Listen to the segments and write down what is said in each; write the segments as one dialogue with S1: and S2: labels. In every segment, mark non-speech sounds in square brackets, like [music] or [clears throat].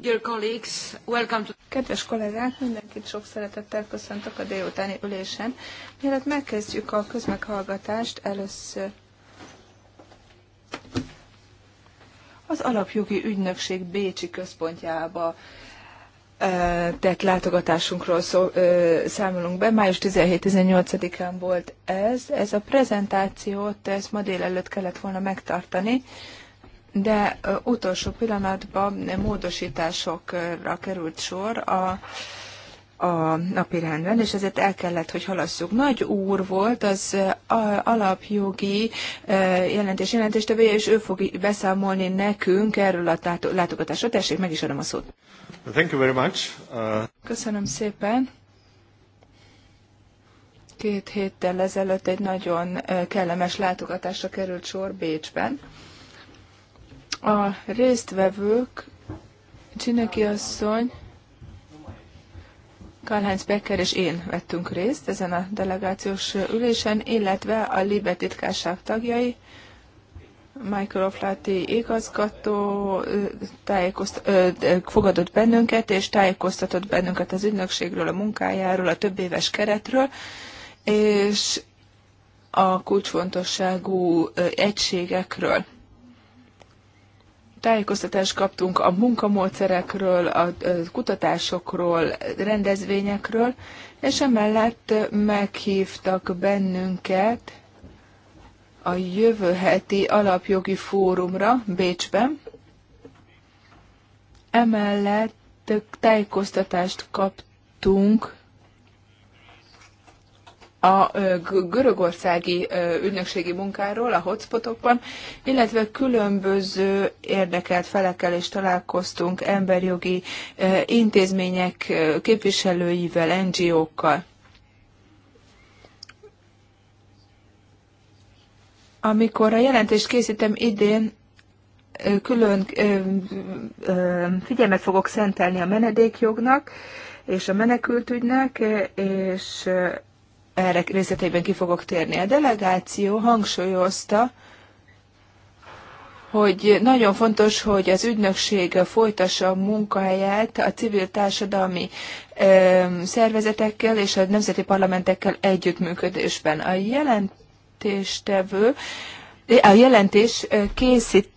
S1: Dear colleagues, welcome to... Kedves kollégák, mindenkit sok szeretettel köszöntök a délutáni ülésen. Mielőtt megkezdjük a közmeghallgatást, először az Alapjogi Ügynökség Bécsi központjába tett látogatásunkról szó, ö, számolunk be. Május 17-18-án volt ez. Ez a prezentációt, ezt ma délelőtt kellett volna megtartani, de utolsó pillanatban módosításokra került sor a, a napirenden, és ezért el kellett, hogy halasszuk. Nagy úr volt az alapjogi jelentés jelentéstevője, és ő fog beszámolni nekünk erről a látogatásról. Tessék, meg is adom a szót. Thank you very much. Uh... Köszönöm szépen. Két héttel ezelőtt egy nagyon kellemes látogatásra került sor Bécsben. A résztvevők, Csineki asszony, karl Becker és én vettünk részt ezen a delegációs ülésen, illetve a Libe titkárság tagjai, Michael Oflati igazgató tájékozt, ö, fogadott bennünket, és tájékoztatott bennünket az ügynökségről, a munkájáról, a több éves keretről, és a kulcsfontosságú egységekről tájékoztatást kaptunk a munkamódszerekről, a kutatásokról, rendezvényekről, és emellett meghívtak bennünket a jövő heti alapjogi fórumra Bécsben. Emellett tájékoztatást kaptunk a görögországi ügynökségi munkáról a hotspotokban, illetve különböző érdekelt felekkel is találkoztunk emberjogi intézmények képviselőivel, NGO-kkal. Amikor a jelentést készítem idén, külön figyelmet fogok szentelni a menedékjognak és a menekültügynek, és erre részletében ki fogok térni. A delegáció hangsúlyozta, hogy nagyon fontos, hogy az ügynökség folytassa a munkahelyet a civil társadalmi ö, szervezetekkel és a nemzeti parlamentekkel együttműködésben. A jelentéstevő, a jelentés készít,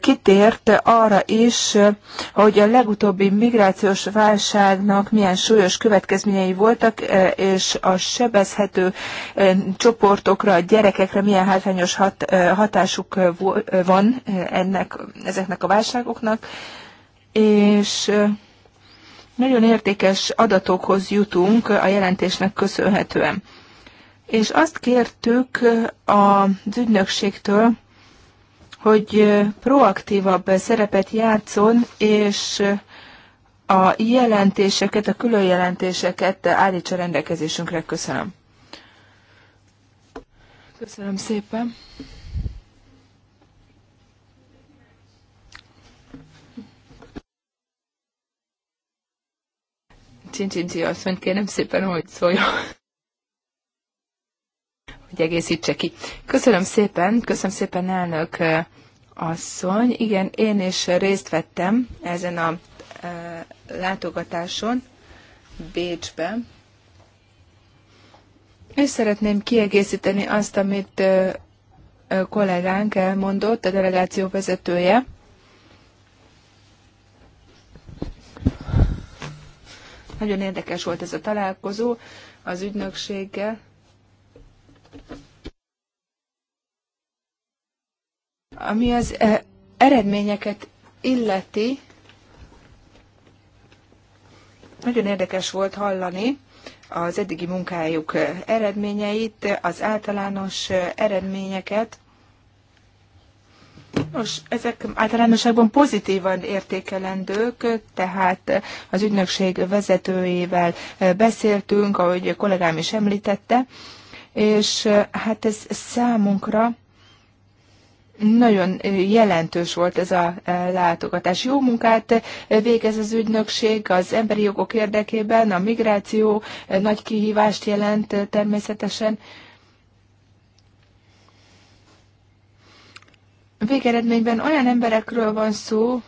S1: kitért arra is, hogy a legutóbbi migrációs válságnak milyen súlyos következményei voltak, és a sebezhető csoportokra, a gyerekekre milyen hátrányos hat, hatásuk van ennek, ezeknek a válságoknak, és nagyon értékes adatokhoz jutunk a jelentésnek köszönhetően. És azt kértük az ügynökségtől, hogy proaktívabb szerepet játszon, és a jelentéseket, a külön jelentéseket állítsa rendelkezésünkre. Köszönöm. Köszönöm szépen. Csincsinci asszonyt kérem szépen, hogy szóljon hogy egészítse ki. Köszönöm szépen, köszönöm szépen elnök asszony. Igen, én is részt vettem ezen a látogatáson Bécsben. És szeretném kiegészíteni azt, amit kollégánk elmondott, a delegáció vezetője. Nagyon érdekes volt ez a találkozó az ügynökséggel. Ami az e, eredményeket illeti, nagyon érdekes volt hallani az eddigi munkájuk eredményeit, az általános eredményeket. Nos, ezek általánosságban pozitívan értékelendők, tehát az ügynökség vezetőjével beszéltünk, ahogy kollégám is említette, és hát ez számunkra nagyon jelentős volt ez a látogatás. Jó munkát végez az ügynökség az emberi jogok érdekében, a migráció nagy kihívást jelent természetesen. Végeredményben olyan emberekről van szó,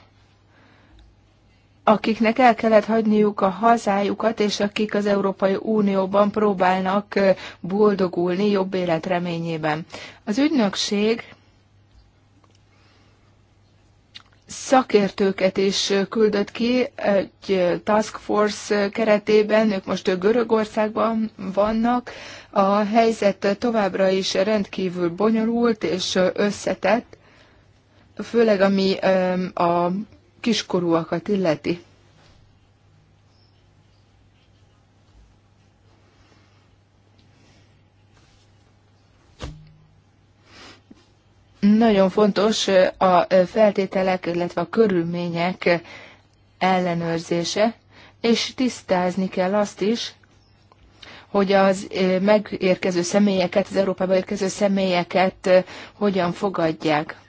S1: akiknek el kellett hagyniuk a hazájukat, és akik az Európai Unióban próbálnak boldogulni jobb élet reményében. Az ügynökség szakértőket is küldött ki egy task force keretében, ők most Görögországban vannak. A helyzet továbbra is rendkívül bonyolult és összetett, főleg ami a kiskorúakat illeti. Nagyon fontos a feltételek, illetve a körülmények ellenőrzése, és tisztázni kell azt is, hogy az eh, megérkező személyeket, az Európába érkező személyeket eh, hogyan fogadják.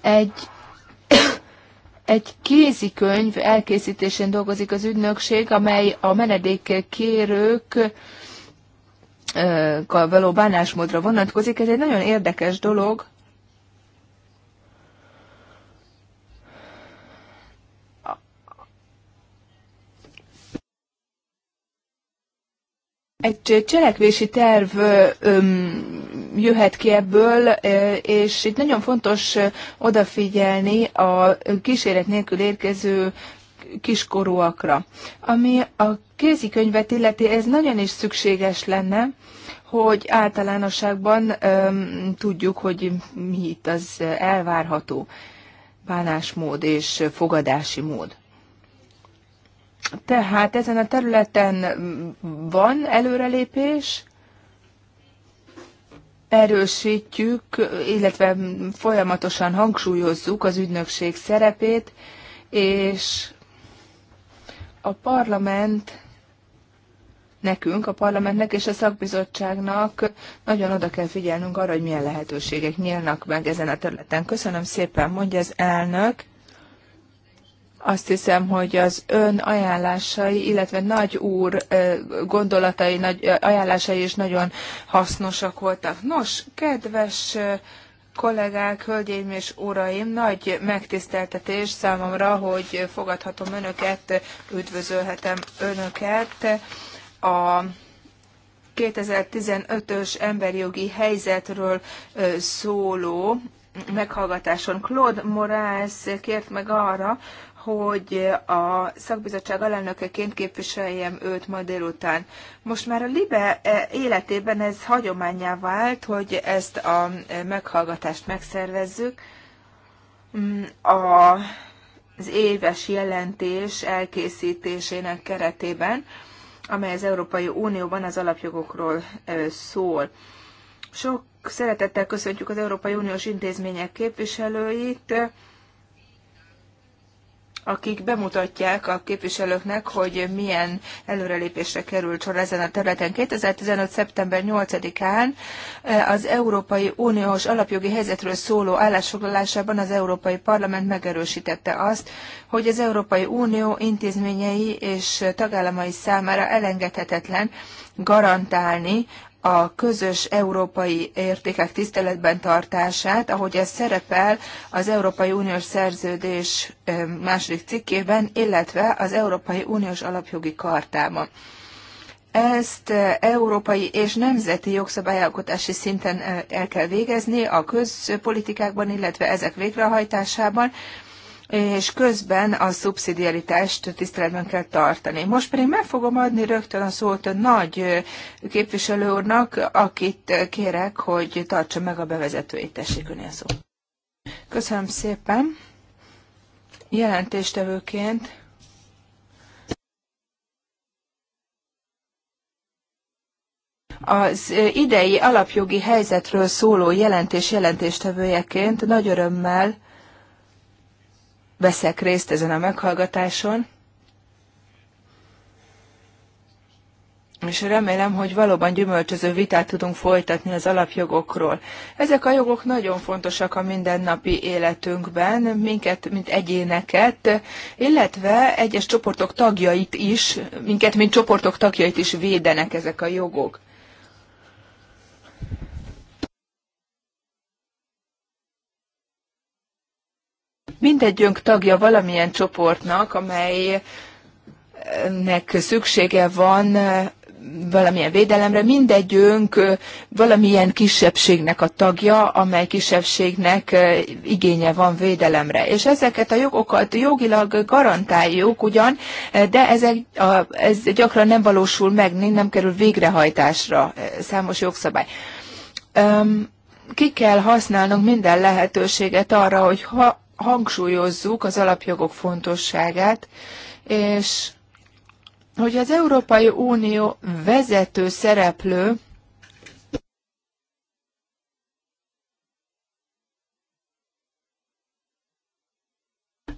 S1: Egy egy kézikönyv elkészítésén dolgozik az ügynökség, amely a menedékkérők való bánásmódra vonatkozik. Ez egy nagyon érdekes dolog, egy cselekvési terv öm, jöhet ki ebből, és itt nagyon fontos odafigyelni a kíséret nélkül érkező kiskorúakra. Ami a kézikönyvet illeti, ez nagyon is szükséges lenne, hogy általánosságban öm, tudjuk, hogy mi itt az elvárható bánásmód és fogadási mód. Tehát ezen a területen van előrelépés, erősítjük, illetve folyamatosan hangsúlyozzuk az ügynökség szerepét, és a parlament nekünk, a parlamentnek és a szakbizottságnak nagyon oda kell figyelnünk arra, hogy milyen lehetőségek nyílnak meg ezen a területen. Köszönöm szépen, mondja az elnök azt hiszem, hogy az ön ajánlásai, illetve nagy úr gondolatai, nagy ajánlásai is nagyon hasznosak voltak. Nos, kedves kollégák, hölgyeim és uraim, nagy megtiszteltetés számomra, hogy fogadhatom önöket, üdvözölhetem önöket a 2015-ös emberi jogi helyzetről szóló meghallgatáson. Claude Morales kért meg arra, hogy a szakbizottság alelnökeként képviseljem őt ma délután. Most már a LIBE eh, életében ez hagyományá vált, hogy ezt a eh, meghallgatást megszervezzük. Mm, a az éves jelentés elkészítésének keretében, amely az Európai Unióban az alapjogokról eh, szól. Sok szeretettel köszöntjük az Európai Uniós intézmények képviselőit, akik bemutatják a képviselőknek, hogy milyen előrelépésre került sor ezen a területen. 2015. szeptember 8-án eh, az Európai Uniós alapjogi helyzetről szóló állásfoglalásában az Európai Parlament megerősítette azt, hogy az Európai Unió intézményei és tagállamai számára elengedhetetlen garantálni a közös európai értékek tiszteletben tartását, ahogy ez szerepel az Európai Uniós Szerződés második cikkében, illetve az Európai Uniós Alapjogi Kartában. Ezt európai és nemzeti jogszabályalkotási szinten el kell végezni a közpolitikákban, illetve ezek végrehajtásában, és közben a szubszidiaritást tiszteletben kell tartani. Most pedig meg fogom adni rögtön a szót a nagy képviselő úrnak, akit kérek, hogy tartsa meg a bevezetőjét. Tessék önél szó. Köszönöm szépen. Jelentéstevőként Az idei alapjogi helyzetről szóló jelentés jelentéstevőjeként nagy örömmel veszek részt ezen a meghallgatáson, és remélem, hogy valóban gyümölcsöző vitát tudunk folytatni az alapjogokról. Ezek a jogok nagyon fontosak a mindennapi életünkben, minket, mint egyéneket, illetve egyes csoportok tagjait is, minket, mint csoportok tagjait is védenek ezek a jogok. mindegyünk tagja valamilyen csoportnak, amelynek szüksége van valamilyen védelemre, mindegyünk valamilyen kisebbségnek a tagja, amely kisebbségnek igénye van védelemre. És ezeket a jogokat jogilag garantáljuk ugyan, de ezek, a, ez gyakran nem valósul meg, nem kerül végrehajtásra számos jogszabály. Um, ki kell használnunk minden lehetőséget arra, hogy ha hangsúlyozzuk az alapjogok fontosságát, és hogy az Európai Unió vezető szereplő,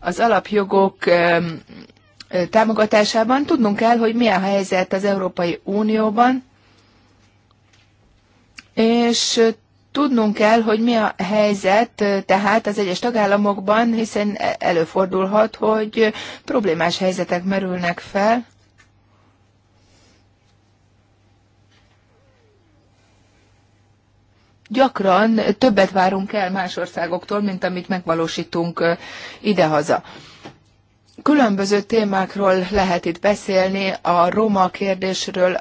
S1: az alapjogok támogatásában tudnunk kell, hogy milyen helyzet az Európai Unióban, és Tudnunk kell, hogy mi a helyzet tehát az egyes tagállamokban, hiszen e- előfordulhat, hogy problémás helyzetek merülnek fel. Gyakran többet várunk el más országoktól, mint amit megvalósítunk idehaza. Különböző témákról lehet itt beszélni, a roma kérdésről,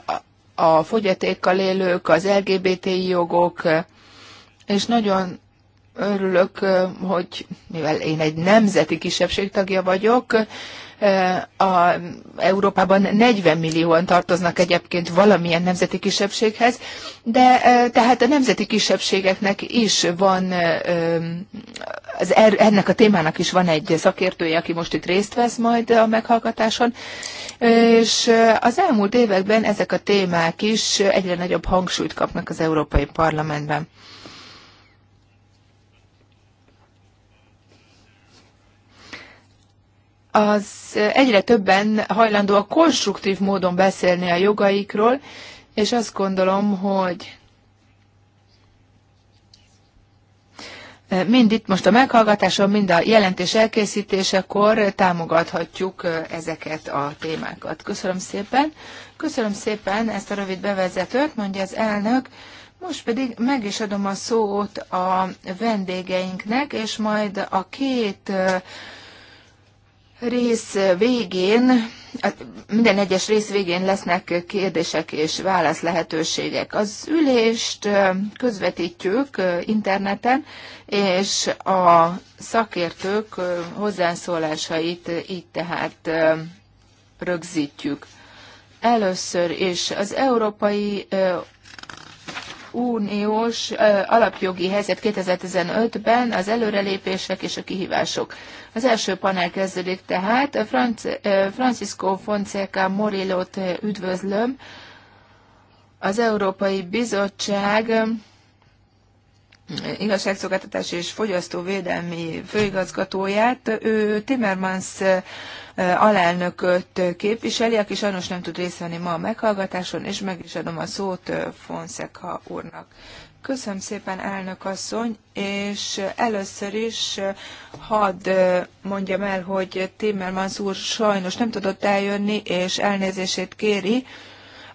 S1: a fogyatékkal élők, az LGBTI jogok, és nagyon örülök, hogy mivel én egy nemzeti kisebbség tagja vagyok, a Európában 40 millióan tartoznak egyébként valamilyen nemzeti kisebbséghez, de tehát a nemzeti kisebbségeknek is van, az, er, ennek a témának is van egy szakértője, aki most itt részt vesz majd a meghallgatáson, és az elmúlt években ezek a témák is egyre nagyobb hangsúlyt kapnak az Európai Parlamentben. az egyre többen hajlandó a konstruktív módon beszélni a jogaikról, és azt gondolom, hogy mind itt most a meghallgatáson, mind a jelentés elkészítésekor támogathatjuk ezeket a témákat. Köszönöm szépen. Köszönöm szépen ezt a rövid bevezetőt, mondja az elnök. Most pedig meg is adom a szót a vendégeinknek, és majd a két rész végén, minden egyes rész végén lesznek kérdések és válasz lehetőségek. Az ülést közvetítjük interneten, és a szakértők hozzászólásait így tehát rögzítjük. Először is az Európai uniós alapjogi helyzet 2015-ben, az előrelépések és a kihívások. Az első panel kezdődik tehát. Franc- Francisco Fonseca Morillot üdvözlöm. Az Európai Bizottság igazságszolgáltatás és fogyasztóvédelmi főigazgatóját. Ő Timmermans alelnököt képviseli, aki sajnos nem tud részt venni ma a meghallgatáson, és meg is adom a szót Fonseca úrnak. Köszönöm szépen, elnök asszony, és először is hadd mondjam el, hogy Timmermans úr sajnos nem tudott eljönni, és elnézését kéri,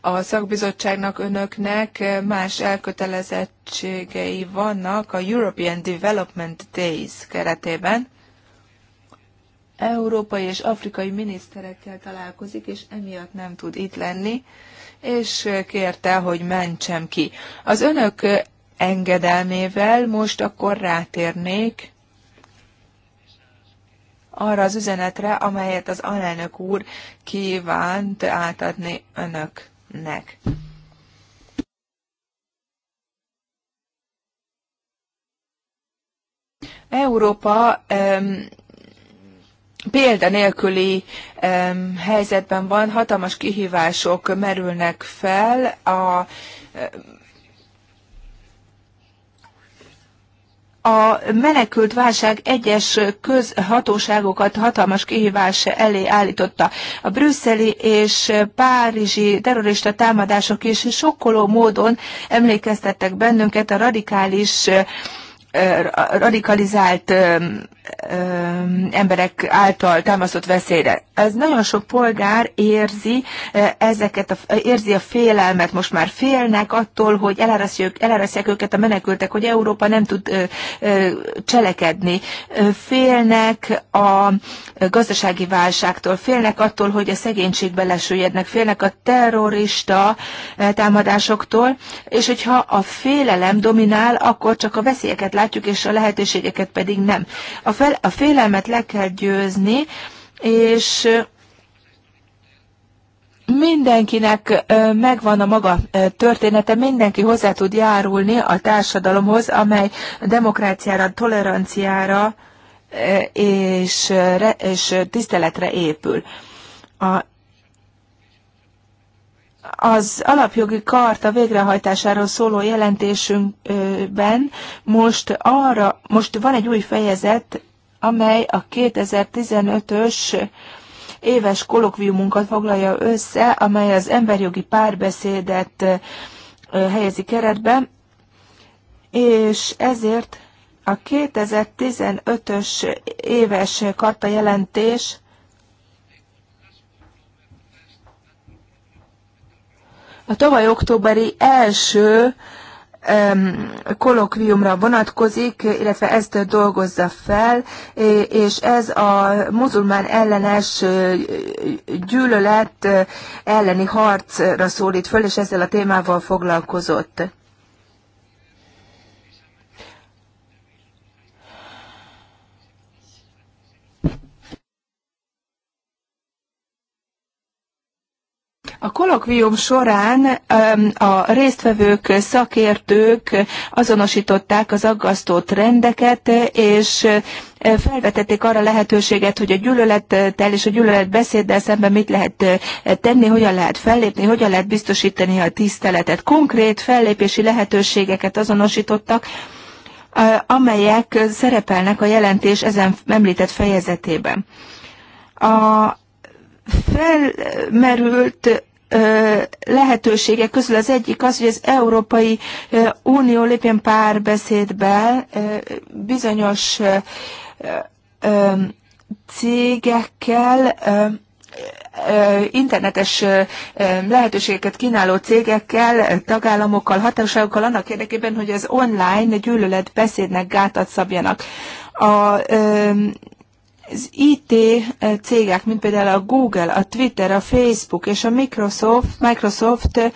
S1: a szakbizottságnak, önöknek más elkötelezettségei vannak a European Development Days keretében. Európai és afrikai miniszterekkel találkozik, és emiatt nem tud itt lenni, és kérte, hogy mentsem ki. Az önök engedelmével most akkor rátérnék arra az üzenetre, amelyet az alelnök úr kívánt átadni önök, nek. Európa um, nélküli um, helyzetben van, hatalmas kihívások merülnek fel a um, a menekült válság egyes közhatóságokat hatalmas kihívás elé állította. A brüsszeli és párizsi terrorista támadások is sokkoló módon emlékeztettek bennünket a radikális radikalizált emberek által támasztott veszélyre. Ez nagyon sok polgár érzi ezeket, a, érzi a félelmet, most már félnek attól, hogy elárasztják, őket a menekültek, hogy Európa nem tud cselekedni. Félnek a gazdasági válságtól, félnek attól, hogy a szegénységbe lesüljednek, félnek a terrorista támadásoktól, és hogyha a félelem dominál, akkor csak a veszélyeket látjuk, és a lehetőségeket pedig nem. A, fel, a félelmet le kell győzni, és mindenkinek megvan a maga története, mindenki hozzá tud járulni a társadalomhoz, amely demokráciára, toleranciára és, és tiszteletre épül. A az alapjogi karta végrehajtásáról szóló jelentésünkben most arra, most van egy új fejezet, amely a 2015-ös éves kolokviumunkat foglalja össze, amely az emberjogi párbeszédet helyezi keretbe, és ezért a 2015-ös éves karta jelentés a tavaly októberi első kolokviumra vonatkozik, illetve ezt dolgozza fel, és ez a muzulmán ellenes gyűlölet elleni harcra szólít föl, és ezzel a témával foglalkozott. A kolokvium során a résztvevők, szakértők azonosították az aggasztó trendeket, és felvetették arra lehetőséget, hogy a gyűlölettel és a gyűlöletbeszéddel szemben mit lehet tenni, hogyan lehet fellépni, hogyan lehet biztosítani a tiszteletet. Konkrét fellépési lehetőségeket azonosítottak, amelyek szerepelnek a jelentés ezen említett fejezetében. A felmerült lehetőségek közül az egyik az, hogy az Európai Unió lépjen párbeszédbe bizonyos cégekkel, internetes lehetőségeket kínáló cégekkel, tagállamokkal, hatóságokkal annak érdekében, hogy az online gyűlöletbeszédnek gátat szabjanak. A az IT eh, cégek, mint például a Google, a Twitter, a Facebook és a Microsoft, Microsoft eh,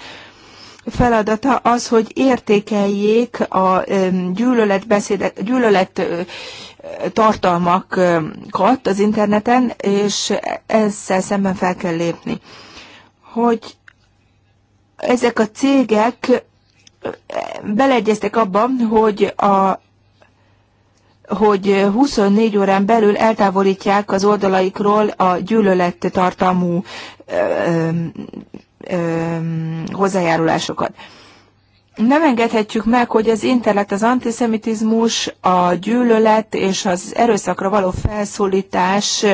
S1: feladata az, hogy értékeljék a gyűlöletbeszédek, gyűlölet eh, tartalmakat az interneten, és ezzel szemben fel kell lépni. Hogy ezek a cégek beleegyeztek abban, hogy a hogy 24 órán belül eltávolítják az oldalaikról a gyűlölet tartalmú hozzájárulásokat. Nem engedhetjük meg, hogy az internet, az antiszemitizmus, a gyűlölet és az erőszakra való felszólítás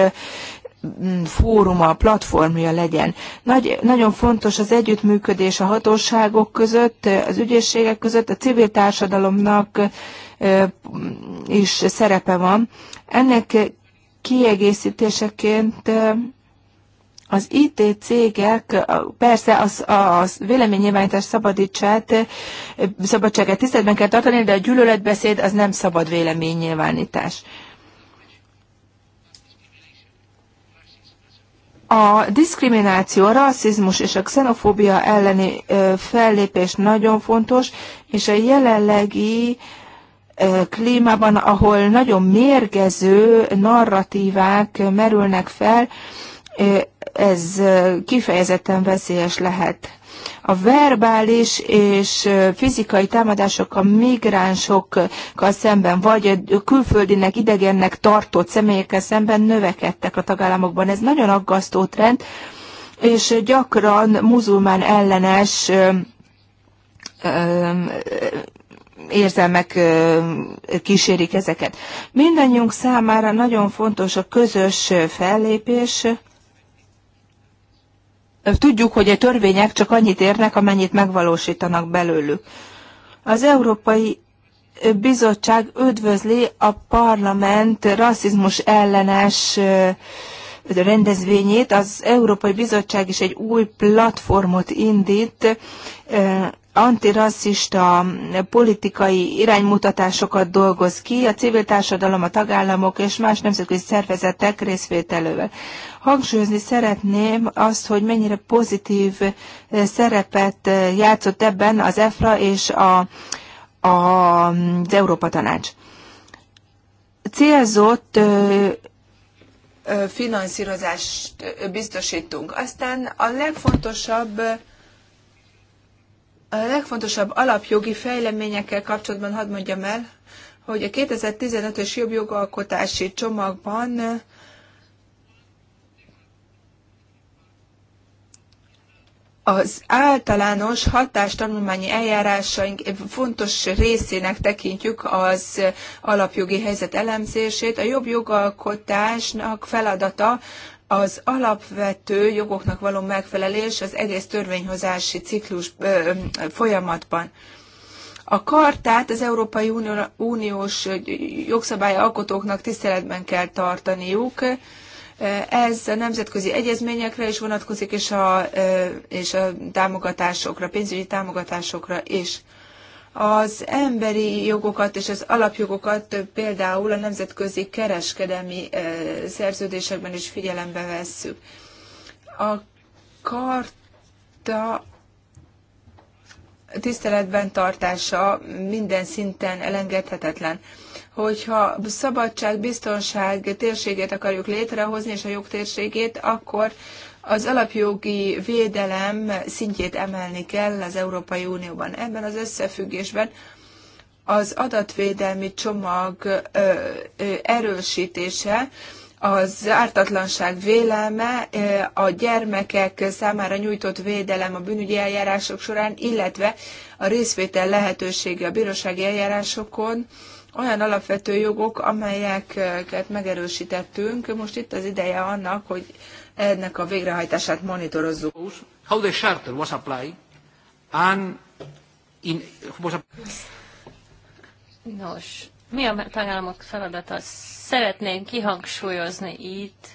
S1: fóruma, platformja legyen. Nagy, nagyon fontos az együttműködés a hatóságok között, az ügyészségek között, a civil társadalomnak is szerepe van. Ennek kiegészítéseként az IT cégek persze az, az véleménynyilvánítás szabadítsát, szabadságát tiszteletben kell tartani, de a gyűlöletbeszéd az nem szabad véleménynyilvánítás. A diszkrimináció, a rasszizmus és a xenofóbia elleni fellépés nagyon fontos, és a jelenlegi ö, klímában, ahol nagyon mérgező narratívák merülnek fel, ez kifejezetten veszélyes lehet. A verbális és fizikai támadások a migránsokkal szemben, vagy külföldinek, idegennek tartott személyekkel szemben növekedtek a tagállamokban. Ez nagyon aggasztó trend, és gyakran muzulmán ellenes érzelmek kísérik ezeket. Mindannyiunk számára nagyon fontos a közös fellépés, Tudjuk, hogy a törvények csak annyit érnek, amennyit megvalósítanak belőlük. Az Európai Bizottság üdvözli a parlament rasszizmus ellenes rendezvényét. Az Európai Bizottság is egy új platformot indít antirasszista politikai iránymutatásokat dolgoz ki a civil társadalom, a tagállamok és más nemzetközi szervezetek részvételővel. Hangsúlyozni szeretném azt, hogy mennyire pozitív eh, szerepet eh, játszott ebben az EFRA és a, a, az Európa Tanács. Célzott eh, finanszírozást biztosítunk. Aztán a legfontosabb a legfontosabb alapjogi fejleményekkel kapcsolatban hadd mondjam el, hogy a 2015-ös jobb jogalkotási csomagban az általános hatástanulmányi eljárásaink fontos részének tekintjük az alapjogi helyzet elemzését. A jobb jogalkotásnak feladata az alapvető jogoknak való megfelelés az egész törvényhozási ciklus ö, folyamatban. A kartát az Európai Uniós jogszabály alkotóknak tiszteletben kell tartaniuk. Ez a nemzetközi egyezményekre is vonatkozik, és a, és a támogatásokra, pénzügyi támogatásokra is az emberi jogokat és az alapjogokat például a nemzetközi kereskedelmi eh, szerződésekben is figyelembe vesszük. A karta tiszteletben tartása minden szinten elengedhetetlen. Hogyha szabadság, biztonság térségét akarjuk létrehozni, és a jogtérségét, akkor az alapjogi védelem szintjét emelni kell az Európai Unióban. Ebben az összefüggésben az adatvédelmi csomag erősítése, az ártatlanság vélelme, a gyermekek számára nyújtott védelem a bűnügyi eljárások során, illetve a részvétel lehetősége a bírósági eljárásokon, olyan alapvető jogok, amelyeket megerősítettünk. Most itt az ideje annak, hogy ennek a végrehajtását monitorozzuk. How the charter was applied and
S2: in was Nos, mi a tagállamok feladata? Szeretném kihangsúlyozni itt,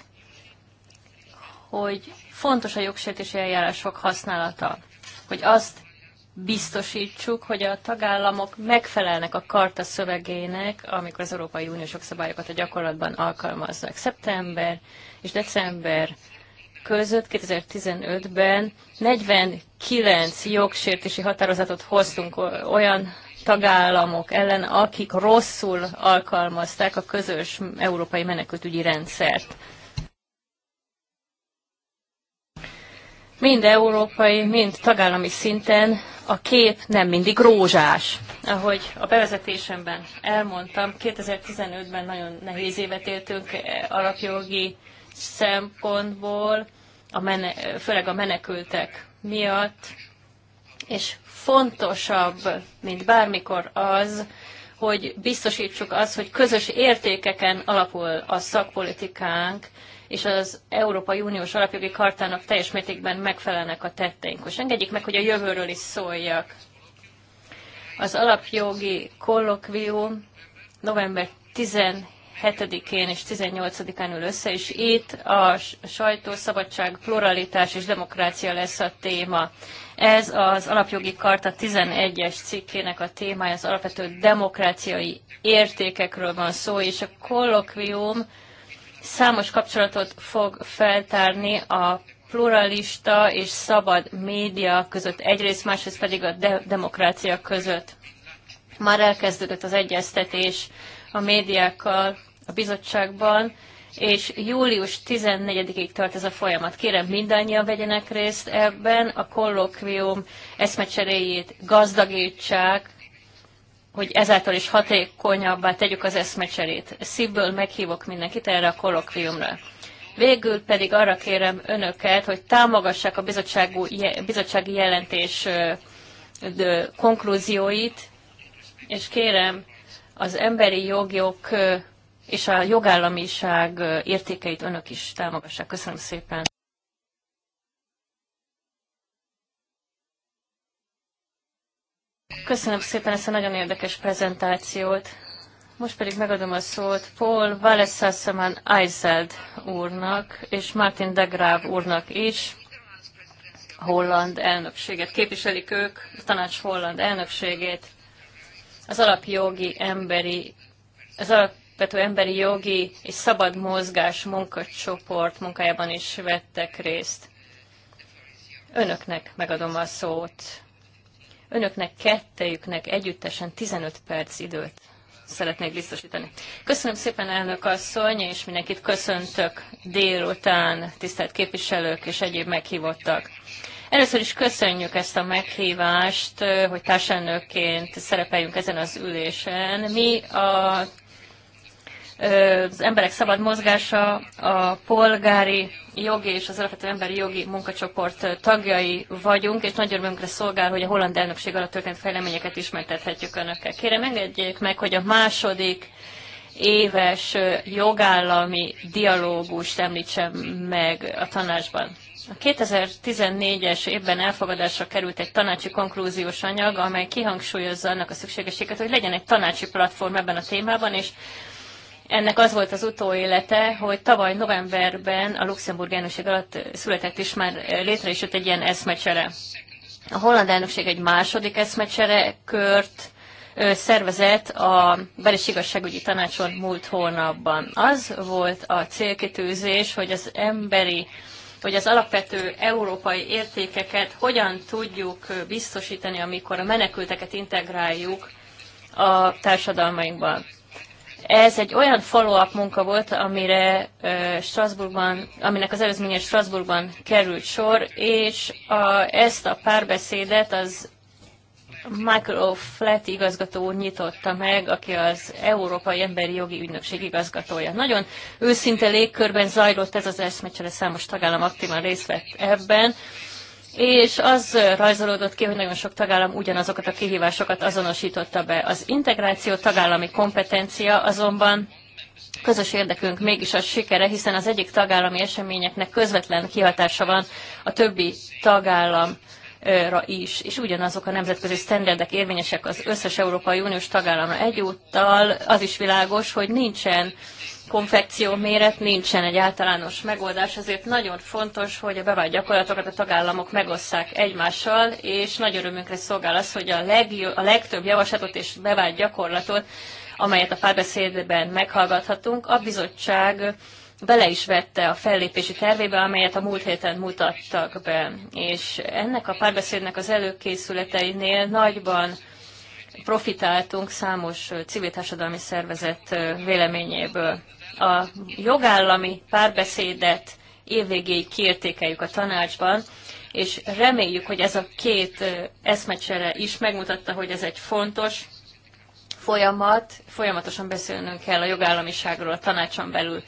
S2: hogy fontos a jogsértési eljárások használata, hogy azt biztosítsuk, hogy a tagállamok megfelelnek a karta szövegének, amikor az Európai Uniós jogszabályokat a gyakorlatban alkalmaznak. Szeptember és december között 2015-ben 49 jogsértési határozatot hoztunk olyan tagállamok ellen, akik rosszul alkalmazták a közös európai menekültügyi rendszert. mind európai, mind tagállami szinten a kép nem mindig rózsás. Ahogy a bevezetésemben elmondtam, 2015-ben nagyon nehéz évet éltünk eh, alapjogi szempontból, a mene, főleg a menekültek miatt, és fontosabb, mint bármikor az, hogy biztosítsuk az, hogy közös értékeken alapul a szakpolitikánk, és az Európai Uniós Alapjogi Kartának teljes mértékben megfelelnek a tetteink. Most engedjék meg, hogy a jövőről is szóljak. Az alapjogi kollokvium november 17-én és 18-án ül össze, és itt a sajtószabadság, pluralitás és demokrácia lesz a téma. Ez az alapjogi karta 11-es cikkének a témája, az alapvető demokráciai értékekről van szó, és a kollokvium Számos kapcsolatot fog feltárni a pluralista és szabad média között egyrészt, másrészt pedig a de- demokrácia között. Már elkezdődött az egyeztetés a médiákkal a bizottságban, és július 14-ig tart ez a folyamat. Kérem, mindannyian vegyenek részt ebben, a kollokvium eszmecseréjét gazdagítsák, hogy ezáltal is hatékonyabbá tegyük az eszmecserét. Szívből meghívok mindenkit erre a kolokviumra. Végül pedig arra kérem önöket, hogy támogassák a bizottsági jelentés konklúzióit, és kérem az emberi jogok és a jogállamiság értékeit önök is támogassák. Köszönöm szépen. Köszönöm szépen ezt a nagyon érdekes prezentációt. Most pedig megadom a szót Paul Valessassaman Eiseld úrnak és Martin de Graaf úrnak is. A holland elnökséget képviselik ők, a tanács holland elnökségét, az alapjogi emberi, az alapvető emberi jogi és szabad mozgás munkacsoport munkájában is vettek részt. Önöknek megadom a szót. Önöknek, kettejüknek együttesen 15 perc időt szeretnék biztosítani. Köszönöm szépen, elnök asszony, és mindenkit köszöntök délután, tisztelt képviselők és egyéb meghívottak. Először is köszönjük ezt a meghívást, hogy társadalmi szerepeljünk ezen az ülésen. Mi a az emberek szabad mozgása a polgári jogi és az alapvető emberi jogi munkacsoport tagjai vagyunk, és nagy örömünkre szolgál, hogy a holland elnökség alatt történt fejleményeket ismertethetjük önökkel. Kérem, engedjék meg, hogy a második éves jogállami dialógust említsem meg a tanácsban. A 2014-es évben elfogadásra került egy tanácsi konklúziós anyag, amely kihangsúlyozza annak a szükségességet, hogy legyen egy tanácsi platform ebben a témában, és ennek az volt az utóélete, hogy tavaly novemberben a Luxemburg elnökség alatt született is már létre is jött egy ilyen eszmecsere. A holland elnökség egy második eszmecsere kört szervezett a Belis Igazságügyi Tanácson múlt hónapban. Az volt a célkitűzés, hogy az emberi hogy az alapvető európai értékeket hogyan tudjuk biztosítani, amikor a menekülteket integráljuk a társadalmainkban. Ez egy olyan follow-up munka volt, amire Strasbourgban, aminek az előzménye Strasbourgban került sor, és a, ezt a párbeszédet az Michael O'Flatt igazgató nyitotta meg, aki az Európai Emberi Jogi Ügynökség igazgatója. Nagyon őszinte légkörben zajlott ez az eszmecsere, számos tagállam aktívan részt vett ebben, és az rajzolódott ki, hogy nagyon sok tagállam ugyanazokat a kihívásokat azonosította be. Az integráció tagállami kompetencia azonban közös érdekünk mégis a sikere, hiszen az egyik tagállami eseményeknek közvetlen kihatása van a többi tagállam ra is, és ugyanazok a nemzetközi sztenderdek érvényesek az összes Európai Uniós tagállamra egyúttal, az is világos, hogy nincsen konfekció méret, nincsen egy általános megoldás, ezért nagyon fontos, hogy a bevált gyakorlatokat a tagállamok megosszák egymással, és nagy örömünkre szolgál az, hogy a, legjo- a legtöbb javaslatot és bevált gyakorlatot, amelyet a párbeszédben meghallgathatunk, a bizottság bele is vette a fellépési tervébe, amelyet a múlt héten mutattak be. És ennek a párbeszédnek az előkészületeinél nagyban profitáltunk számos civil társadalmi szervezet véleményéből. A jogállami párbeszédet évvégéig kiértékeljük a tanácsban, és reméljük, hogy ez a két eszmecsere is megmutatta, hogy ez egy fontos folyamat, folyamatosan beszélnünk kell a jogállamiságról a tanácson belül.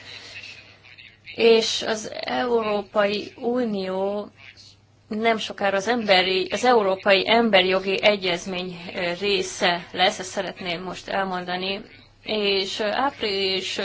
S2: És az Európai Unió nem sokára az, emberi, az Európai Emberi Jogi Egyezmény eh, része lesz, ezt szeretném most elmondani, és eh, április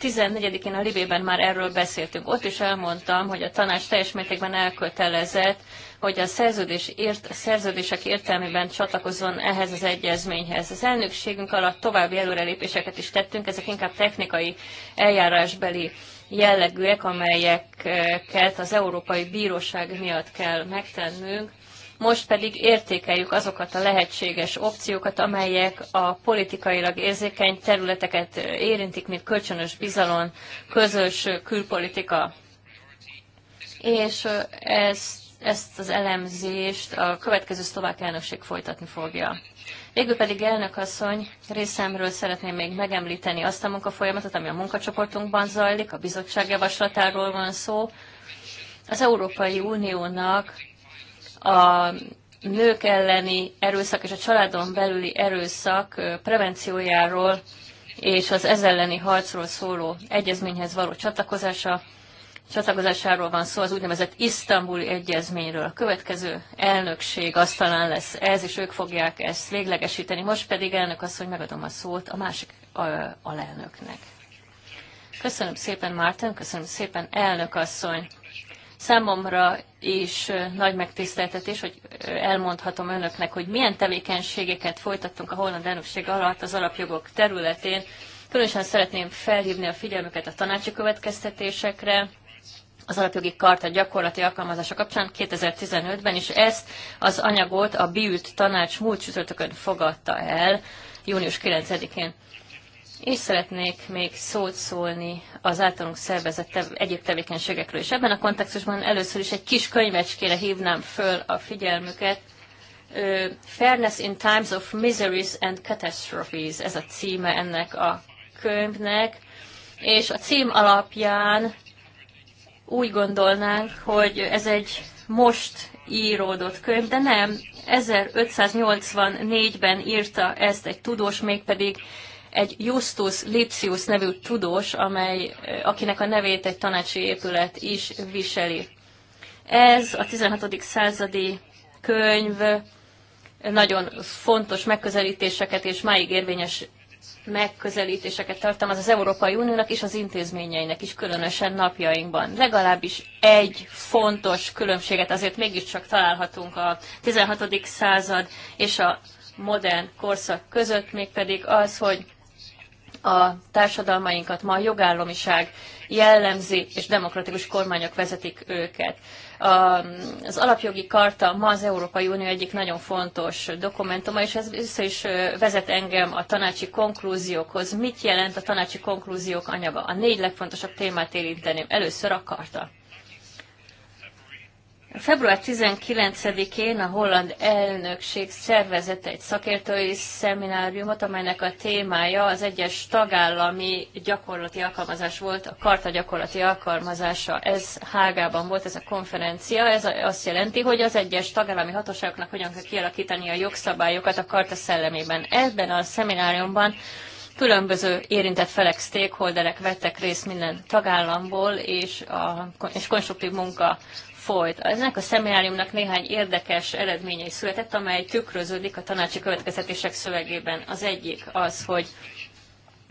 S2: 14-én eh, a Libében már erről beszéltünk. Ott is elmondtam, hogy a tanács teljes mértékben elkötelezett, hogy a, szerződés ért, a szerződések értelmében csatlakozzon ehhez az egyezményhez. Az elnökségünk alatt további előrelépéseket is tettünk, ezek inkább technikai eljárásbeli jellegűek, amelyeket az Európai Bíróság miatt kell megtennünk. Most pedig értékeljük azokat a lehetséges opciókat, amelyek a politikailag érzékeny területeket érintik, mint kölcsönös bizalom, közös külpolitika. És ezt, ezt az elemzést a következő szlovák elnökség folytatni fogja. Végül pedig elnök asszony részemről szeretném még megemlíteni azt a munkafolyamatot, ami a munkacsoportunkban zajlik, a bizottság javaslatáról van szó. Az Európai Uniónak a nők elleni erőszak és a családon belüli erőszak prevenciójáról és az ez elleni harcról szóló egyezményhez való csatlakozása csatlakozásáról van szó, az úgynevezett isztambuli egyezményről. A következő elnökség az talán lesz ez, és ők fogják ezt véglegesíteni. Most pedig elnök azt, hogy megadom a szót a másik alelnöknek. Köszönöm szépen, Márten, köszönöm szépen, elnök asszony. Számomra is nagy megtiszteltetés, hogy elmondhatom önöknek, hogy milyen tevékenységeket folytattunk a holland elnökség alatt az alapjogok területén. Különösen szeretném felhívni a figyelmüket a tanácsi következtetésekre, az alapjogi karta gyakorlati alkalmazása kapcsán 2015-ben, és ezt az anyagot a biült tanács múlt csütörtökön fogadta el, június 9-én. És szeretnék még szót szólni az általunk szervezett tev- egyéb tevékenységekről és Ebben a kontextusban először is egy kis könyvecskére hívnám föl a figyelmüket. Fairness in Times of Miseries and Catastrophes, ez a címe ennek a könyvnek, és a cím alapján úgy gondolnánk, hogy ez egy most íródott könyv, de nem. 1584-ben írta ezt egy tudós, mégpedig egy Justus Lipsius nevű tudós, amely, eh, akinek a nevét egy tanácsi épület is viseli. Ez a 16. századi könyv nagyon fontos megközelítéseket és máig érvényes megközelítéseket tartalmaz az Európai Uniónak és az intézményeinek is, különösen napjainkban. Legalábbis egy fontos különbséget azért mégiscsak találhatunk a 16. század és a modern korszak között, mégpedig az, hogy a társadalmainkat ma a jogállamiság jellemzi, és demokratikus kormányok vezetik őket. Um, az alapjogi karta ma az Európai Unió egyik nagyon fontos dokumentuma, és ez vissza is vezet engem a tanácsi konklúziókhoz. Mit jelent a tanácsi konklúziók anyaga? A négy legfontosabb témát érinteném. Először a karta. Február 19-én a holland elnökség szervezett egy szakértői szemináriumot, amelynek a témája az egyes tagállami gyakorlati alkalmazás volt, a karta gyakorlati alkalmazása. Ez Hágában volt ez a konferencia. Ez azt jelenti, hogy az egyes tagállami hatóságoknak hogyan kell kialakítani a jogszabályokat a karta szellemében. Ebben a szemináriumban különböző érintett felek, stakeholderek vettek részt minden tagállamból, és, a, és konstruktív munka folyt. Ennek a szemináriumnak néhány érdekes eredménye is született, amely tükröződik a tanácsi következtetések szövegében. Az egyik az, hogy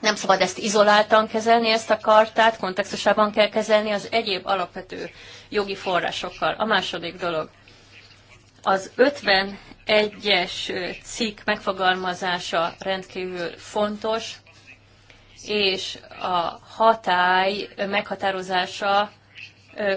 S2: nem szabad ezt izoláltan kezelni, ezt a kartát, kontextusában kell kezelni az egyéb alapvető jogi forrásokkal. A második dolog. Az 51-es cikk megfogalmazása rendkívül fontos, és a hatály meghatározása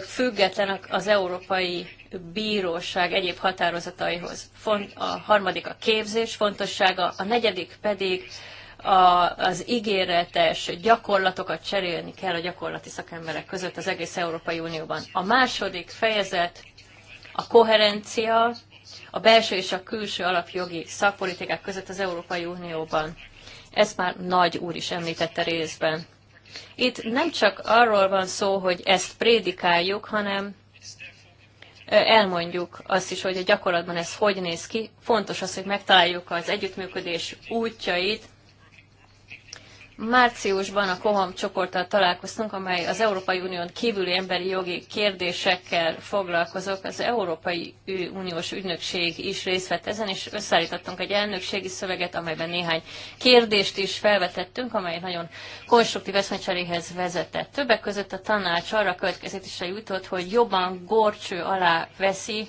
S2: független az Európai Bíróság egyéb határozataihoz. A harmadik a képzés fontossága, a negyedik pedig a, az ígéretes gyakorlatokat cserélni kell a gyakorlati szakemberek között az egész Európai Unióban. A második fejezet a koherencia a belső és a külső alapjogi szakpolitikák között az Európai Unióban. Ezt már nagy úr is említette részben. Itt nem csak arról van szó, hogy ezt prédikáljuk, hanem elmondjuk azt is, hogy a gyakorlatban ez hogy néz ki. Fontos az, hogy megtaláljuk az együttműködés útjait, Márciusban a COHOM csoporttal találkoztunk, amely az Európai Unión kívüli emberi jogi kérdésekkel foglalkozok. Az Európai Uniós Ügynökség is részt vett ezen, és összeállítottunk egy elnökségi szöveget, amelyben néhány kérdést is felvetettünk, amely nagyon konstruktív eszmecseréhez vezetett. Többek között a tanács arra következésre jutott, hogy jobban gorcső alá veszi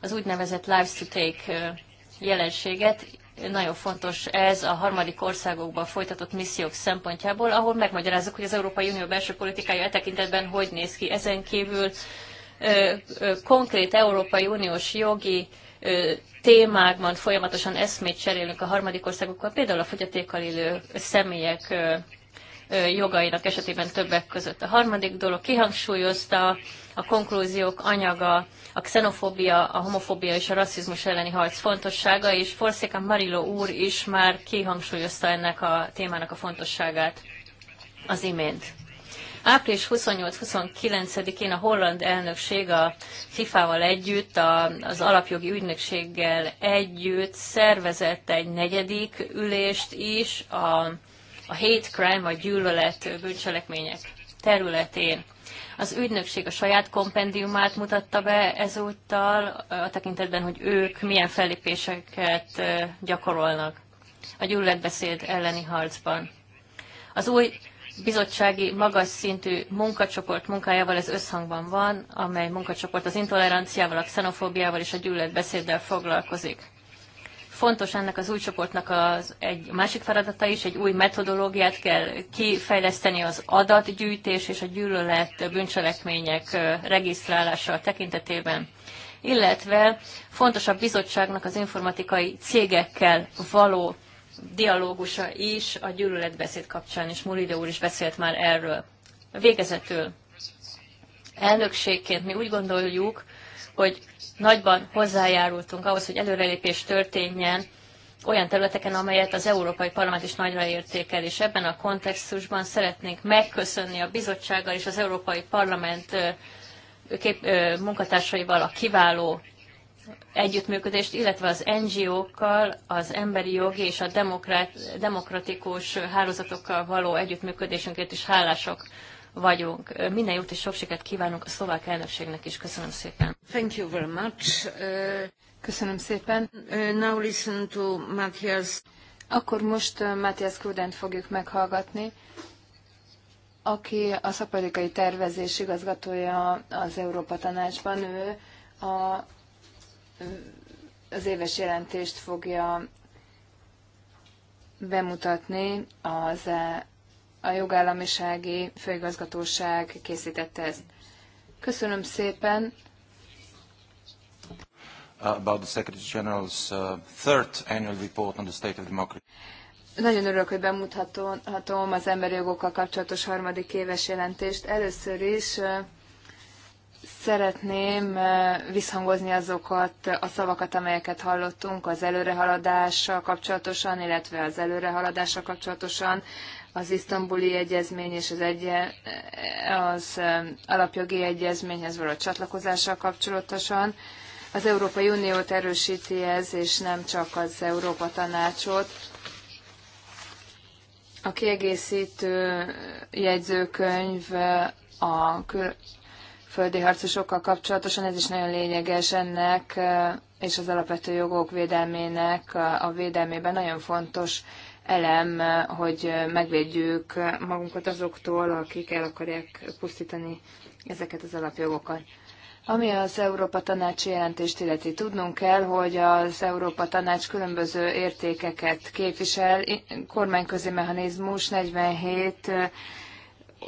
S2: az úgynevezett lives to take jelenséget, nagyon fontos ez a harmadik országokban folytatott missziók szempontjából, ahol megmagyarázzuk, hogy az Európai Unió belső politikája e tekintetben hogy néz ki. Ezen kívül konkrét Európai Uniós jogi témákban folyamatosan eszmét cserélünk a harmadik országokkal, például a fogyatékkal élő személyek jogainak esetében többek között. A harmadik dolog kihangsúlyozta a konklúziók anyaga, a xenofóbia, a homofóbia és a rasszizmus elleni harc fontossága, és Forszéka Mariló úr is már kihangsúlyozta ennek a témának a fontosságát az imént. Április 28-29-én a holland elnökség a FIFA-val együtt, a, az alapjogi ügynökséggel együtt szervezett egy negyedik ülést is a a hate crime vagy gyűlölet bűncselekmények területén. Az ügynökség a saját kompendiumát mutatta be ezúttal, a tekintetben, hogy ők milyen fellépéseket gyakorolnak a gyűlöletbeszéd elleni harcban. Az új bizottsági magas szintű munkacsoport munkájával ez összhangban van, amely munkacsoport az intoleranciával, a xenofóbiával és a gyűlöletbeszéddel foglalkozik fontos ennek az új csoportnak az egy másik feladata is, egy új metodológiát kell kifejleszteni az adatgyűjtés és a gyűlölet bűncselekmények regisztrálása tekintetében illetve fontos a bizottságnak az informatikai cégekkel való dialógusa is a gyűlöletbeszéd kapcsán, és Mulide úr is beszélt már erről. Végezetül, elnökségként mi úgy gondoljuk, hogy nagyban hozzájárultunk ahhoz, hogy előrelépés történjen olyan területeken, amelyet az Európai Parlament is nagyra értékel, és ebben a kontextusban szeretnénk megköszönni a bizottsággal és az Európai Parlament kép, munkatársaival a kiváló együttműködést, illetve az NGO-kkal, az emberi jogi és a demokrat, demokratikus hálózatokkal való együttműködésünkért is hálásak vagyunk. Minden jót és sok sikert kívánunk a szlovák elnökségnek is. Köszönöm szépen.
S3: Thank you very much. Uh, Köszönöm szépen. Uh, now listen to Matthias. Akkor most uh, Matthias Krudent fogjuk meghallgatni, aki a szakpolitikai tervezés igazgatója az Európa Tanácsban. Ő a, uh, az éves jelentést fogja bemutatni az uh, a jogállamisági főigazgatóság készítette ezt. Köszönöm szépen. About the Secretary General's uh, third annual report on the state of democracy. Nagyon örülök, hogy bemutathatom az emberi jogokkal kapcsolatos harmadik éves jelentést. Először is uh, szeretném uh, visszhangozni azokat a szavakat, amelyeket hallottunk az előrehaladással kapcsolatosan, illetve az előrehaladással kapcsolatosan, az isztambuli egyezmény és az, egye, az alapjogi egyezményhez való csatlakozással kapcsolatosan. Az Európai Uniót erősíti ez, és nem csak az Európa Tanácsot. A kiegészítő jegyzőkönyv a földi harcosokkal kapcsolatosan, ez is nagyon lényeges ennek és az alapvető jogok védelmének a védelmében nagyon fontos elem, hogy megvédjük magunkat azoktól, akik el akarják pusztítani ezeket az alapjogokat. Ami az Európa Tanács jelentést illeti, tudnunk kell, hogy az Európa Tanács különböző értékeket képvisel, kormányközi mechanizmus 47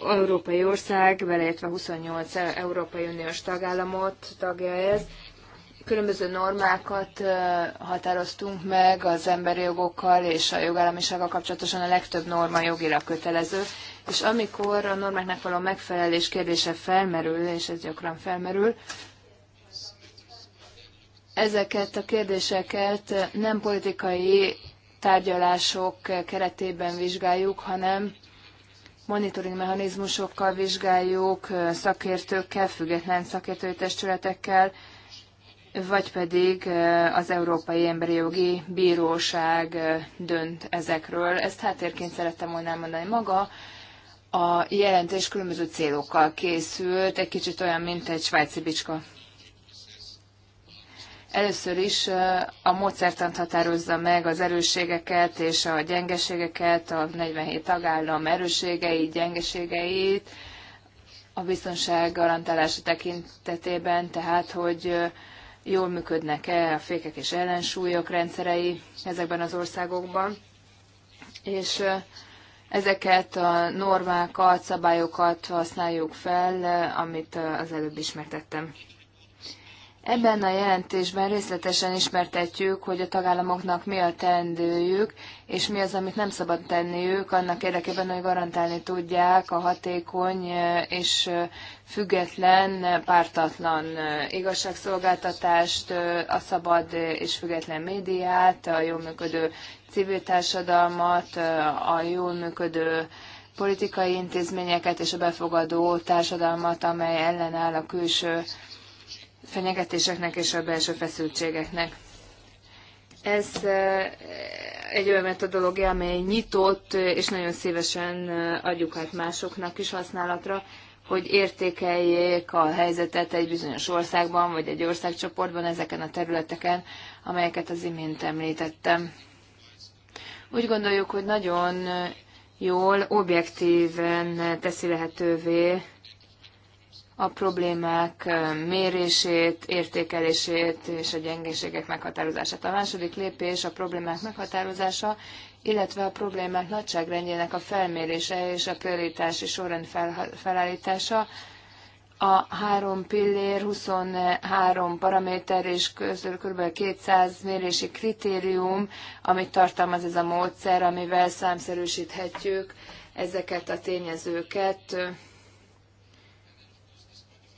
S3: európai ország, beleértve 28 Európai Uniós tagállamot tagja ez, Különböző normákat határoztunk meg az emberi jogokkal és a jogállamisággal kapcsolatosan a legtöbb norma jogilag kötelező, és amikor a normáknak való megfelelés kérdése felmerül, és ez gyakran felmerül, ezeket a kérdéseket nem politikai tárgyalások keretében vizsgáljuk, hanem monitoring mechanizmusokkal vizsgáljuk, szakértőkkel, független szakértői testületekkel, vagy pedig az Európai Emberi Jogi Bíróság dönt ezekről. Ezt háttérként szerettem volna elmondani maga. A jelentés különböző célokkal készült, egy kicsit olyan, mint egy svájci bicska. Először is a módszertant határozza meg az erősségeket és a gyengeségeket, a 47 tagállam erősségeit, gyengeségeit, a biztonság garantálása tekintetében, tehát hogy jól működnek-e a fékek és ellensúlyok rendszerei ezekben az országokban, és ezeket a normákat, szabályokat használjuk fel, amit az előbb ismertettem. Ebben a jelentésben részletesen ismertetjük, hogy a tagállamoknak mi a teendőjük, és mi az, amit nem szabad tenniük, annak érdekében, hogy garantálni tudják a hatékony és független, pártatlan igazságszolgáltatást, a szabad és független médiát, a jól működő civil társadalmat, a jól működő politikai intézményeket és a befogadó társadalmat, amely ellenáll a külső fenyegetéseknek és a belső feszültségeknek. Ez egy olyan metodológia, amely nyitott, és nagyon szívesen adjuk át másoknak is használatra, hogy értékeljék a helyzetet egy bizonyos országban, vagy egy országcsoportban, ezeken a területeken, amelyeket az imént említettem. Úgy gondoljuk, hogy nagyon jól, objektíven teszi lehetővé a problémák mérését, értékelését és a gyengeségek meghatározását. A második lépés a problémák meghatározása, illetve a problémák nagyságrendjének a felmérése és a prioritási sorrend fel, felállítása. A három pillér, 23 paraméter és közül kb. 200 mérési kritérium, amit tartalmaz ez a módszer, amivel számszerűsíthetjük ezeket a tényezőket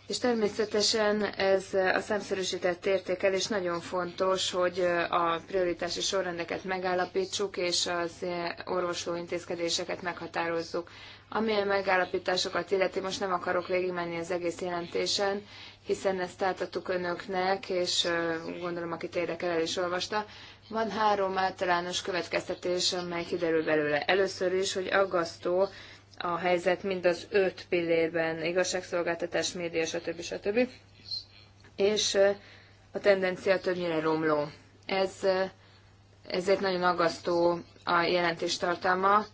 S3: és természetesen ez a számszerűsített értékelés nagyon fontos, hogy a prioritási sorrendeket megállapítsuk, és az orvosló intézkedéseket meghatározzuk. Amilyen megállapításokat illeti, most nem akarok végigmenni az egész jelentésen, hiszen ezt átadtuk önöknek, és gondolom, akit érdekel, el is olvasta. Van három általános következtetés, amely kiderül belőle. Először is, hogy aggasztó a helyzet mind az öt pillérben, igazságszolgáltatás, média, stb. stb. És a tendencia többnyire romló. Ez, ezért nagyon aggasztó a jelentés tartalma.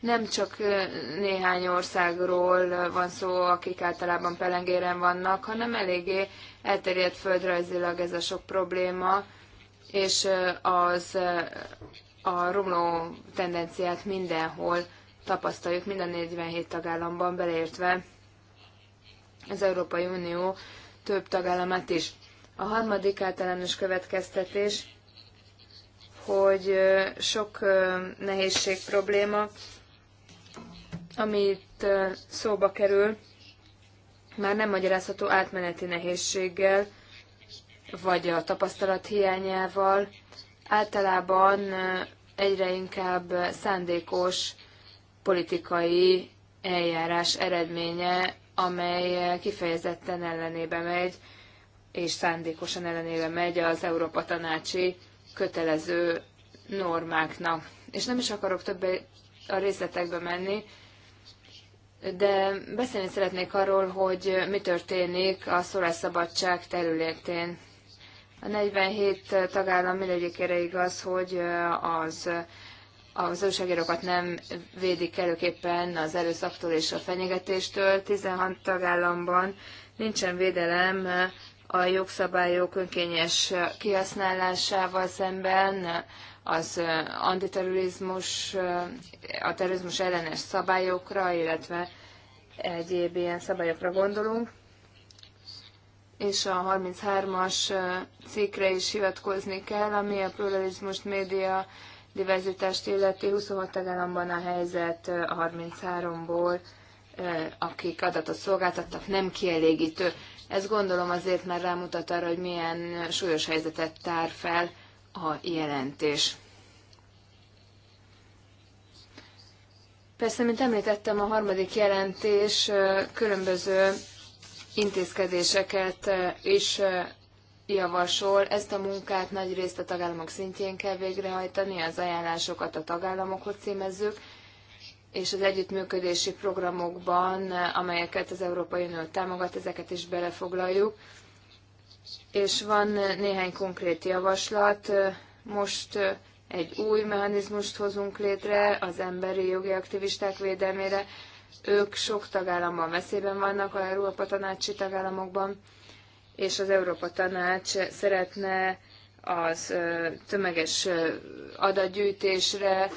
S3: Nem csak néhány országról van szó, akik általában pelengéren vannak, hanem eléggé elterjedt földrajzilag ez a sok probléma és az a romló tendenciát mindenhol tapasztaljuk, mind a 47 tagállamban beleértve az Európai Unió több tagállamát is. A harmadik általános következtetés, hogy sok nehézség probléma, amit szóba kerül, már nem magyarázható átmeneti nehézséggel, vagy a tapasztalat hiányával, általában egyre inkább szándékos politikai eljárás eredménye, amely kifejezetten ellenébe megy, és szándékosan ellenébe megy az Európa Tanácsi kötelező normáknak. És nem is akarok többé a részletekbe menni, de beszélni szeretnék arról, hogy mi történik a szólásszabadság területén. A 47 tagállam mindegyikére igaz, hogy az az újságírókat nem védik előképpen az erőszaktól és a fenyegetéstől. 16 tagállamban nincsen védelem a jogszabályok önkényes kihasználásával szemben, az antiterrorizmus, a terrorizmus ellenes szabályokra, illetve egyéb ilyen szabályokra gondolunk és a 33-as cikkre is hivatkozni kell, ami a pluralizmus média diverzitást illeti 26 tagállamban a helyzet a 33-ból, akik adatot szolgáltattak, nem kielégítő. Ez gondolom azért már rámutat arra, hogy milyen súlyos helyzetet tár fel a jelentés. Persze, mint említettem, a harmadik jelentés különböző intézkedéseket is javasol. Ezt a munkát nagy részt a tagállamok szintjén kell végrehajtani, az ajánlásokat a tagállamokhoz címezzük, és az együttműködési programokban, amelyeket az Európai Unió támogat, ezeket is belefoglaljuk. És van néhány konkrét javaslat. Most egy új mechanizmust hozunk létre az emberi jogi aktivisták védelmére, ők sok tagállamban veszélyben vannak, a Európa Tanácsi tagállamokban, és az Európa Tanács szeretne az tömeges adatgyűjtésre,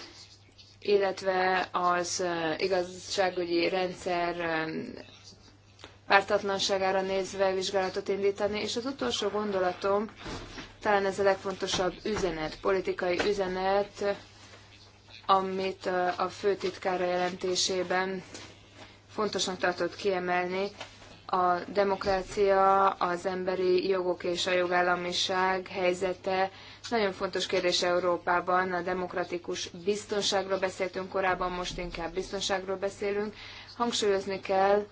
S3: illetve az igazságügyi rendszer pártatlanságára nézve vizsgálatot indítani, és az utolsó gondolatom, talán ez a legfontosabb üzenet, politikai üzenet, amit a főtitkára jelentésében fontosnak tartott kiemelni, a demokrácia, az emberi jogok és a jogállamiság helyzete nagyon fontos kérdés Európában. A demokratikus biztonságról beszéltünk korábban, most inkább biztonságról beszélünk. Hangsúlyozni kell,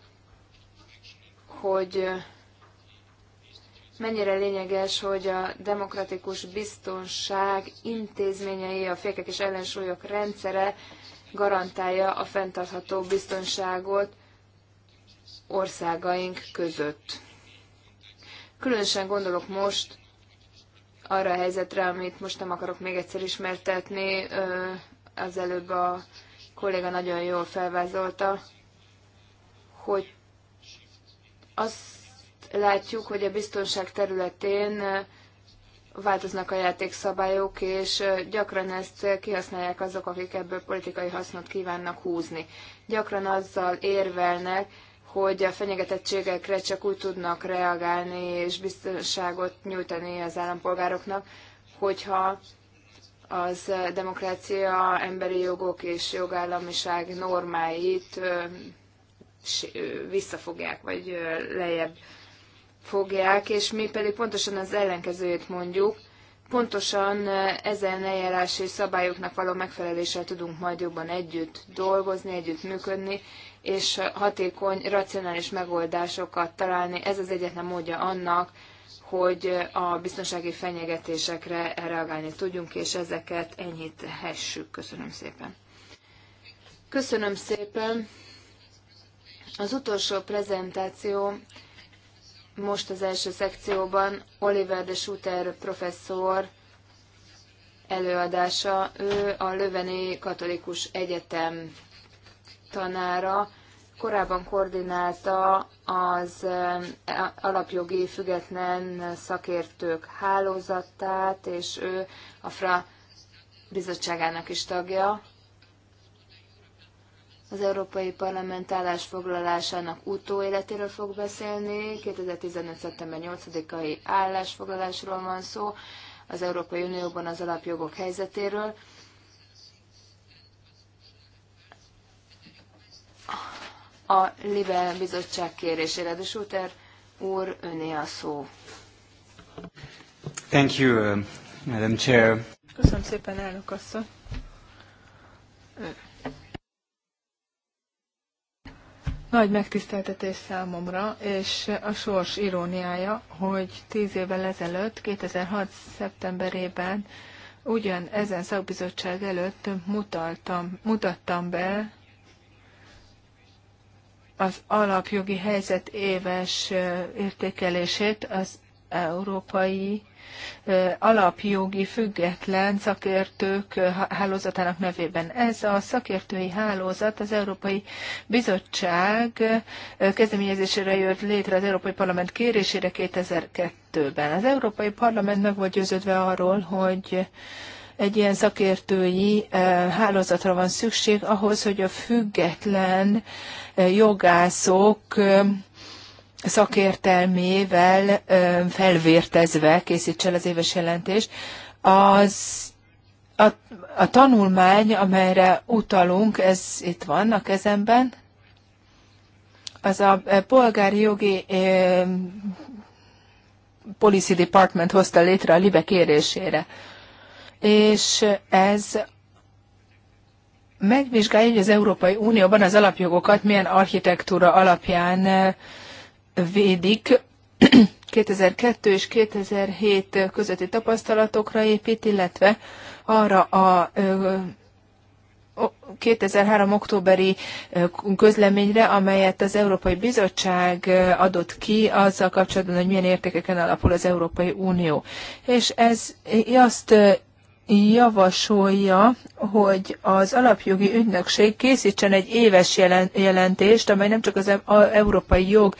S3: hogy mennyire lényeges, hogy a demokratikus biztonság intézményei, a fékek és ellensúlyok rendszere garantálja a fenntartható biztonságot országaink között. Különösen gondolok most arra a helyzetre, amit most nem akarok még egyszer ismertetni, az előbb a kolléga nagyon jól felvázolta, hogy az látjuk, hogy a biztonság területén változnak a játékszabályok, és gyakran ezt kihasználják azok, akik ebből politikai hasznot kívánnak húzni. Gyakran azzal érvelnek, hogy a fenyegetettségekre csak úgy tudnak reagálni és biztonságot nyújtani az állampolgároknak, hogyha az demokrácia, emberi jogok és jogállamiság normáit visszafogják, vagy lejjebb fogják, és mi pedig pontosan az ellenkezőjét mondjuk, pontosan ezen eljárási szabályoknak való megfeleléssel tudunk majd jobban együtt dolgozni, együtt működni, és hatékony, racionális megoldásokat találni. Ez az egyetlen módja annak, hogy a biztonsági fenyegetésekre reagálni tudjunk, és ezeket enyhíthessük. Köszönöm szépen. Köszönöm szépen. Az utolsó prezentáció most az első szekcióban Oliver de Schutter professzor előadása. Ő a Löveni Katolikus Egyetem tanára. Korábban koordinálta az eh, alapjogi független szakértők hálózatát, és ő a FRA bizottságának is tagja az Európai Parlament állásfoglalásának utóéletéről fog beszélni. 2015. szeptember 8-ai állásfoglalásról van szó, az Európai Unióban az alapjogok helyzetéről. A Libe Bizottság kérésére. De Suter úr, öné a szó.
S2: Thank you, uh, Madam Chair.
S3: Köszönöm szépen, elnök asszony.
S1: Nagy megtiszteltetés számomra, és a sors iróniája, hogy tíz évvel ezelőtt, 2006. szeptemberében ugyan ezen szakbizottság előtt mutaltam, mutattam be az alapjogi helyzet éves értékelését az Európai alapjogi független szakértők hálózatának nevében. Ez a szakértői hálózat az Európai Bizottság kezdeményezésére jött létre az Európai Parlament kérésére 2002-ben. Az Európai Parlament meg volt győződve arról, hogy egy ilyen szakértői hálózatra van szükség ahhoz, hogy a független jogászok szakértelmével felvértezve készíts el az éves jelentés Az a, a tanulmány, amelyre utalunk, ez itt van a kezemben, az a polgári jogi Policy Department hozta létre a LIBE kérésére. És ez megvizsgálja, hogy az Európai Unióban az alapjogokat milyen architektúra alapján védik. 2002 [clears throat] és 2007 közötti tapasztalatokra épít, illetve arra a 2003. októberi közleményre, amelyet az Európai Bizottság adott ki azzal kapcsolatban, hogy milyen értékeken alapul az Európai Unió. És ez azt javasolja, hogy az alapjogi ügynökség készítsen egy éves jelentést, amely nem csak az e, európai jog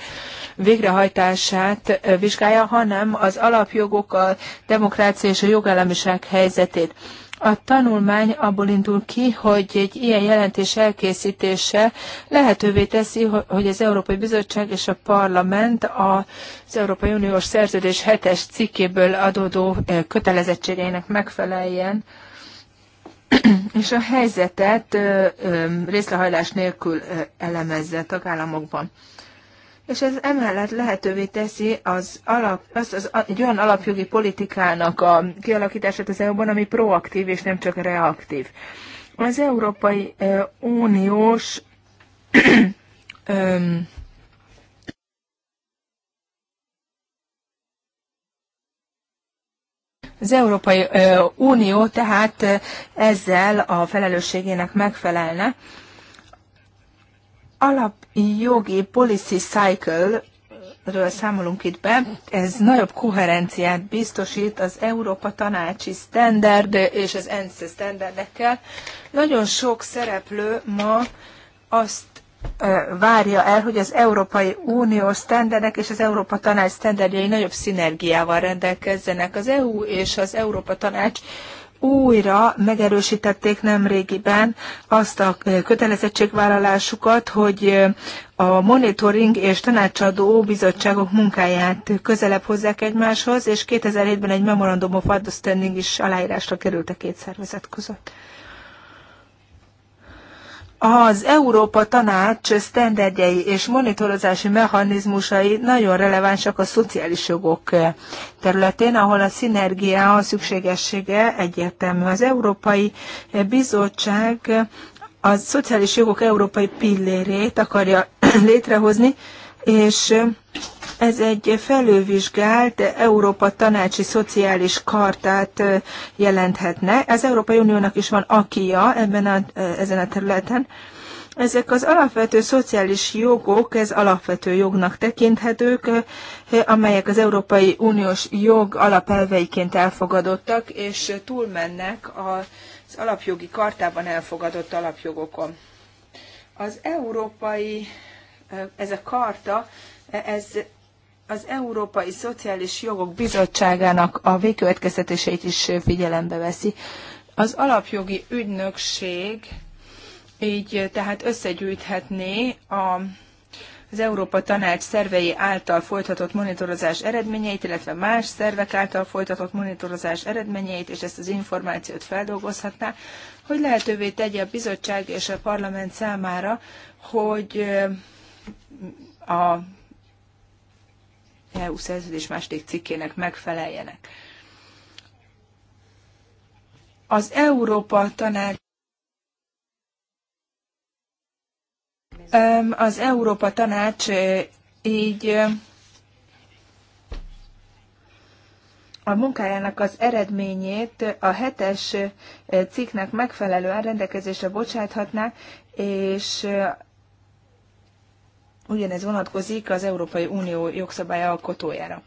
S1: végrehajtását vizsgálja, hanem az alapjogok, a demokrácia és a jogállamiság helyzetét. A tanulmány abból indul ki, hogy egy ilyen jelentés elkészítése lehetővé teszi, hogy az Európai Bizottság és a Parlament az Európai Uniós Szerződés 7-es cikkéből adódó kötelezettségeinek megfeleljen, [clears throat] és a helyzetet részlehajlás nélkül elemezze tagállamokban és ez emellett lehetővé teszi az alap, az, az, egy olyan alapjogi politikának a kialakítását az EU-ban, ami proaktív és nem csak reaktív. Az Európai Uniós Az Európai Unió tehát ezzel a felelősségének megfelelne, alapjogi policy cycle ről számolunk itt be, ez nagyobb koherenciát biztosít az Európa tanácsi standard és az ENSZ standardekkel. Nagyon sok szereplő ma azt várja el, hogy az Európai Unió standardek és az Európa Tanács standardjai nagyobb szinergiával rendelkezzenek. Az EU és az Európa Tanács újra megerősítették nemrégiben azt a kötelezettségvállalásukat, hogy a monitoring és tanácsadó bizottságok munkáját közelebb hozzák egymáshoz, és 2007-ben egy Memorandum of Understanding is aláírásra került a két szervezet között. Az Európa Tanács sztenderdjei és monitorozási mechanizmusai nagyon relevánsak a szociális jogok területén, ahol a szinergia a szükségessége egyértelmű. Az Európai Bizottság a szociális jogok európai pillérét akarja [clears throat] létrehozni, és ez egy felővizsgált Európa Tanácsi Szociális Kartát jelenthetne. Az Európai Uniónak is van akia ebben a, ezen a területen. Ezek az alapvető szociális jogok, ez alapvető jognak tekinthetők, amelyek az Európai Uniós jog alapelveiként elfogadottak, és túlmennek az alapjogi kartában elfogadott alapjogokon. Az európai, ez a karta, ez az Európai Szociális Jogok Bizottságának a végkövetkeztetéseit is figyelembe veszi. Az alapjogi ügynökség így eh, tehát összegyűjthetné a az Európa Tanács szervei által folytatott monitorozás eredményeit, illetve más szervek által folytatott monitorozás eredményeit, és ezt az információt feldolgozhatná, hogy lehetővé tegye a bizottság és a parlament számára, hogy eh, a EU szerződés második cikkének megfeleljenek. Az Európa Tanács az Európa Tanács e, így e, a munkájának az eredményét a hetes e, cikknek megfelelően rendelkezésre bocsáthatná, és ugyanez vonatkozik az Európai Unió jogszabály alkotójára.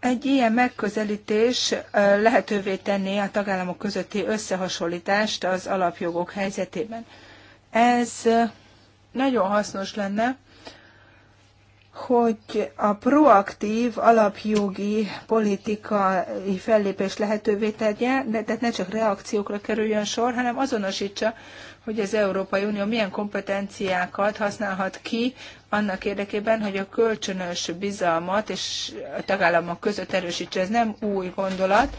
S1: Egy ilyen megközelítés lehetővé tenné a tagállamok közötti összehasonlítást az alapjogok helyzetében. Ez nagyon hasznos lenne, hogy a proaktív alapjogi politikai fellépés lehetővé tegye, de, tehát ne csak reakciókra kerüljön sor, hanem azonosítsa hogy az Európai Unió milyen kompetenciákat használhat ki annak érdekében, hogy a kölcsönös bizalmat és a tagállamok között erősítse. Ez nem új gondolat,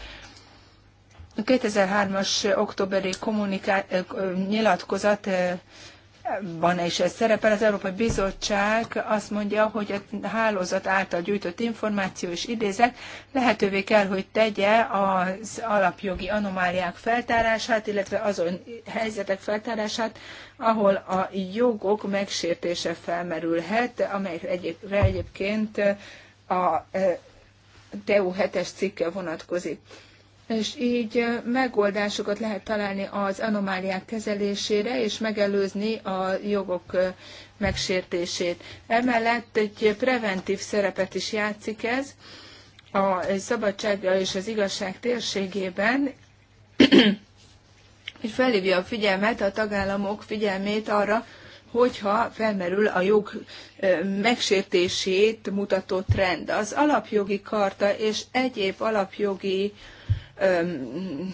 S1: a 2003-as októberi kommuniká- nyilatkozat van, és ez szerepel, az Európai Bizottság azt mondja, hogy a hálózat által gyűjtött információ, és idézet lehetővé kell, hogy tegye az alapjogi anomáliák feltárását, illetve azon helyzetek feltárását, ahol a jogok megsértése felmerülhet, amelyre egyéb, egyébként a e, TU 7-es cikke vonatkozik és így megoldásokat lehet találni az anomáliák kezelésére, és megelőzni a jogok megsértését. Emellett egy preventív szerepet is játszik ez a szabadság és az igazság térségében, és [clears throat] felhívja a figyelmet, a tagállamok figyelmét arra, hogyha felmerül a jog megsértését mutató trend. Az alapjogi karta és egyéb alapjogi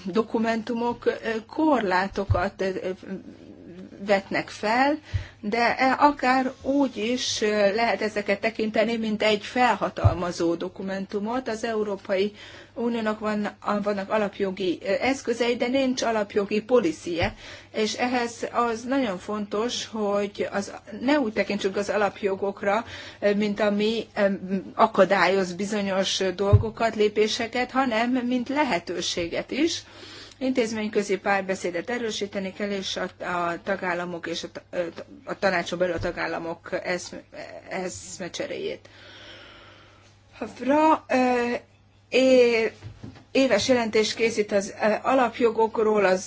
S1: dokumentumok korlátokat vetnek fel, de e, akár úgy is lehet ezeket tekinteni, mint egy felhatalmazó dokumentumot. Az Európai Uniónak van, vannak alapjogi eszközei, de nincs alapjogi policie, és ehhez az nagyon fontos, hogy az, ne úgy tekintsük az alapjogokra, mint ami akadályoz bizonyos dolgokat, lépéseket, hanem mint lehetőséget is, intézményközi párbeszédet erősíteni kell, és a, a tagállamok és a, a tanácson belül a tagállamok eszme, eszmecseréjét. Ra, éves jelentést készít az e, alapjogokról, az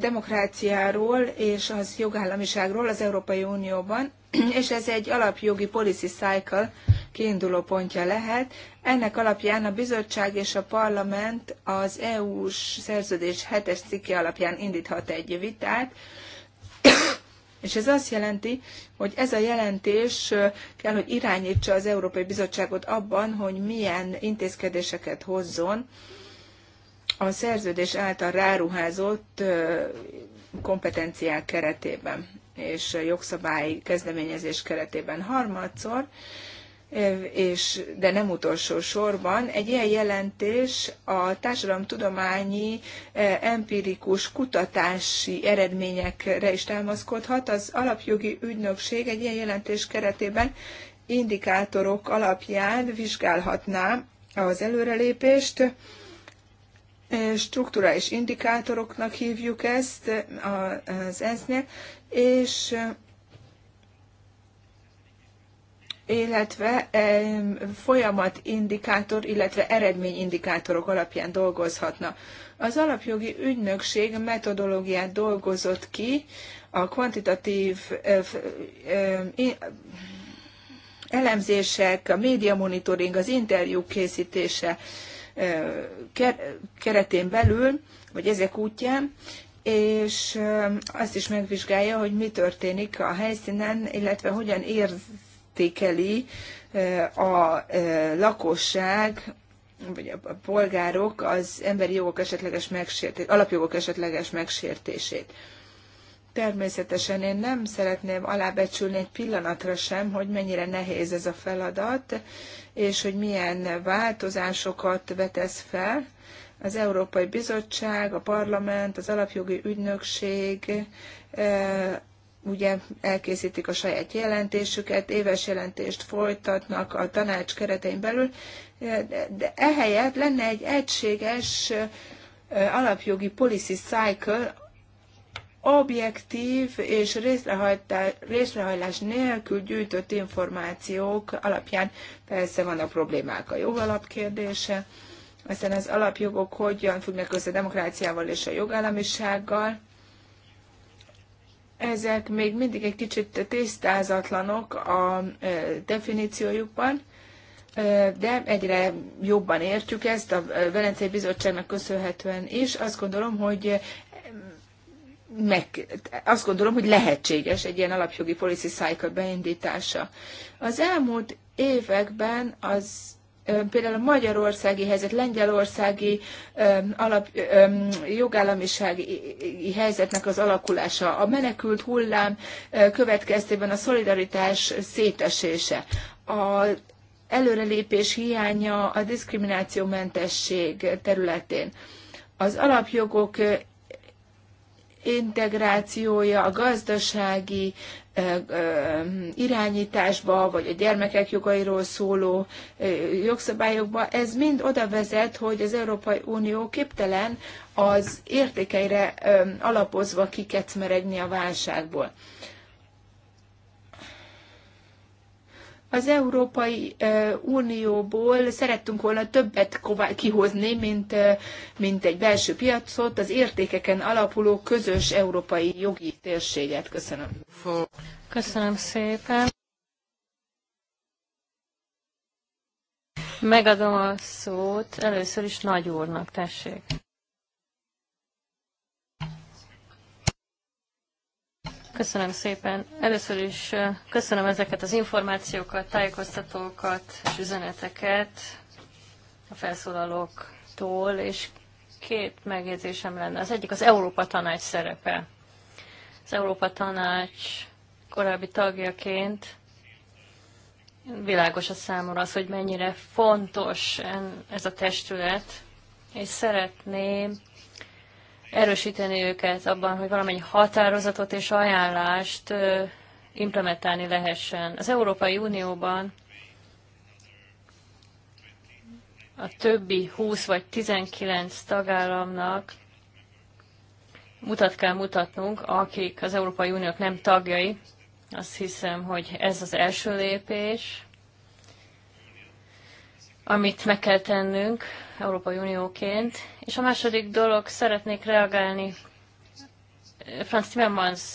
S1: demokráciáról és az jogállamiságról az Európai Unióban, [clears throat] és ez egy alapjogi policy cycle kiinduló pontja lehet. Ennek alapján a bizottság és a parlament az EU-s szerződés hetes cikke alapján indíthat egy vitát, és ez azt jelenti, hogy ez a jelentés kell, hogy irányítsa az Európai Bizottságot abban, hogy milyen intézkedéseket hozzon a szerződés által ráruházott kompetenciák keretében és jogszabályi kezdeményezés keretében. Harmadszor és, de nem utolsó sorban, egy ilyen jelentés a társadalomtudományi e, empirikus kutatási eredményekre is támaszkodhat. Az alapjogi ügynökség egy ilyen jelentés keretében indikátorok alapján vizsgálhatná az előrelépést, e, strukturális indikátoroknak hívjuk ezt az ENSZ-nél, és illetve folyamatindikátor, illetve eredményindikátorok alapján dolgozhatna. Az alapjogi ügynökség metodológiát dolgozott ki a kvantitatív elemzések, a média monitoring, az interjúk készítése keretén belül, vagy ezek útján, és azt is megvizsgálja, hogy mi történik a helyszínen, illetve hogyan érz, értékeli eh, a eh, lakosság vagy a polgárok az emberi jogok esetleges megsértését, alapjogok esetleges megsértését. Természetesen én nem szeretném alábecsülni egy pillanatra sem, hogy mennyire nehéz ez a feladat, és hogy milyen változásokat vetesz fel. Az Európai Bizottság, a Parlament, az Alapjogi Ügynökség eh, ugye elkészítik a saját jelentésüket, éves jelentést folytatnak a tanács keretein belül, de ehelyett lenne egy egységes alapjogi policy cycle, objektív és részrehajlás nélkül gyűjtött információk alapján persze vannak problémák a jogalap kérdése, hiszen az alapjogok hogyan függnek össze a demokráciával és a jogállamisággal, ezek még mindig egy kicsit tisztázatlanok a definíciójukban, de egyre jobban értjük ezt a Velencei Bizottságnak köszönhetően is. Azt gondolom, hogy meg, azt gondolom, hogy lehetséges egy ilyen alapjogi policy cycle beindítása. Az elmúlt években az például a magyarországi helyzet, lengyelországi alap, jogállamisági helyzetnek az alakulása, a menekült hullám következtében a szolidaritás szétesése, a előrelépés hiánya a diszkriminációmentesség területén, az alapjogok integrációja, a gazdasági irányításba, vagy a gyermekek jogairól szóló jogszabályokba, ez mind oda vezet, hogy az Európai Unió képtelen az értékeire alapozva kikecmeregni a válságból. Az Európai Unióból szerettünk volna többet kihozni, mint, mint egy belső piacot, az értékeken alapuló közös európai jogi térséget. Köszönöm.
S2: Köszönöm szépen. Megadom a szót először is Nagy úrnak, tessék. Köszönöm szépen. Először is köszönöm ezeket az információkat, tájékoztatókat és üzeneteket a felszólalóktól, és két megjegyzésem lenne. Az egyik az Európa Tanács szerepe. Az Európa Tanács korábbi tagjaként világos a számomra az, hogy mennyire fontos ez a testület, és szeretném erősíteni őket abban, hogy valamennyi határozatot és ajánlást implementálni lehessen. Az Európai Unióban a többi 20 vagy 19 tagállamnak mutat kell mutatnunk, akik az Európai Uniók nem tagjai. Azt hiszem, hogy ez az első lépés, amit meg kell tennünk, Európai Unióként. És a második dolog, szeretnék reagálni Franz Timmermans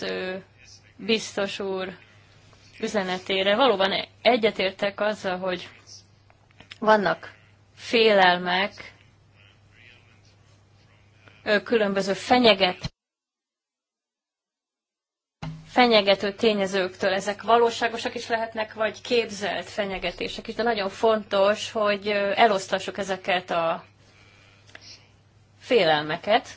S2: biztos úr üzenetére. Valóban egyetértek azzal, hogy vannak félelmek, különböző fenyeget fenyegető tényezőktől. Ezek valóságosak is lehetnek, vagy képzelt fenyegetések is, de nagyon fontos, hogy elosztassuk ezeket a félelmeket.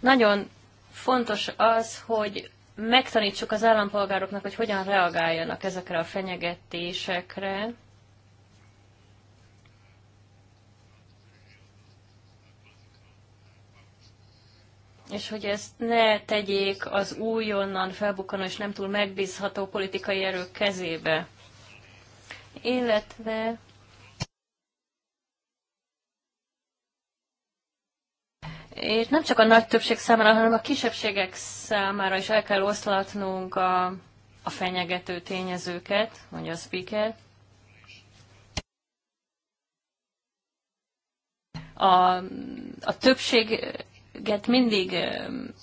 S2: Nagyon fontos az, hogy megtanítsuk az állampolgároknak, hogy hogyan reagáljanak ezekre a fenyegetésekre, és hogy ezt ne tegyék az újonnan felbukkanó és nem túl megbízható politikai erők kezébe. Illetve és nem csak a nagy többség számára, hanem a kisebbségek számára is el kell oszlatnunk a, a fenyegető tényezőket, mondja a speaker. A, a többség minket mindig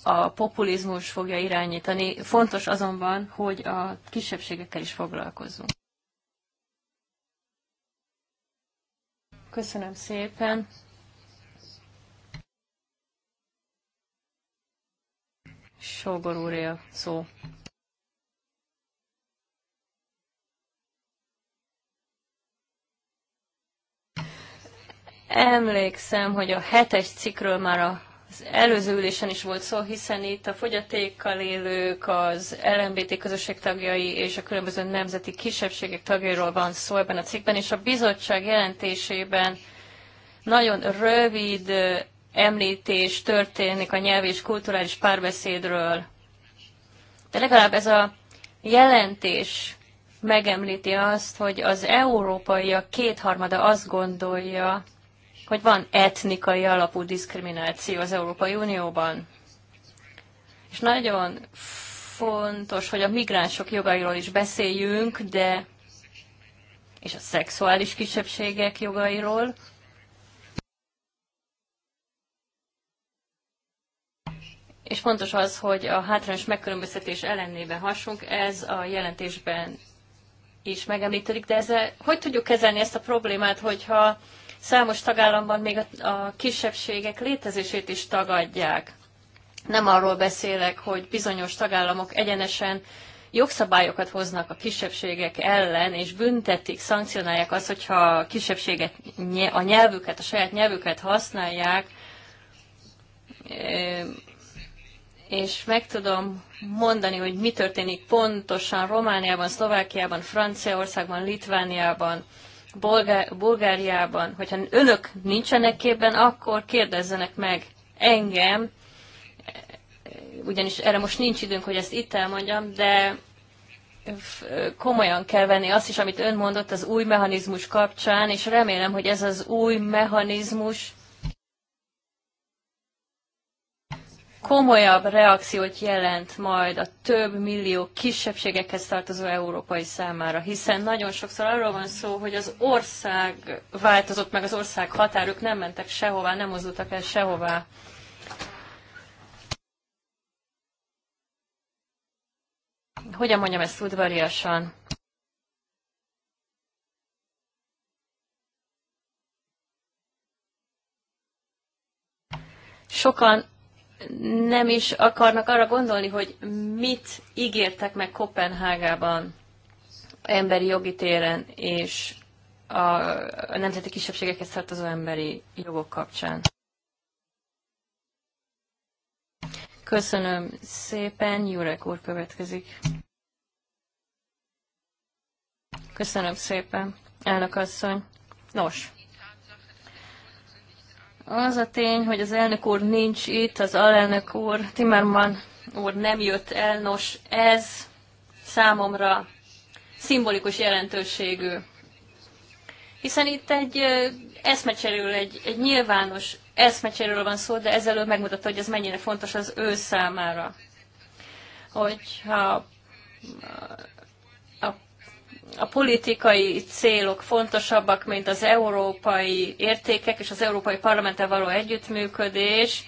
S2: a populizmus fogja irányítani, fontos azonban, hogy a kisebbségekkel is foglalkozzunk. Köszönöm szépen. Sógor úré a szó. Emlékszem, hogy a hetes cikről már a az előző ülésen is volt szó, hiszen itt a fogyatékkal élők, az LMBT közösség tagjai és a különböző nemzeti kisebbségek tagjairól van szó ebben a cikkben, és a bizottság jelentésében nagyon rövid említés történik a nyelvi és kulturális párbeszédről. De legalább ez a jelentés megemlíti azt, hogy az európaiak kétharmada azt gondolja, hogy van etnikai alapú diszkrimináció az Európai Unióban. És nagyon fontos, hogy a migránsok jogairól is beszéljünk, de és a szexuális kisebbségek jogairól. És fontos az, hogy a hátrányos megkülönböztetés ellenében hasunk, ez a jelentésben is megemlítődik, de ezzel, hogy tudjuk kezelni ezt a problémát, hogyha Számos tagállamban még a kisebbségek létezését is tagadják. Nem arról beszélek, hogy bizonyos tagállamok egyenesen jogszabályokat hoznak a kisebbségek ellen, és büntetik, szankcionálják azt, hogyha a kisebbséget, a nyelvüket, a saját nyelvüket használják, és meg tudom mondani, hogy mi történik pontosan Romániában, Szlovákiában, Franciaországban, Litvániában, Bulgá- Bulgáriában, hogyha önök nincsenek képben, akkor kérdezzenek meg engem, ugyanis erre most nincs időnk, hogy ezt itt elmondjam, de komolyan kell venni azt is, amit ön mondott az új mechanizmus kapcsán, és remélem, hogy ez az új mechanizmus komolyabb reakciót jelent majd a több millió kisebbségekhez tartozó európai számára, hiszen nagyon sokszor arról van szó, hogy az ország változott meg, az ország határok nem mentek sehová, nem mozdultak el sehová. Hogyan mondjam ezt udvariasan? Sokan nem is akarnak arra gondolni, hogy mit ígértek meg Kopenhágában emberi jogi téren és a, a nemzeti kisebbségekhez tartozó emberi jogok kapcsán. Köszönöm szépen, Jurek úr következik. Köszönöm szépen, elnök asszony. Nos, az a tény, hogy az elnök úr nincs itt, az alelnök úr, Timmerman úr nem jött el, nos ez számomra szimbolikus jelentőségű. Hiszen itt egy eszmecserül, egy, egy nyilvános eszmecserül van szó, de ezelőtt megmutatta, hogy ez mennyire fontos az ő számára. Hogyha a politikai célok fontosabbak, mint az európai értékek és az európai parlamenttel való együttműködés,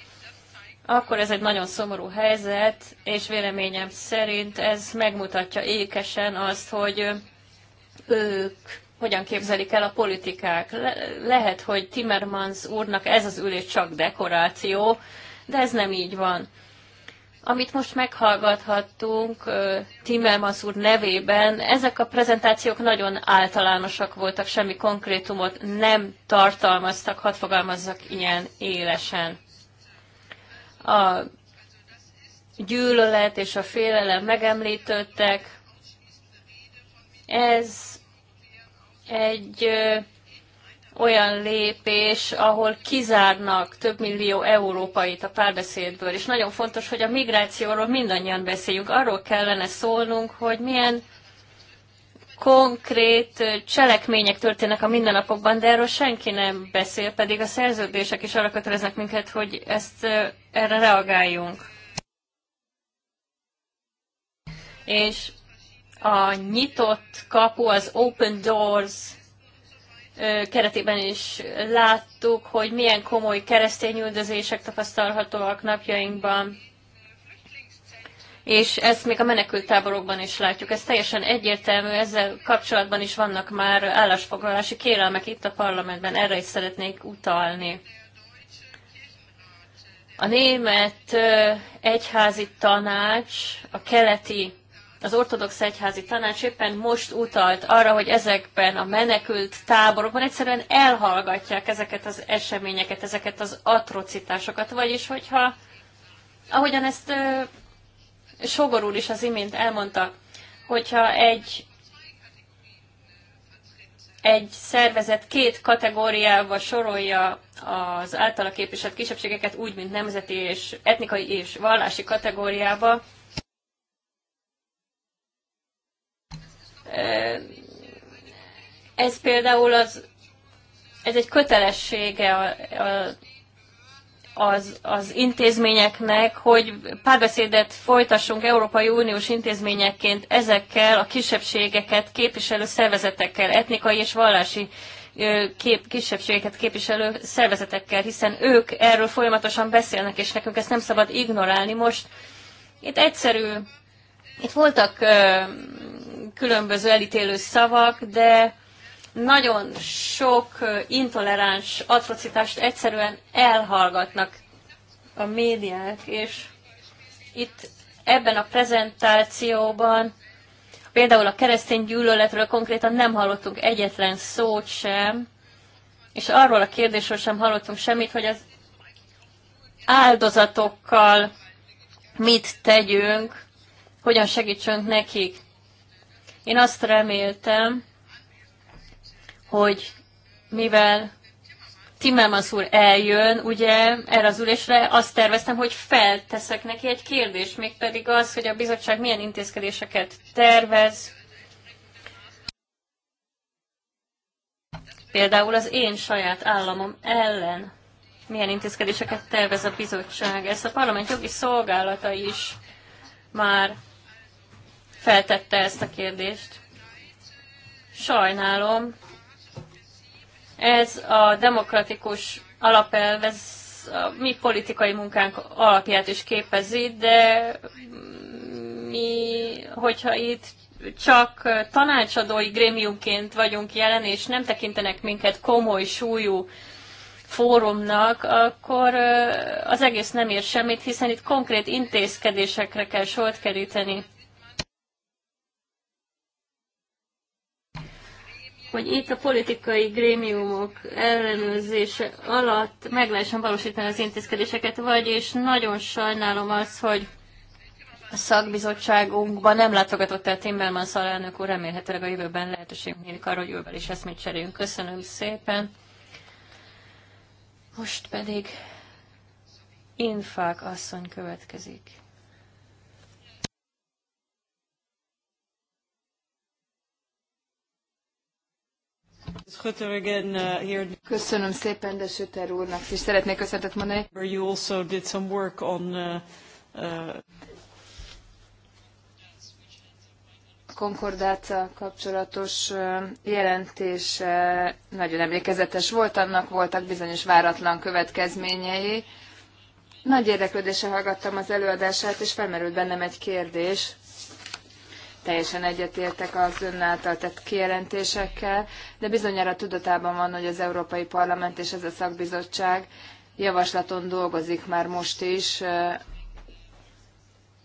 S2: akkor ez egy nagyon szomorú helyzet, és véleményem szerint ez megmutatja ékesen azt, hogy ők hogyan képzelik el a politikák. Le- lehet, hogy Timmermans úrnak ez az ülés csak dekoráció, de ez nem így van amit most meghallgathattunk Timmermans úr nevében, ezek a prezentációk nagyon általánosak voltak, semmi konkrétumot nem tartalmaztak, hadd fogalmazzak ilyen élesen. A gyűlölet és a félelem megemlítődtek. Ez egy olyan lépés, ahol kizárnak több millió európait a párbeszédből. És nagyon fontos, hogy a migrációról mindannyian beszéljünk. Arról kellene szólnunk, hogy milyen konkrét cselekmények történnek a mindennapokban, de erről senki nem beszél, pedig a szerződések is arra köteleznek minket, hogy ezt erre reagáljunk. És a nyitott kapu, az open doors keretében is láttuk, hogy milyen komoly keresztény üldözések tapasztalhatóak napjainkban, és ezt még a táborokban is látjuk. Ez teljesen egyértelmű, ezzel kapcsolatban is vannak már állásfoglalási kérelmek itt a parlamentben, erre is szeretnék utalni. A német egyházi tanács a keleti az ortodox egyházi tanács éppen most utalt arra, hogy ezekben a menekült táborokban egyszerűen elhallgatják ezeket az eseményeket, ezeket az atrocitásokat, vagyis hogyha, ahogyan ezt uh, Sogor úr is az imént elmondta, hogyha egy egy szervezet két kategóriába sorolja az általa képviselt kisebbségeket úgy, mint nemzeti és etnikai és vallási kategóriába, Ez például az, ez egy kötelessége a, a az, az intézményeknek, hogy párbeszédet folytassunk Európai Uniós intézményekként ezekkel a kisebbségeket képviselő szervezetekkel, etnikai és vallási kép, kisebbségeket képviselő szervezetekkel, hiszen ők erről folyamatosan beszélnek, és nekünk ezt nem szabad ignorálni. Most itt egyszerű itt voltak különböző elítélő szavak, de nagyon sok intoleráns atrocitást egyszerűen elhallgatnak a médiák, és itt ebben a prezentációban például a keresztény gyűlöletről konkrétan nem hallottunk egyetlen szót sem, és arról a kérdésről sem hallottunk semmit, hogy az áldozatokkal mit tegyünk, hogyan segítsön nekik. Én azt reméltem, hogy mivel Timmermans úr eljön, ugye erre az ülésre azt terveztem, hogy felteszek neki egy kérdést, mégpedig az, hogy a bizottság milyen intézkedéseket tervez, például az én saját államom ellen milyen intézkedéseket tervez a bizottság. Ezt a parlament jogi szolgálata is már feltette ezt a kérdést. Sajnálom, ez a demokratikus alapelv, ez a mi politikai munkánk alapját is képezi, de mi, hogyha itt csak tanácsadói grémiumként vagyunk jelen, és nem tekintenek minket komoly súlyú fórumnak, akkor az egész nem ér semmit, hiszen itt konkrét intézkedésekre kell sort keríteni. hogy itt a politikai grémiumok ellenőrzése alatt meg lehessen valósítani az intézkedéseket, vagyis nagyon sajnálom azt, hogy a szakbizottságunkban nem látogatott el Timmermans alelnök úr, remélhetőleg a jövőben lehetőség nyílik arra, hogy ővel is eszmét cseréljünk. Köszönöm szépen. Most pedig Infák asszony következik. Uh,
S3: Köszönöm szépen, de Sütter úrnak is szeretnék köszöntet mondani.
S2: You also did some work on, uh,
S3: uh kapcsolatos uh, jelentés nagyon emlékezetes volt, annak voltak bizonyos váratlan következményei. Nagy érdeklődéssel hallgattam az előadását, és felmerült bennem egy kérdés teljesen egyetértek az ön által tett kijelentésekkel, de bizonyára tudatában van, hogy az Európai Parlament és ez a szakbizottság javaslaton dolgozik már most is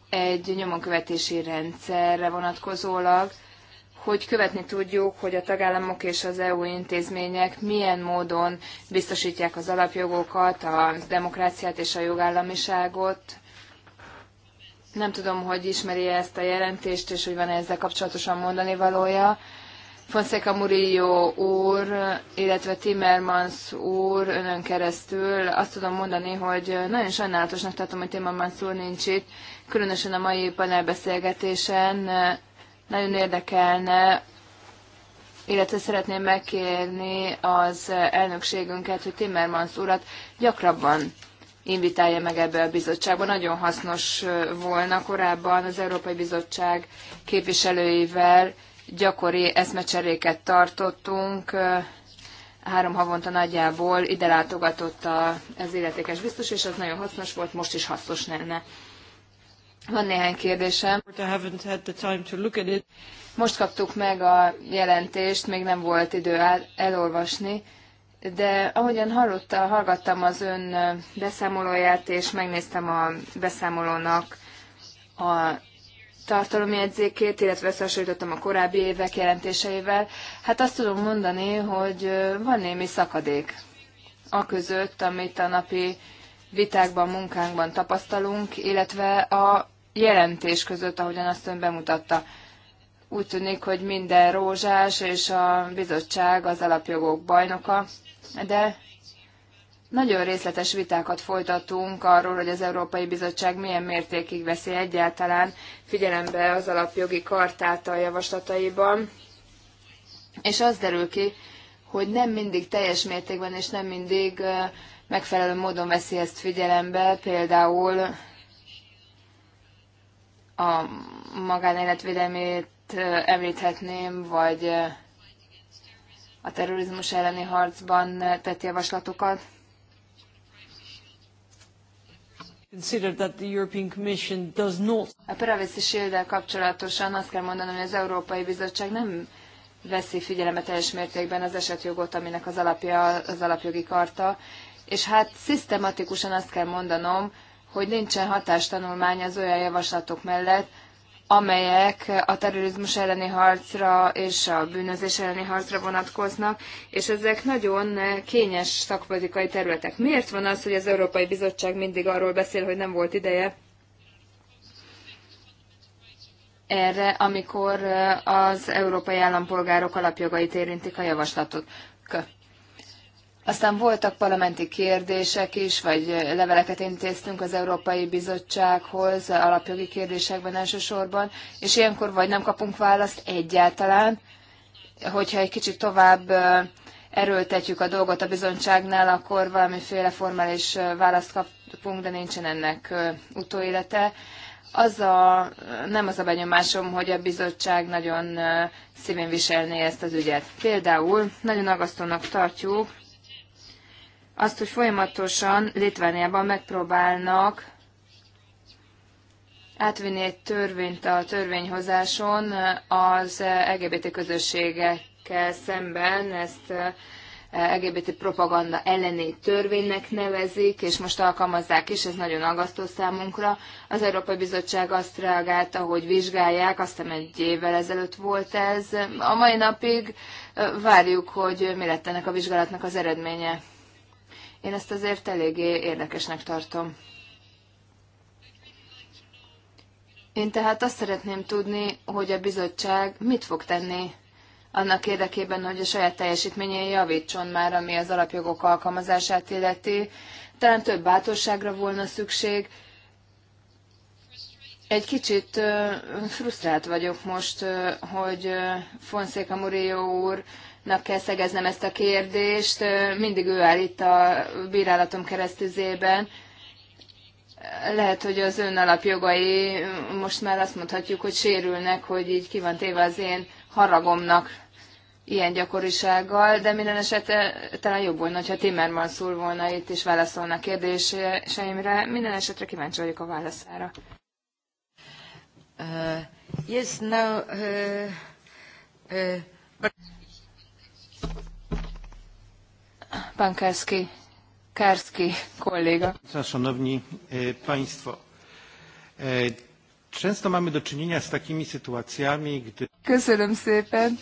S3: egy nyomonkövetési rendszerre vonatkozólag, hogy követni tudjuk, hogy a tagállamok és az EU intézmények milyen módon biztosítják az alapjogokat, a demokráciát és a jogállamiságot, nem tudom, hogy ismeri -e ezt a jelentést, és hogy van -e ezzel kapcsolatosan mondani valója. Fonseca Murillo úr, illetve Timmermans úr önön keresztül azt tudom mondani, hogy nagyon sajnálatosnak tartom, hogy Timmermans úr nincs itt, különösen a mai panelbeszélgetésen nagyon érdekelne, illetve szeretném megkérni az elnökségünket, hogy Timmermans urat gyakrabban invitálja meg ebbe a bizottságba. Nagyon hasznos volna korábban az Európai Bizottság képviselőivel gyakori eszmecseréket tartottunk, három havonta nagyjából ide látogatott a, az illetékes biztos, és az nagyon hasznos volt, most is hasznos lenne. Van néhány kérdésem. Most kaptuk meg a jelentést, még nem volt idő elolvasni, de ahogyan hallotta, hallgattam az ön beszámolóját, és megnéztem a beszámolónak a tartalomjegyzékét, illetve összehasonlítottam a korábbi évek jelentéseivel, hát azt tudom mondani, hogy van némi szakadék a között, amit a napi vitákban, munkánkban tapasztalunk, illetve a jelentés között, ahogyan azt ön bemutatta. Úgy tűnik, hogy minden rózsás, és a bizottság az alapjogok bajnoka de nagyon részletes vitákat folytatunk arról, hogy az Európai Bizottság milyen mértékig veszi egyáltalán figyelembe az alapjogi kartát a javaslataiban, és az derül ki, hogy nem mindig teljes mértékben és nem mindig megfelelő módon veszi ezt figyelembe, például a magánéletvédelmét említhetném, vagy a terrorizmus elleni harcban eh, tett javaslatokat. A privacy shield kapcsolatosan azt kell mondanom, hogy az Európai Bizottság nem veszi figyelembe teljes mértékben az esetjogot, aminek az alapja az alapjogi karta, és hát szisztematikusan azt kell mondanom, hogy nincsen hatástanulmány az olyan javaslatok mellett, amelyek a terrorizmus elleni harcra és a bűnözés elleni harcra vonatkoznak, és ezek nagyon kényes szakpolitikai területek. Miért van az, hogy az Európai Bizottság mindig arról beszél, hogy nem volt ideje erre, amikor az európai állampolgárok alapjogait érintik a javaslatot? Aztán voltak parlamenti kérdések is, vagy leveleket intéztünk az Európai Bizottsághoz, alapjogi kérdésekben elsősorban, és ilyenkor vagy nem kapunk választ egyáltalán, hogyha egy kicsit tovább erőltetjük a dolgot a bizottságnál, akkor valamiféle formális választ kapunk, de nincsen ennek utóélete. Az a, nem az a benyomásom, hogy a bizottság nagyon szívén viselné ezt az ügyet. Például nagyon agasztónak tartjuk, azt, hogy folyamatosan Litvániában megpróbálnak átvinni egy törvényt a törvényhozáson az LGBT közösségekkel szemben, ezt eh, LGBT propaganda elleni törvénynek nevezik, és most alkalmazzák is, ez nagyon aggasztó számunkra. Az Európai Bizottság azt reagálta, hogy vizsgálják, azt hiszem egy évvel ezelőtt volt ez. A mai napig eh, várjuk, hogy mi lett ennek a vizsgálatnak az eredménye. Én ezt azért eléggé érdekesnek tartom. Én tehát azt szeretném tudni, hogy a bizottság mit fog tenni annak érdekében, hogy a saját teljesítményén javítson már, ami az alapjogok alkalmazását illeti. Talán több bátorságra volna szükség. Egy kicsit frusztrált vagyok most, hogy Fonszéka Murillo úr nak kell szegeznem ezt a kérdést. Mindig ő áll itt a bírálatom keresztüzében. Lehet, hogy az ön alapjogai most már azt mondhatjuk, hogy sérülnek, hogy így ki van téve az én haragomnak ilyen gyakorisággal, de minden esetre talán jobb volna, ha Timmerman szól volna itt és válaszolna a kérdéseimre. Minden esetre kíváncsi vagyok a válaszára. Uh, yes, now, uh, uh, but...
S2: Szanowni e, Państwo, e, często mamy do czynienia z takimi sytuacjami, gdy...
S3: Köszönöm szépen.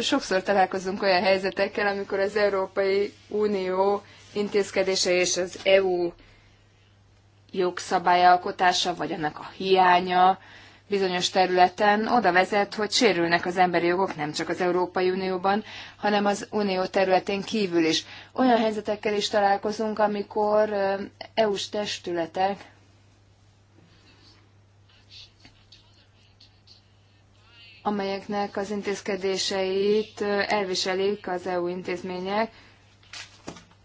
S3: Sokszor találkozunk olyan helyzetekkel, amikor az Európai Unió intézkedése és az EU jogszabályalkotása, vagy annak a hiánya bizonyos területen oda vezet, hogy sérülnek az emberi jogok nem csak az Európai Unióban, hanem az Unió területén kívül is. Olyan helyzetekkel is találkozunk, amikor EU-s testületek amelyeknek az intézkedéseit elviselik az EU intézmények,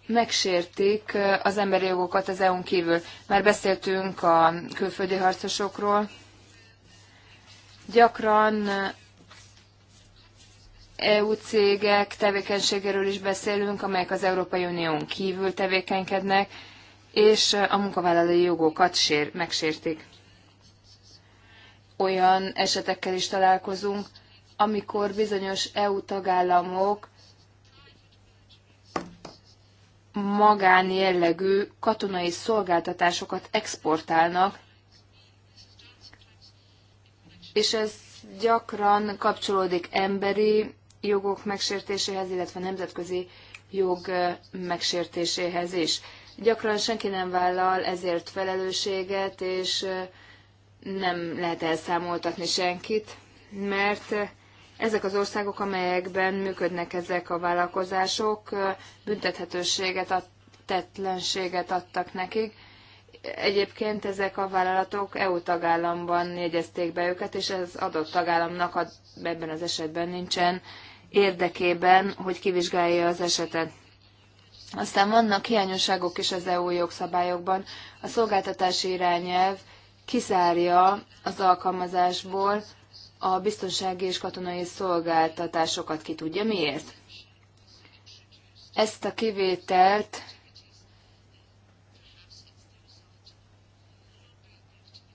S3: megsértik az emberi jogokat az EU-n kívül. Már beszéltünk a külföldi harcosokról, Gyakran EU cégek tevékenységéről is beszélünk, amelyek az Európai Unión kívül tevékenykednek, és a munkavállalói jogokat sér, megsértik. Olyan esetekkel is találkozunk, amikor bizonyos EU tagállamok magánjellegű katonai szolgáltatásokat exportálnak és ez gyakran kapcsolódik emberi jogok megsértéséhez, illetve nemzetközi jog megsértéséhez is. Gyakran senki nem vállal ezért felelősséget, és nem lehet elszámoltatni senkit, mert ezek az országok, amelyekben működnek ezek a vállalkozások, büntethetőséget, tetlenséget adtak nekik, Egyébként ezek a vállalatok EU tagállamban jegyezték be őket, és az adott tagállamnak a, ebben az esetben nincsen érdekében, hogy kivizsgálja az esetet. Aztán vannak hiányosságok is az EU jogszabályokban. A szolgáltatási irányelv kizárja az alkalmazásból a biztonsági és katonai szolgáltatásokat. Ki tudja miért? Ezt a kivételt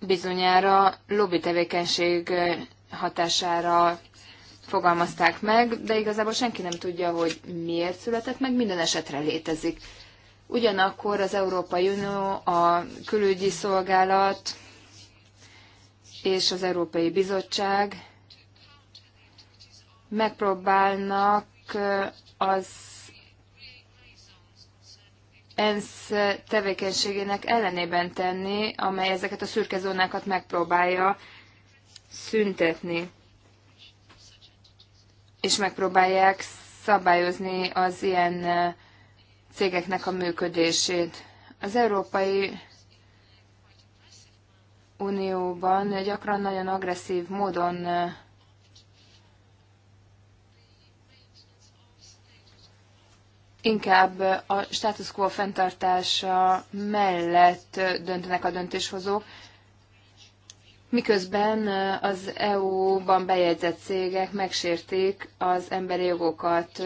S3: bizonyára lobby tevékenység hatására fogalmazták meg, de igazából senki nem tudja, hogy miért született meg, minden esetre létezik. Ugyanakkor az Európai Unió, a külügyi szolgálat és az Európai Bizottság megpróbálnak az ENSZ tevékenységének ellenében tenni, amely ezeket a szürke zónákat megpróbálja szüntetni, és megpróbálják szabályozni az ilyen cégeknek a működését. Az Európai Unióban gyakran nagyon agresszív módon inkább a status quo fenntartása mellett döntenek a döntéshozók, miközben az EU-ban bejegyzett cégek megsértik az emberi jogokat.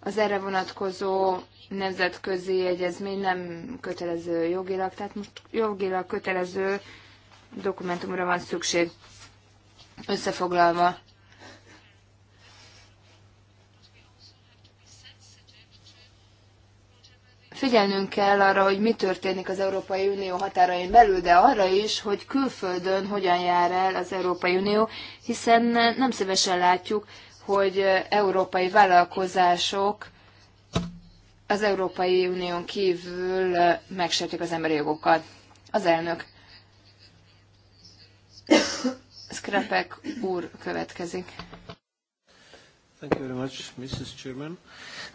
S3: Az erre vonatkozó nemzetközi egyezmény nem kötelező jogilag, tehát most jogilag kötelező dokumentumra van szükség. Összefoglalva, Figyelnünk kell arra, hogy mi történik az Európai Unió határain belül, de arra is, hogy külföldön hogyan jár el az Európai Unió, hiszen nem szívesen látjuk, hogy európai vállalkozások az Európai Unión kívül megsértik az emberi jogokat. Az elnök. Skrepek úr következik. Thank you very much, Mrs. Chairman.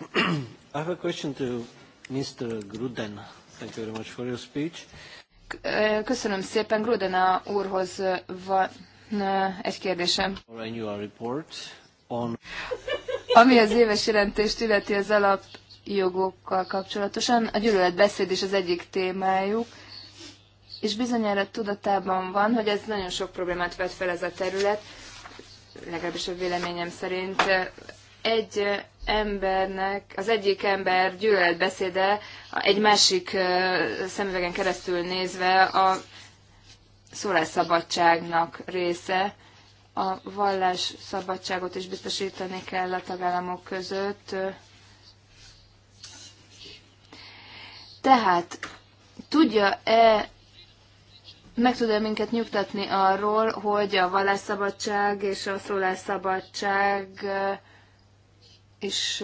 S3: [clears throat] I have a question to Mr. Gruden, thank you very much for your speech. Köszönöm szépen. Gruden úrhoz van egy kérdésem. Ami az éves jelentést illeti az alapjogokkal kapcsolatosan, a gyűlöletbeszéd is az egyik témájuk, és bizonyára tudatában van, hogy ez nagyon sok problémát vet fel ez a terület, legalábbis a véleményem szerint. Egy embernek, az egyik ember gyűlöletbeszéde egy másik szemüvegen keresztül nézve a szólásszabadságnak része. A vallás szabadságot is biztosítani kell a tagállamok között. Tehát tudja-e meg tud-e minket nyugtatni arról, hogy a vallásszabadság és a szólásszabadság és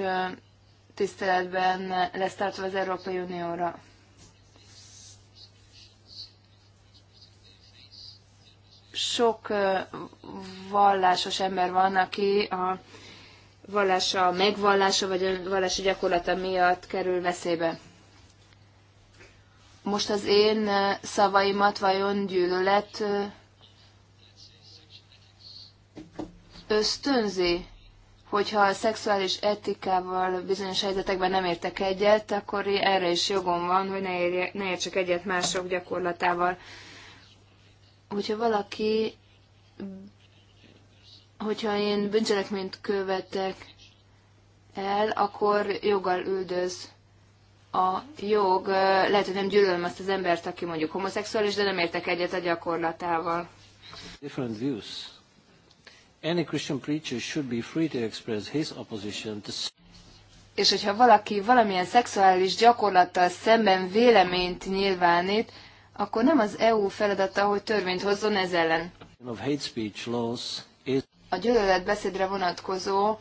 S3: tiszteletben lesz tartva az Európai Unióra. Sok vallásos ember van, aki a vallása, a megvallása vagy a vallási gyakorlata miatt kerül veszélybe. Most az én szavaimat vajon gyűlölet ösztönzi? hogyha a szexuális etikával bizonyos helyzetekben nem értek egyet, akkor erre is jogom van, hogy ne, érje, ne értsek egyet mások gyakorlatával. Hogyha valaki, hogyha én bűncselekményt követek el, akkor joggal üldöz a jog. Lehet, hogy nem gyűlölöm azt az embert, aki mondjuk homoszexuális, de nem értek egyet a gyakorlatával. Different views any Christian preacher should be free to express his opposition to és hogyha valaki valamilyen szexuális gyakorlattal szemben véleményt nyilvánít, akkor nem az EU feladata, hogy törvényt hozzon ez ellen. A gyűlöletbeszédre vonatkozó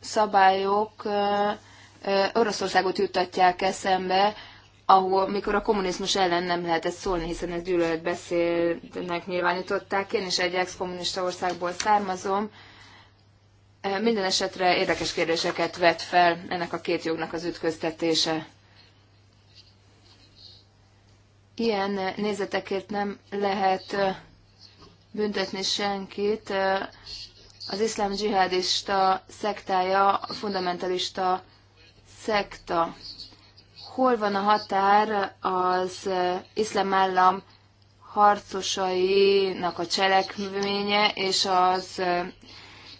S3: szabályok Oroszországot juttatják eszembe, ahol, amikor a kommunizmus ellen nem lehetett szólni, hiszen ez gyűlöletbeszédnek nyilvánították. Én is egy ex-kommunista országból származom. Minden esetre érdekes kérdéseket vet fel ennek a két jognak az ütköztetése. Ilyen nézetekért nem lehet büntetni senkit. Az iszlám dzsihadista szektája fundamentalista szekta hol van a határ az iszlám állam harcosainak a cselekménye és az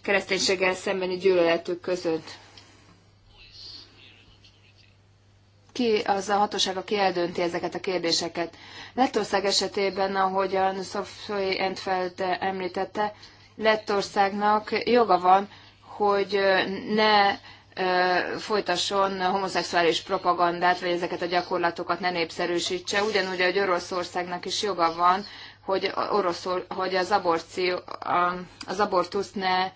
S3: kereszténységgel szembeni gyűlöletük között. Ki az a hatóság, aki eldönti ezeket a kérdéseket? Lettország esetében, ahogyan Sophie Entfeld említette, Lettországnak joga van, hogy ne folytasson homoszexuális propagandát, vagy ezeket a gyakorlatokat ne népszerűsítse. Ugyanúgy, hogy Oroszországnak is joga van, hogy, oroszul, hogy az, aborció, az abortuszt ne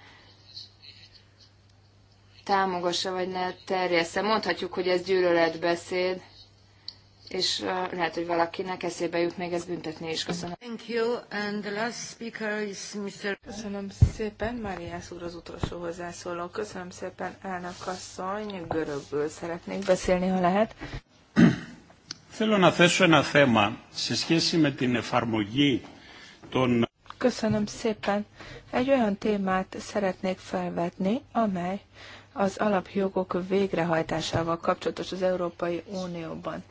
S3: támogassa, vagy ne terjessze. Mondhatjuk, hogy ez gyűlöletbeszéd és lehet, hogy valakinek eszébe jut még ez büntetni is. Köszönöm.
S1: Thank you, and the last speaker is Mr. Köszönöm szépen, Máriás úr az utolsó hozzászóló. Köszönöm szépen, elnök asszony, görögből szeretnék beszélni, ha lehet. Θέλω να θέσω ένα θέμα σε σχέση με την εφαρμογή των... Köszönöm szépen. Egy olyan témát szeretnék felvetni, amely az alapjogok végrehajtásával kapcsolatos az Európai Unióban.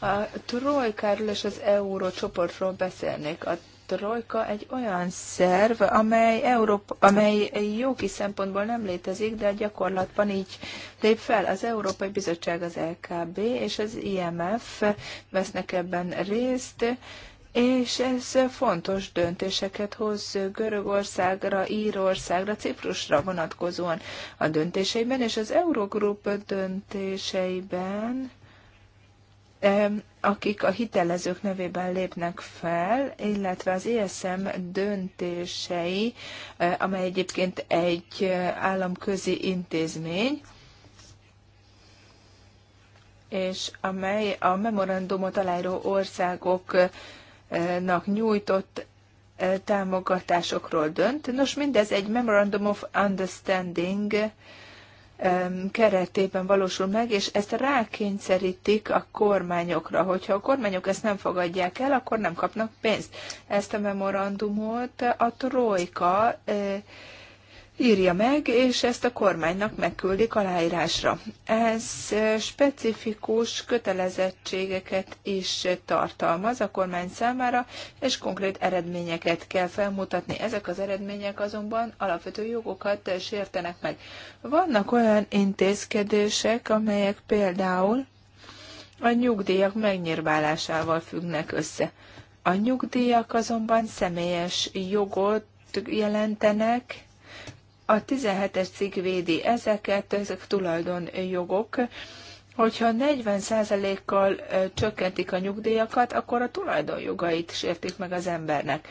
S1: A trojkáról és az euró csoportról beszélnék. A trojka egy olyan szerv, amely, Európa, amely jogi szempontból nem létezik, de gyakorlatban így lép fel. Az Európai Bizottság, az LKB és az IMF vesznek ebben részt és ez fontos döntéseket hoz Görögországra, Írországra, Ciprusra vonatkozóan a döntéseiben, és az Eurogroup döntéseiben akik a hitelezők nevében lépnek fel, illetve az ESM döntései, e, amely egyébként egy államközi intézmény, és amely a memorandumot aláíró országok nak nyújtott e, támogatásokról dönt. Nos, mindez egy Memorandum of Understanding e, keretében valósul meg, és ezt rákényszerítik a kormányokra. Hogyha a kormányok ezt nem fogadják el, akkor nem kapnak pénzt. Ezt a memorandumot a trojka e, írja meg, és ezt a kormánynak megküldik aláírásra. Ez specifikus kötelezettségeket is tartalmaz a kormány számára, és konkrét eredményeket kell felmutatni. Ezek az eredmények azonban alapvető jogokat sértenek meg. Vannak olyan intézkedések, amelyek például a nyugdíjak megnyírválásával függnek össze. A nyugdíjak azonban személyes jogot jelentenek, a 17-es cikk védi ezeket, ezek tulajdonjogok. Hogyha 40%-kal csökkentik a nyugdíjakat, akkor a tulajdonjogait sértik meg az embernek.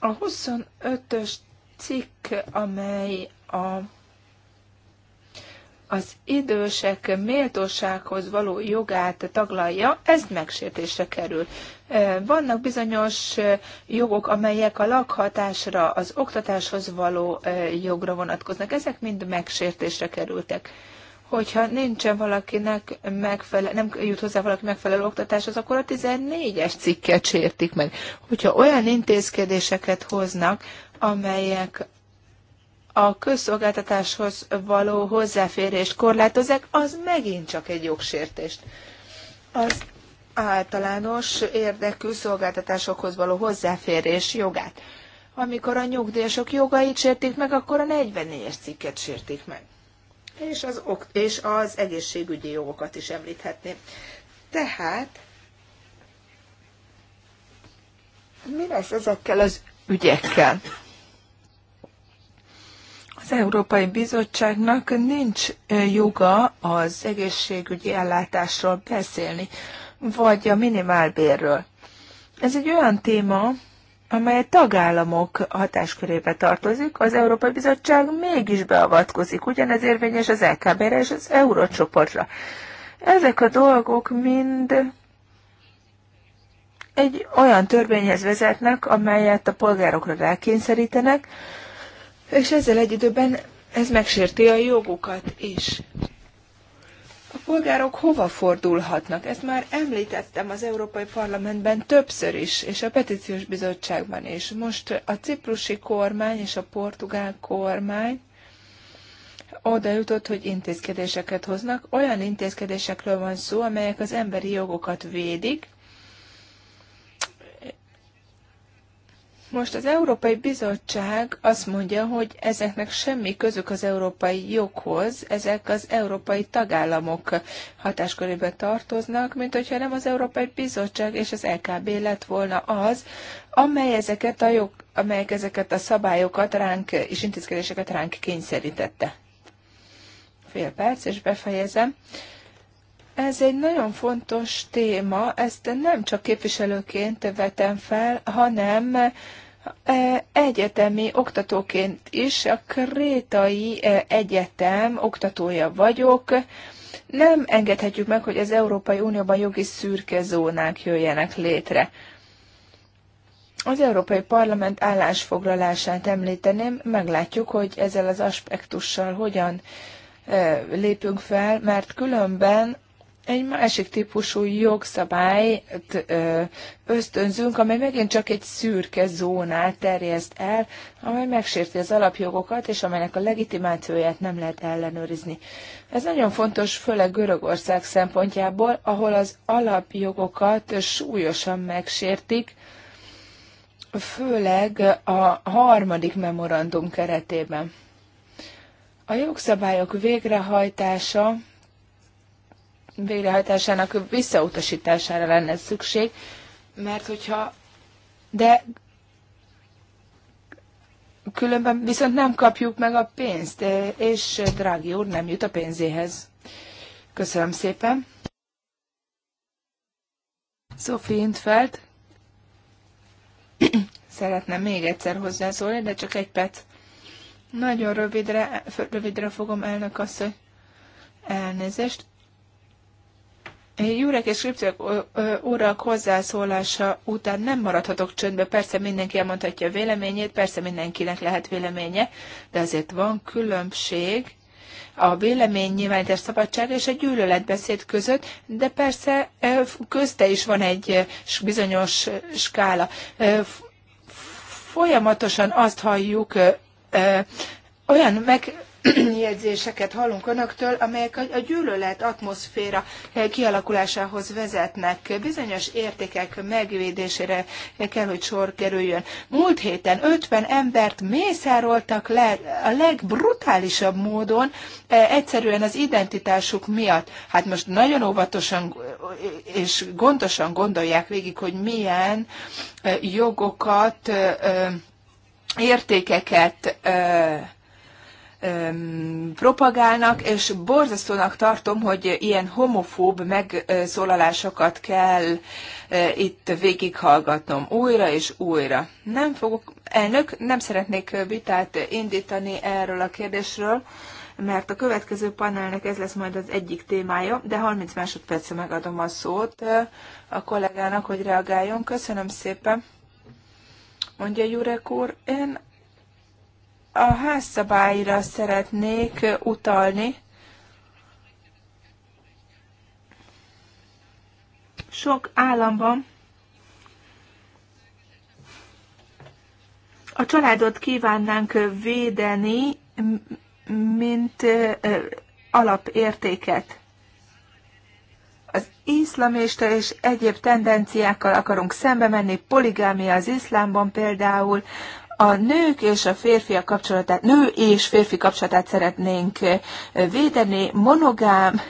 S1: A 25-ös cikk, amely a, az idősek méltósághoz való jogát taglalja, ez megsértésre kerül. Eh, vannak bizonyos eh, jogok, amelyek a lakhatásra, az oktatáshoz való eh, jogra vonatkoznak. Ezek mind megsértésre kerültek hogyha nincsen valakinek megfelel, nem jut hozzá valaki megfelelő oktatáshoz, akkor a 14-es cikket sértik meg. Hogyha olyan intézkedéseket hoznak, amelyek a közszolgáltatáshoz való hozzáférést korlátozzák, az megint csak egy jogsértést. Az általános érdekű szolgáltatásokhoz való hozzáférés jogát. Amikor a nyugdíjasok jogait sértik meg, akkor a 44-es cikket sértik meg. És az, és az egészségügyi jogokat is említhetném. Tehát mi lesz ezekkel az ügyekkel? Az Európai Bizottságnak nincs joga az egészségügyi ellátásról beszélni vagy a minimálbérről. Ez egy olyan téma, amely tagállamok hatáskörébe tartozik, az Európai Bizottság mégis beavatkozik, ugyanez érvényes az LKB-re és az eurócsoportra. Ezek a dolgok mind egy olyan törvényhez vezetnek, amelyet a polgárokra rákényszerítenek, és ezzel egy időben ez megsérti a jogukat is polgárok hova fordulhatnak? Ezt már említettem az Európai Parlamentben többször is, és a Petíciós Bizottságban is. Most a ciprusi kormány és a portugál kormány oda jutott, hogy intézkedéseket hoznak. Olyan intézkedésekről van szó, amelyek az emberi jogokat védik, Most az Európai Bizottság azt mondja, hogy ezeknek semmi közük az európai joghoz, ezek az európai tagállamok hatáskörébe tartoznak, mint hogyha nem az Európai Bizottság és az LKB lett volna az, amely ezeket a jog, amelyek ezeket a szabályokat ránk és intézkedéseket ránk kényszerítette. Fél perc, és befejezem. Ez egy nagyon fontos téma, ezt nem csak képviselőként vetem fel, hanem E, egyetemi oktatóként is, a Krétai e, Egyetem oktatója vagyok. Nem engedhetjük meg, hogy az Európai Unióban jogi szürke zónák jöjjenek létre. Az Európai Parlament állásfoglalását említeném, meglátjuk, hogy ezzel az aspektussal hogyan e, lépünk fel, mert különben egy másik típusú jogszabályt ösztönzünk, amely megint csak egy szürke zónát terjeszt el, amely megsérti az alapjogokat, és amelynek a legitimációját nem lehet ellenőrizni. Ez nagyon fontos, főleg Görögország szempontjából, ahol az alapjogokat súlyosan megsértik, főleg a harmadik memorandum keretében. A jogszabályok végrehajtása végrehajtásának visszautasítására lenne szükség, mert hogyha de különben viszont nem kapjuk meg a pénzt, és drági úr nem jut a pénzéhez. Köszönöm szépen. Sophie Intfeld [clears throat] szeretne még egyszer hozzászólni, de csak egy perc. Nagyon rövidre, rövidre fogom elnök hogy Elnézést. Jurek és Kripcsek urak hozzászólása után nem maradhatok csöndbe. Persze mindenki elmondhatja a véleményét, persze mindenkinek lehet véleménye, de azért van különbség a vélemény nyilvánítás szabadság és a gyűlöletbeszéd között, de persze közte is van egy bizonyos skála. Folyamatosan azt halljuk, olyan meg, [clears throat] jegyzéseket hallunk önöktől, amelyek a gyűlölet atmoszféra eh, kialakulásához vezetnek. Bizonyos értékek megvédésére eh, kell, hogy sor kerüljön. Múlt héten 50 embert mészároltak le a legbrutálisabb módon, eh, egyszerűen az identitásuk miatt. Hát most nagyon óvatosan és gondosan gondolják végig, hogy milyen jogokat, értékeket propagálnak, és borzasztónak tartom, hogy ilyen homofób megszólalásokat kell itt végighallgatnom újra és újra. Nem fogok, elnök, nem szeretnék vitát indítani erről a kérdésről, mert a következő panelnek ez lesz majd az egyik témája, de 30 másodpercre megadom a szót a kollégának, hogy reagáljon. Köszönöm szépen. Mondja Jurek úr, én a házszabályra szeretnék utalni. Sok államban a családot kívánnánk védeni, mint alapértéket. Az iszlamista és egyéb tendenciákkal akarunk szembe menni, poligámia az iszlámban például, a nők és a férfiak kapcsolatát, nő és férfi kapcsolatát szeretnénk védeni, monogám,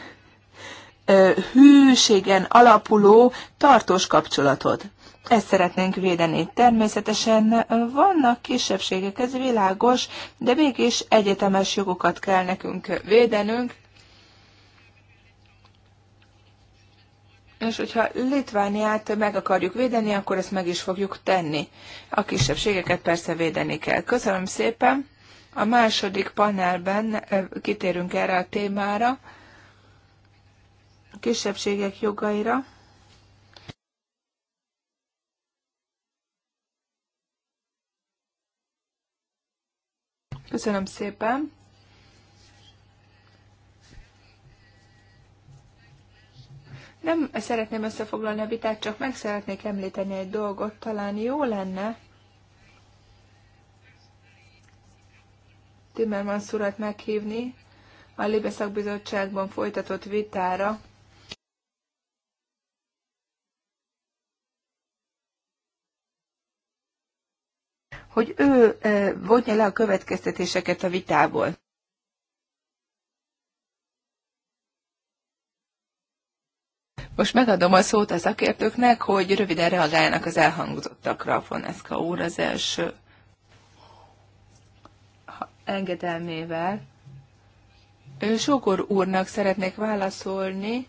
S1: hűségen alapuló tartós kapcsolatot. Ezt szeretnénk védeni. Természetesen vannak kisebbségek, ez világos, de mégis egyetemes jogokat kell nekünk védenünk, és hogyha Litvániát meg akarjuk védeni, akkor ezt meg is fogjuk tenni. A kisebbségeket persze védeni kell. Köszönöm szépen! A második panelben eh, kitérünk erre a témára, a kisebbségek jogaira. Köszönöm szépen! Nem szeretném összefoglalni a vitát, csak meg szeretnék említeni egy dolgot. Talán jó lenne Timmermans urat meghívni a Libe szakbizottságban folytatott vitára, hogy ő eh, vonja le a következtetéseket a vitából. Most megadom a szót a szakértőknek, hogy röviden reagáljanak az elhangzottakra. Foneszka úr az első ha engedelmével. Sokor úrnak szeretnék válaszolni,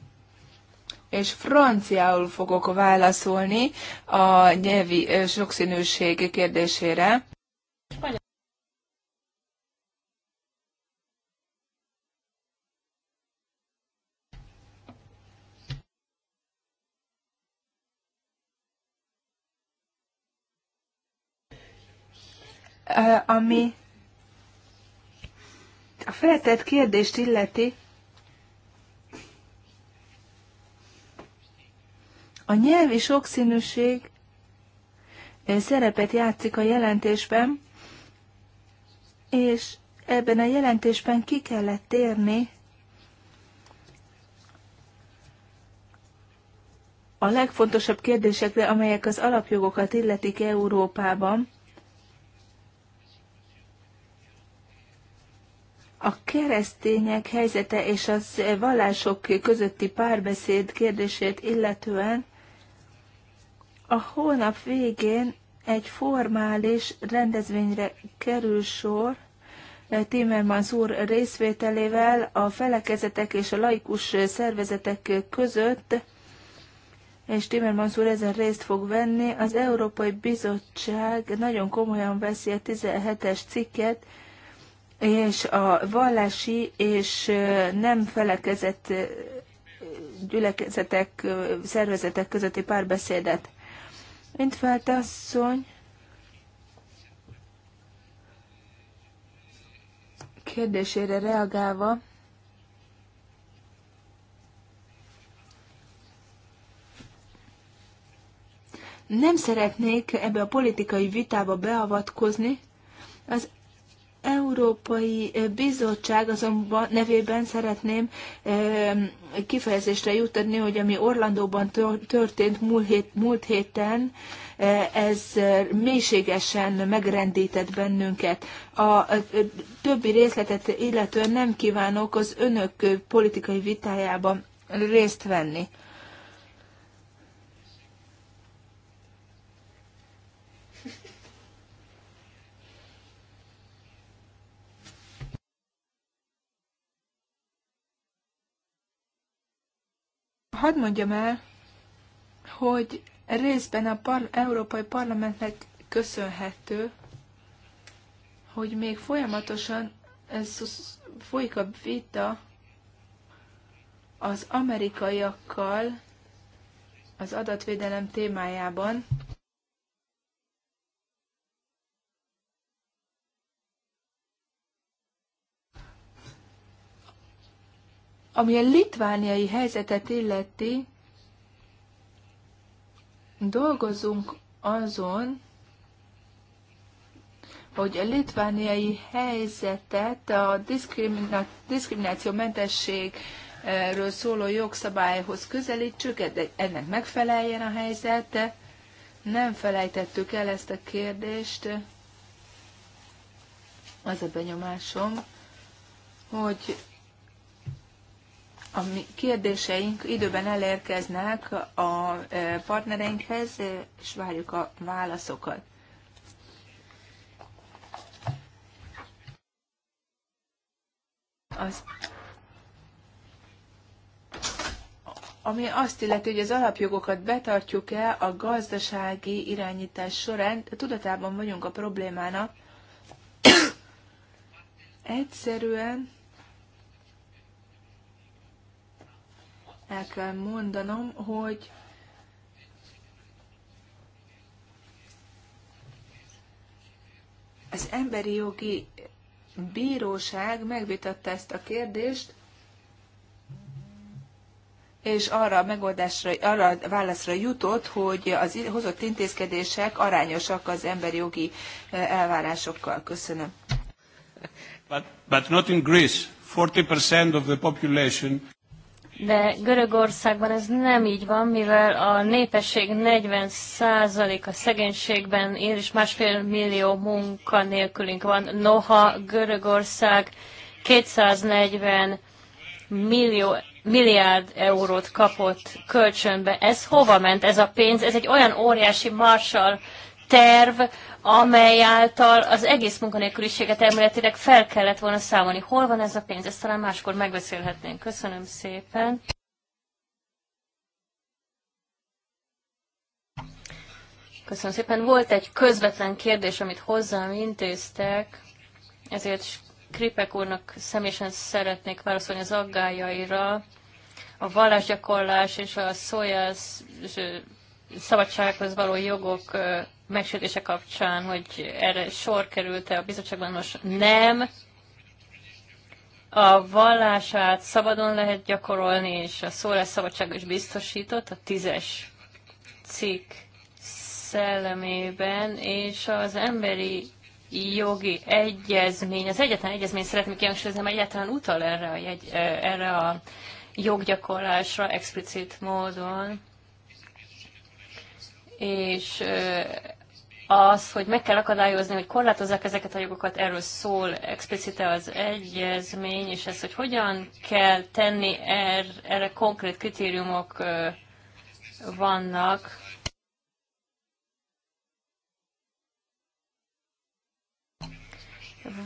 S1: és franciául fogok válaszolni a nyelvi sokszínűség kérdésére. ami a feltett kérdést illeti, a nyelvi sokszínűség szerepet játszik a jelentésben, és ebben a jelentésben ki kellett térni a legfontosabb kérdésekre, amelyek az alapjogokat illetik Európában, a keresztények helyzete és a vallások közötti párbeszéd kérdését illetően a hónap végén egy formális rendezvényre kerül sor, eh, Timmermans úr részvételével a felekezetek és a laikus szervezetek között, és Timmermans úr ezen részt fog venni. Az Európai Bizottság nagyon komolyan veszi a 17-es cikket, és a vallási és nem felekezett gyülekezetek, szervezetek közötti párbeszédet. Mint feltasszony, kérdésére reagálva, nem szeretnék ebbe a politikai vitába beavatkozni, az Európai Bizottság azonban nevében szeretném kifejezésre juttatni, hogy ami Orlandóban történt múlt, hét, múlt héten, ez mélységesen megrendített bennünket. A többi részletet illetően nem kívánok az önök politikai vitájában részt venni. Hadd mondjam el, hogy részben a par- Európai Parlamentnek köszönhető, hogy még folyamatosan ez folyik a vita az amerikaiakkal az adatvédelem témájában. Ami a litvániai helyzetet illeti, dolgozunk azon, hogy a litvániai helyzetet a mentességről szóló jogszabályhoz közelítsük, ennek megfeleljen a helyzet. Nem felejtettük el ezt a kérdést. Az a benyomásom, hogy a mi kérdéseink időben elérkeznek a e, partnereinkhez, e, és várjuk a válaszokat. Az, ami azt illeti, hogy az alapjogokat betartjuk-e a gazdasági irányítás során, tudatában vagyunk a problémának. Egyszerűen el kell mondanom, hogy az emberi jogi bíróság megvitatta ezt a kérdést, és arra a megoldásra, arra a válaszra jutott, hogy az hozott intézkedések arányosak az emberi jogi e, elvárásokkal. Köszönöm.
S3: But, but not in Greece. 40% of the population
S2: de Görögországban ez nem így van, mivel a népesség 40%-a szegénységben él, és másfél millió munkanélkülünk van. Noha Görögország 240 millió, milliárd eurót kapott kölcsönbe. Ez hova ment ez a pénz? Ez egy olyan óriási marsal terv, amely által az egész munkanélküliséget elméletileg fel kellett volna számolni. Hol van ez a pénz? Ezt talán máskor megbeszélhetnénk. Köszönöm szépen. Köszönöm szépen. Volt egy közvetlen kérdés, amit hozzám intéztek, ezért Kripek úrnak személyesen szeretnék válaszolni az aggájaira. A vallásgyakorlás és a szója szabadsághoz való jogok megsértése kapcsán, hogy erre sor került-e a bizottságban, most nem. A vallását szabadon lehet gyakorolni, és a szólásszabadság is biztosított a tízes cikk szellemében, és az emberi jogi egyezmény, az egyetlen egyezmény szeretném kihangsúlyozni, mert egyáltalán utal erre a, jegy, eh, erre a joggyakorlásra explicit módon. És eh, az, hogy meg kell akadályozni, hogy korlátozzák ezeket a jogokat, erről szól explicite az egyezmény, és ez, hogy hogyan kell tenni, erre, erre konkrét kritériumok vannak.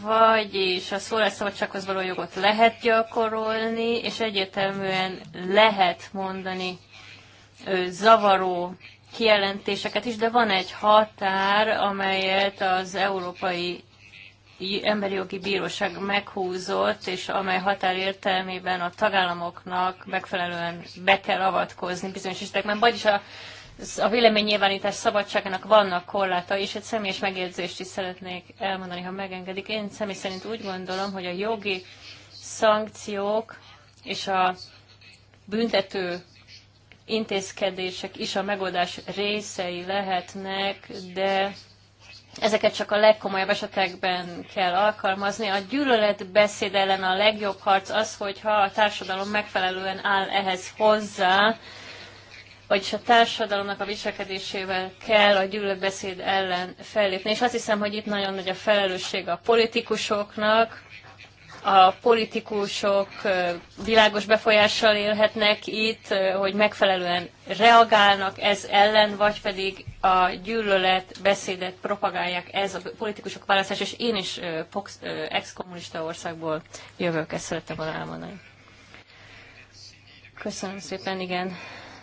S2: Vagyis a szólásszabadsághoz való jogot lehet gyakorolni, és egyértelműen lehet mondani zavaró kijelentéseket is, de van egy határ, amelyet az Európai Emberi Jogi Bíróság meghúzott, és amely határ értelmében a tagállamoknak megfelelően be kell avatkozni bizonyos esetekben, vagyis a a véleménynyilvánítás szabadságának vannak korláta, és egy személyes megjegyzést is szeretnék elmondani, ha megengedik. Én személy szerint úgy gondolom, hogy a jogi szankciók és a büntető intézkedések is a megoldás részei lehetnek, de ezeket csak a legkomolyabb esetekben kell alkalmazni. A gyűlöletbeszéd ellen a legjobb harc az, hogyha a társadalom megfelelően áll ehhez hozzá, vagyis a társadalomnak a viselkedésével kell a gyűlöletbeszéd ellen fellépni. És azt hiszem, hogy itt nagyon nagy a felelősség a politikusoknak, a politikusok világos befolyással élhetnek itt, hogy megfelelően reagálnak ez ellen, vagy pedig a gyűlölet beszédet propagálják ez a politikusok választás, és én is ex-kommunista országból jövök, ezt szerettem volna elmondani. Köszönöm szépen, igen.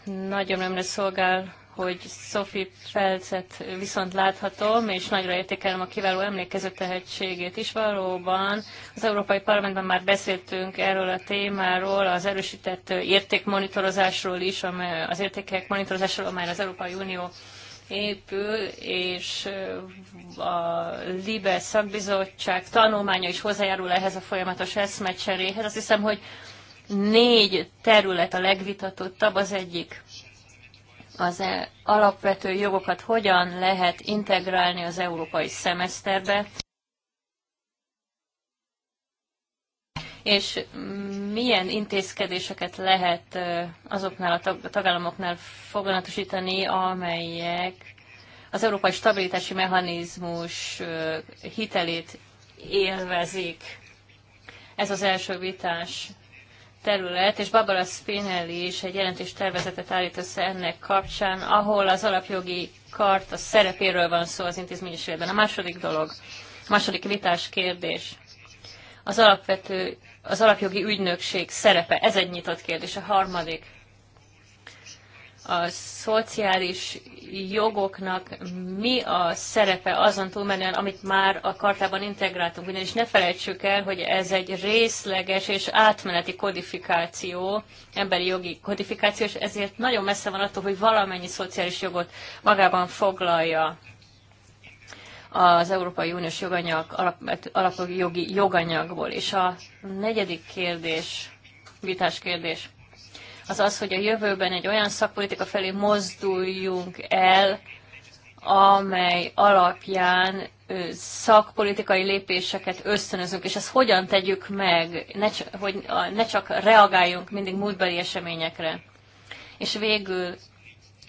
S2: Nagyon nem szolgál hogy Sophie Felcet viszont láthatom, és nagyra értékelem a kiváló emlékező tehetségét is. Valóban az Európai Parlamentben már beszéltünk erről a témáról, az erősített értékmonitorozásról is, amely az értékek monitorozásról, amely az Európai Unió épül, és a LIBE szakbizottság tanulmánya is hozzájárul ehhez a folyamatos eszmecseréhez. Azt hiszem, hogy négy terület a legvitatottabb, az egyik az e- alapvető jogokat hogyan lehet integrálni az európai szemeszterbe, és milyen intézkedéseket lehet azoknál a tagállamoknál foglalatosítani, amelyek az európai stabilitási mechanizmus hitelét élvezik. Ez az első vitás terület, és Barbara Spinelli is egy jelentős tervezetet állít össze ennek kapcsán, ahol az alapjogi kart a szerepéről van szó az intézményiségben. A második dolog, a második vitás kérdés, az alapvető, az alapjogi ügynökség szerepe, ez egy nyitott kérdés. A harmadik a szociális jogoknak mi a szerepe azon túlmenően, amit már a kartában integráltunk, ugyanis ne felejtsük el, hogy ez egy részleges és átmeneti kodifikáció, emberi jogi kodifikáció, és ezért nagyon messze van attól, hogy valamennyi szociális jogot magában foglalja az Európai Uniós joganyag, alapjogi joganyagból. És a negyedik kérdés, vitás kérdés, az az, hogy a jövőben egy olyan szakpolitika felé mozduljunk el, amely alapján szakpolitikai lépéseket ösztönözünk, és ezt hogyan tegyük meg, ne, hogy ne csak reagáljunk mindig múltbeli eseményekre. És végül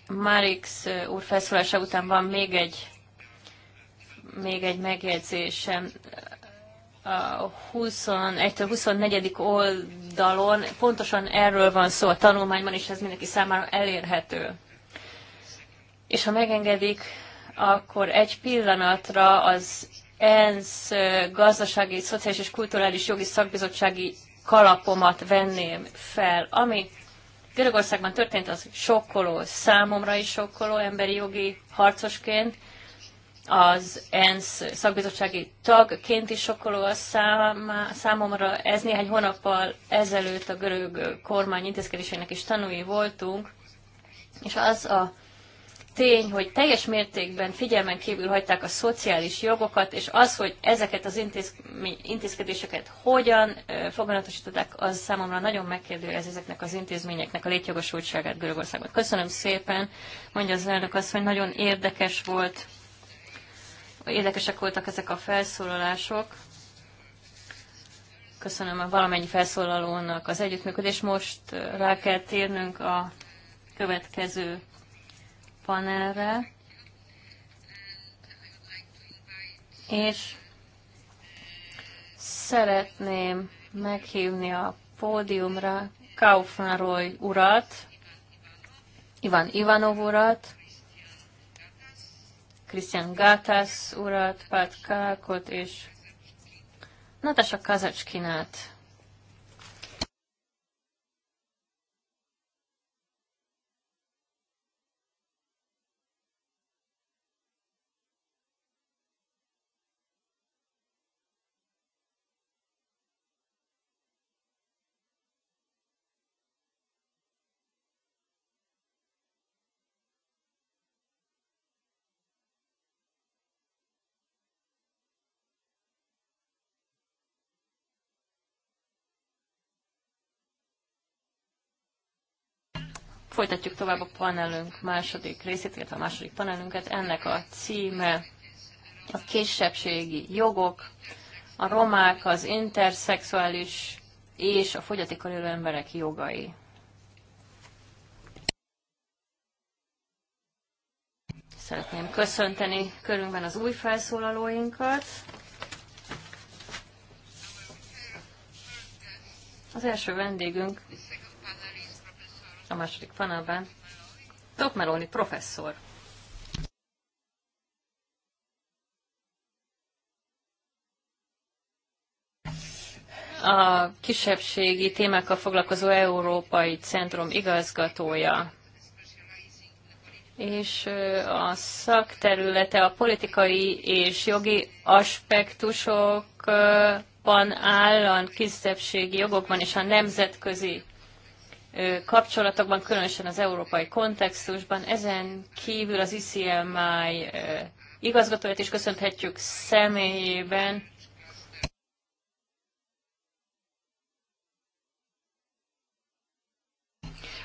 S2: Marix úr felszólása után van még egy, még egy megjegyzésem. 21-től 24. oldalon pontosan erről van szó a tanulmányban, és ez mindenki számára elérhető. És ha megengedik, akkor egy pillanatra az ENSZ gazdasági, szociális és kulturális jogi szakbizottsági kalapomat venném fel, ami Görögországban történt, az sokkoló, számomra is sokkoló emberi jogi harcosként, az ENSZ szakbizottsági tagként is sokkoló a szám, számomra. Ez néhány hónappal ezelőtt a görög kormány intézkedésének is tanúi voltunk, és az a tény, hogy teljes mértékben figyelmen kívül hagyták a szociális jogokat, és az, hogy ezeket az intéz, intézkedéseket hogyan foganatosították, az számomra nagyon megkérdőjelez ezeknek az intézményeknek a létjogosultságát Görögországban. Köszönöm szépen, mondja az elnök azt, hogy nagyon érdekes volt érdekesek voltak ezek a felszólalások. Köszönöm a valamennyi felszólalónak az együttműködést. Most rá kell térnünk a következő panelre. És szeretném meghívni a pódiumra Kaufmann Roy urat, Ivan Ivanov urat, Krisztián Gátász urat, Pát Kálkot és Natasha Kazacskinát Folytatjuk tovább a panelünk második részét, illetve a második panelünket. Ennek a címe a kisebbségi jogok, a romák, az interszexuális és a fogyatékkal élő emberek jogai. Szeretném köszönteni körünkben az új felszólalóinkat. Az első vendégünk a második panelben Meloni professzor. A kisebbségi témákkal foglalkozó Európai Centrum igazgatója és a szakterülete a politikai és jogi aspektusokban áll, a kisebbségi jogokban és a nemzetközi kapcsolatokban, különösen az európai kontextusban. Ezen kívül az ICMI igazgatóját is köszönhetjük személyében.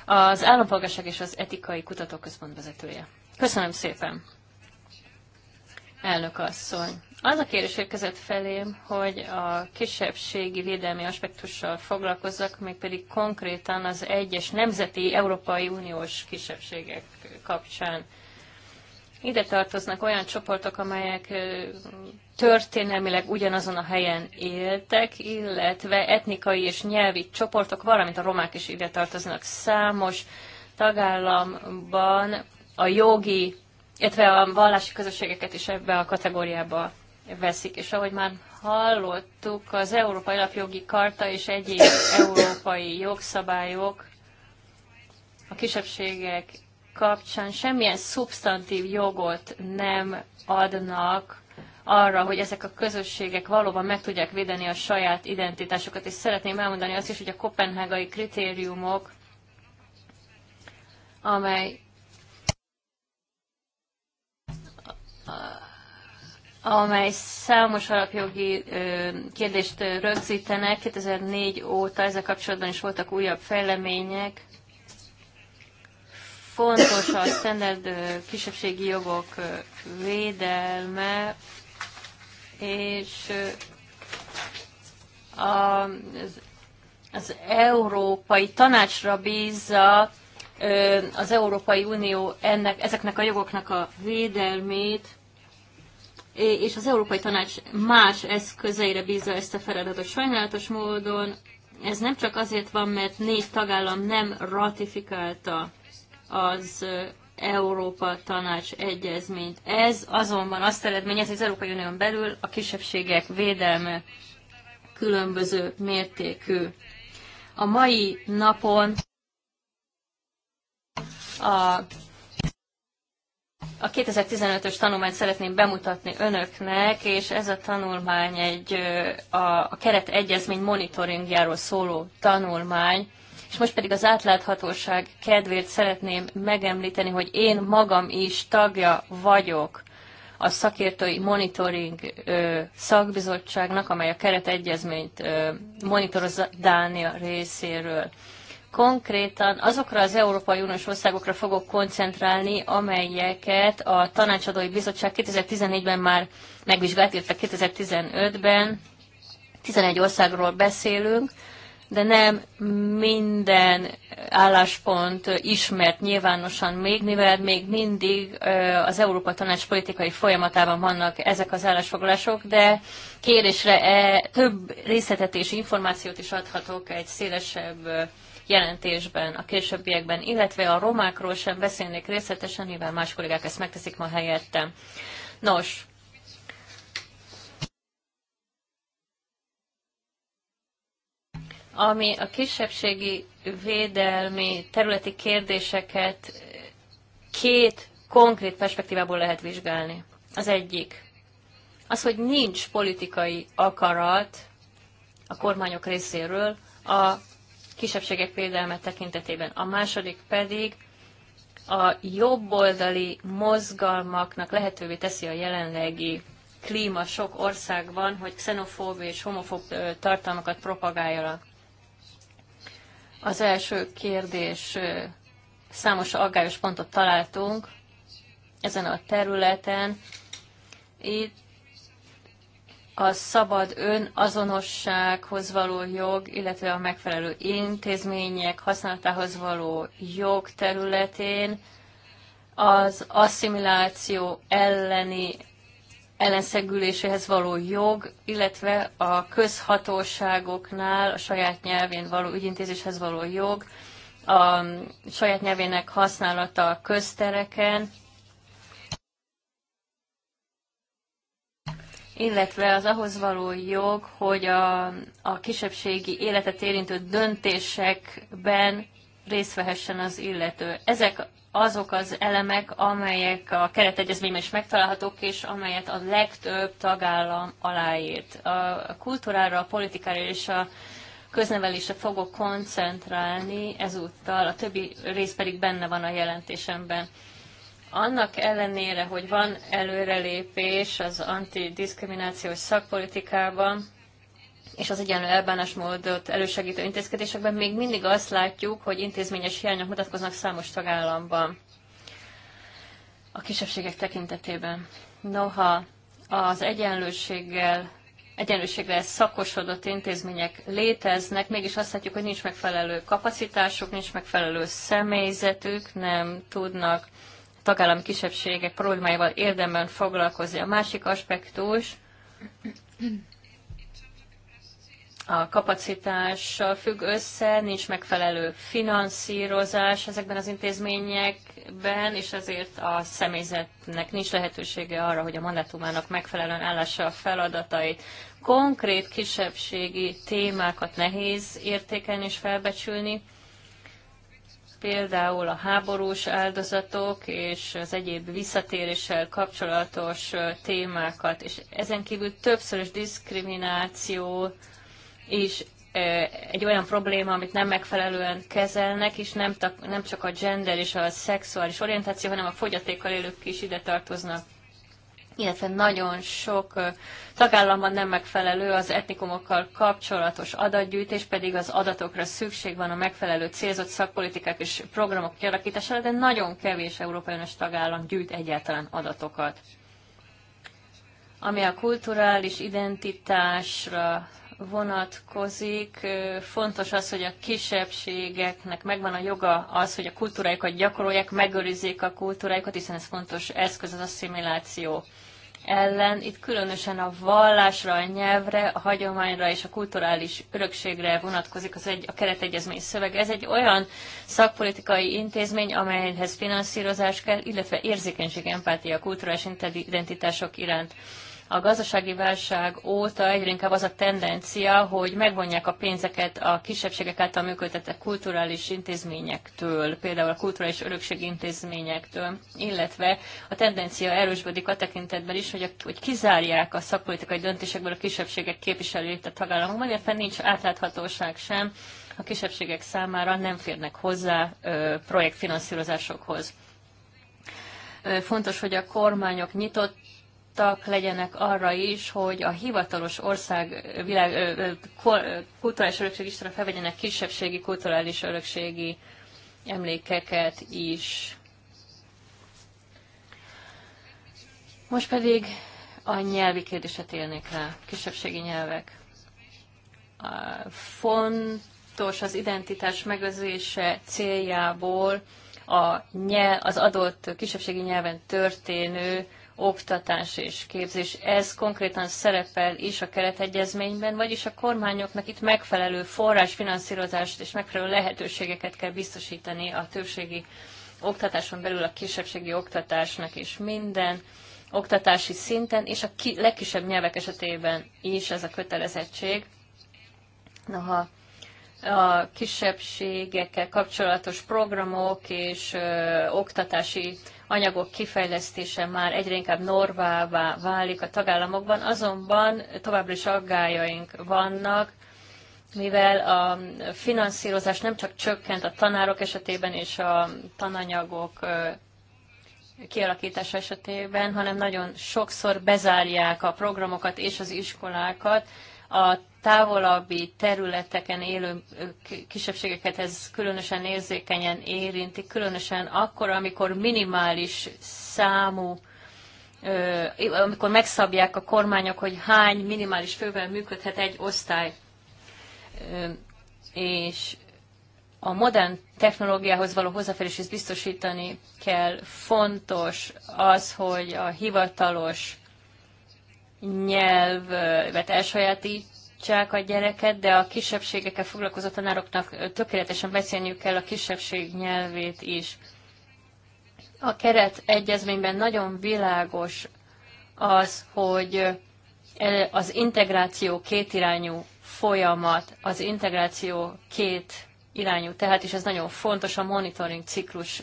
S2: Az Állampolgárság és az Etikai Kutatóközpont vezetője. Köszönöm szépen! Elnök asszony, az a kérdés, érkezett felém, hogy a kisebbségi védelmi aspektussal foglalkozzak, mégpedig konkrétan az egyes nemzeti Európai Uniós kisebbségek kapcsán. Ide tartoznak olyan csoportok, amelyek történelmileg ugyanazon a helyen éltek, illetve etnikai és nyelvi csoportok, valamint a romák is ide tartoznak. Számos tagállamban a jogi illetve a vallási közösségeket is ebbe a kategóriába veszik. És ahogy már hallottuk, az Európai Alapjogi Karta és egyéb [coughs] európai jogszabályok a kisebbségek kapcsán semmilyen szubstantív jogot nem adnak arra, hogy ezek a közösségek valóban meg tudják védeni a saját identitásukat. És szeretném elmondani azt is, hogy a kopenhágai kritériumok, amely amely számos alapjogi kérdést rögzítenek. 2004 óta ezzel kapcsolatban is voltak újabb fejlemények. Fontos a standard kisebbségi jogok védelme, és az, az Európai Tanácsra bízza az Európai Unió ennek, ezeknek a jogoknak a védelmét, és az Európai Tanács más eszközeire bízza ezt a feladatot. Sajnálatos módon ez nem csak azért van, mert négy tagállam nem ratifikálta az Európa Tanács egyezményt. Ez azonban azt eredményez, hogy az Európai Unión belül a kisebbségek védelme különböző mértékű. A mai napon a, a 2015-ös tanulmányt szeretném bemutatni önöknek, és ez a tanulmány egy a, a keret egyezmény monitoringjáról szóló tanulmány, és most pedig az átláthatóság kedvéért szeretném megemlíteni, hogy én magam is tagja vagyok a szakértői monitoring ö, szakbizottságnak, amely a keretegyezményt ö, monitorozza Dánia részéről. Konkrétan azokra az Európai Uniós országokra fogok koncentrálni, amelyeket a Tanácsadói Bizottság 2014-ben már megvizsgált, illetve 2015-ben 11 országról beszélünk, de nem minden álláspont ismert nyilvánosan még, mivel még mindig az Európa Tanács politikai folyamatában vannak ezek az állásfoglalások, de kérésre e, több részletet és információt is adhatok egy szélesebb jelentésben, a későbbiekben, illetve a romákról sem beszélnék részletesen, mivel más kollégák ezt megteszik ma helyettem. Nos, ami a kisebbségi védelmi területi kérdéseket két konkrét perspektívából lehet vizsgálni. Az egyik, az, hogy nincs politikai akarat a kormányok részéről a kisebbségek védelme tekintetében. A második pedig a jobboldali mozgalmaknak lehetővé teszi a jelenlegi klíma sok országban, hogy xenofób és homofób tartalmakat propagáljanak. Az első kérdés számos aggályos pontot találtunk ezen a területen. Itt a szabad önazonossághoz való jog, illetve a megfelelő intézmények használatához való jog területén az asszimiláció elleni ellenszegüléséhez való jog, illetve a közhatóságoknál a saját nyelvén való ügyintézéshez való jog, a saját nyelvének használata a köztereken, illetve az ahhoz való jog, hogy a, a kisebbségi életet érintő döntésekben részt vehessen az illető. Ezek azok az elemek, amelyek a keretegyezményben is megtalálhatók, és amelyet a legtöbb tagállam aláírt. A kultúrára, a politikára és a köznevelésre fogok koncentrálni ezúttal, a többi rész pedig benne van a jelentésemben. Annak ellenére, hogy van előrelépés az antidiskriminációs szakpolitikában, és az egyenlő elbánásmódot elősegítő intézkedésekben még mindig azt látjuk, hogy intézményes hiányok mutatkoznak számos tagállamban a kisebbségek tekintetében. Noha az egyenlőséggel egyenlőséggel szakosodott intézmények léteznek, mégis azt látjuk, hogy nincs megfelelő kapacitásuk, nincs megfelelő személyzetük, nem tudnak tagállami kisebbségek problémáival érdemben foglalkozni. A másik aspektus a kapacitással függ össze, nincs megfelelő finanszírozás ezekben az intézményekben, és ezért a személyzetnek nincs lehetősége arra, hogy a mandátumának megfelelően állása a feladatait. Konkrét kisebbségi témákat nehéz értékelni és felbecsülni, például a háborús áldozatok és az egyéb visszatéréssel kapcsolatos témákat, és ezen kívül többszörös diszkrimináció is egy olyan probléma, amit nem megfelelően kezelnek, és nem, nem csak a gender és a szexuális orientáció, hanem a fogyatékkal élők is ide tartoznak illetve nagyon sok tagállamban nem megfelelő az etnikumokkal kapcsolatos adatgyűjtés, pedig az adatokra szükség van a megfelelő célzott szakpolitikák és programok kialakítására, de nagyon kevés Európai Uniós tagállam gyűjt egyáltalán adatokat. Ami a kulturális identitásra vonatkozik. Fontos az, hogy a kisebbségeknek megvan a joga az, hogy a kultúráikat, gyakorolják, megőrizzék a kultúráikat. hiszen ez fontos eszköz az asszimiláció ellen. Itt különösen a vallásra, a nyelvre, a hagyományra és a kulturális örökségre vonatkozik az egy, a keretegyezmény szöveg. Ez egy olyan szakpolitikai intézmény, amelyhez finanszírozás kell, illetve érzékenység, empátia a kulturális identitások iránt. A gazdasági válság óta egyre inkább az a tendencia, hogy megvonják a pénzeket a kisebbségek által működtetett kulturális intézményektől, például a kulturális örökség intézményektől, illetve a tendencia erősödik a tekintetben is, hogy, a, hogy kizárják a szakpolitikai döntésekből a kisebbségek képviselőit a tagállamokban, illetve nincs átláthatóság sem a kisebbségek számára nem férnek hozzá projektfinanszírozásokhoz. Fontos, hogy a kormányok nyitott nyitottak legyenek arra is, hogy a hivatalos ország világ, kulturális örökség is felvegyenek kisebbségi kulturális örökségi emlékeket is. Most pedig a nyelvi kérdéset élnék rá, kisebbségi nyelvek. A fontos az identitás megőrzése céljából a nyelv, az adott kisebbségi nyelven történő oktatás és képzés. Ez konkrétan szerepel is a keretegyezményben, vagyis a kormányoknak itt megfelelő forrásfinanszírozást és megfelelő lehetőségeket kell biztosítani a többségi oktatáson belül a kisebbségi oktatásnak és minden oktatási szinten, és a ki, legkisebb nyelvek esetében is ez a kötelezettség. Noha a kisebbségekkel kapcsolatos programok és ö, oktatási anyagok kifejlesztése már egyre inkább normává válik a tagállamokban, azonban továbbra is aggájaink vannak, mivel a finanszírozás nem csak csökkent a tanárok esetében és a tananyagok kialakítása esetében, hanem nagyon sokszor bezárják a programokat és az iskolákat, a távolabbi területeken élő kisebbségeket ez különösen érzékenyen érinti, különösen akkor, amikor minimális számú amikor megszabják a kormányok, hogy hány minimális fővel működhet egy osztály. És a modern technológiához való hozzáférését biztosítani kell. Fontos az, hogy a hivatalos nyelvet elsajátítsák a gyereket, de a kisebbségekkel foglalkozó tanároknak tökéletesen beszélniük kell a kisebbség nyelvét is. A keret egyezményben nagyon világos az, hogy az integráció kétirányú folyamat, az integráció két irányú, tehát is ez nagyon fontos a monitoring ciklus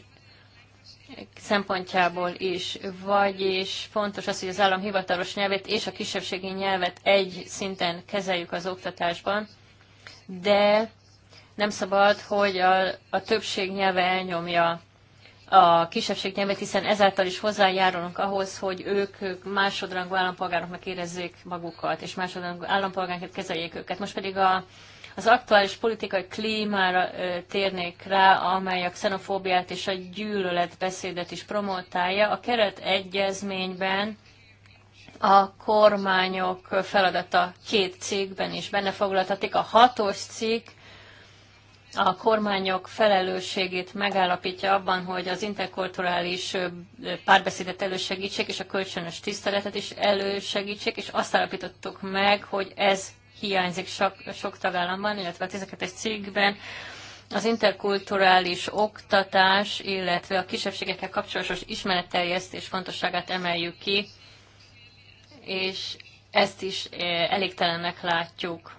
S2: szempontjából is, vagyis fontos az, hogy az állam hivatalos nyelvét és a kisebbségi nyelvet egy szinten kezeljük az oktatásban, de nem szabad, hogy a, a többség nyelve elnyomja a kisebbség nyelvet, hiszen ezáltal is hozzájárulunk ahhoz, hogy ők másodrangú állampolgároknak érezzék magukat, és másodrangú állampolgárként kezeljék őket. Most pedig a az aktuális politikai klímára térnék rá, amely a xenofóbiát és a gyűlöletbeszédet is promotálja. A keret egyezményben a kormányok feladata két cikkben is benne foglaltatik. A hatos cikk a kormányok felelősségét megállapítja abban, hogy az interkulturális párbeszédet elősegítsék, és a kölcsönös tiszteletet is elősegítsék, és azt állapítottuk meg, hogy ez hiányzik sok, sok tagállamban, illetve a 12-es az interkulturális oktatás, illetve a kisebbségekkel kapcsolatos ismeretteljesztés fontosságát emeljük ki, és ezt is e, elégtelennek látjuk,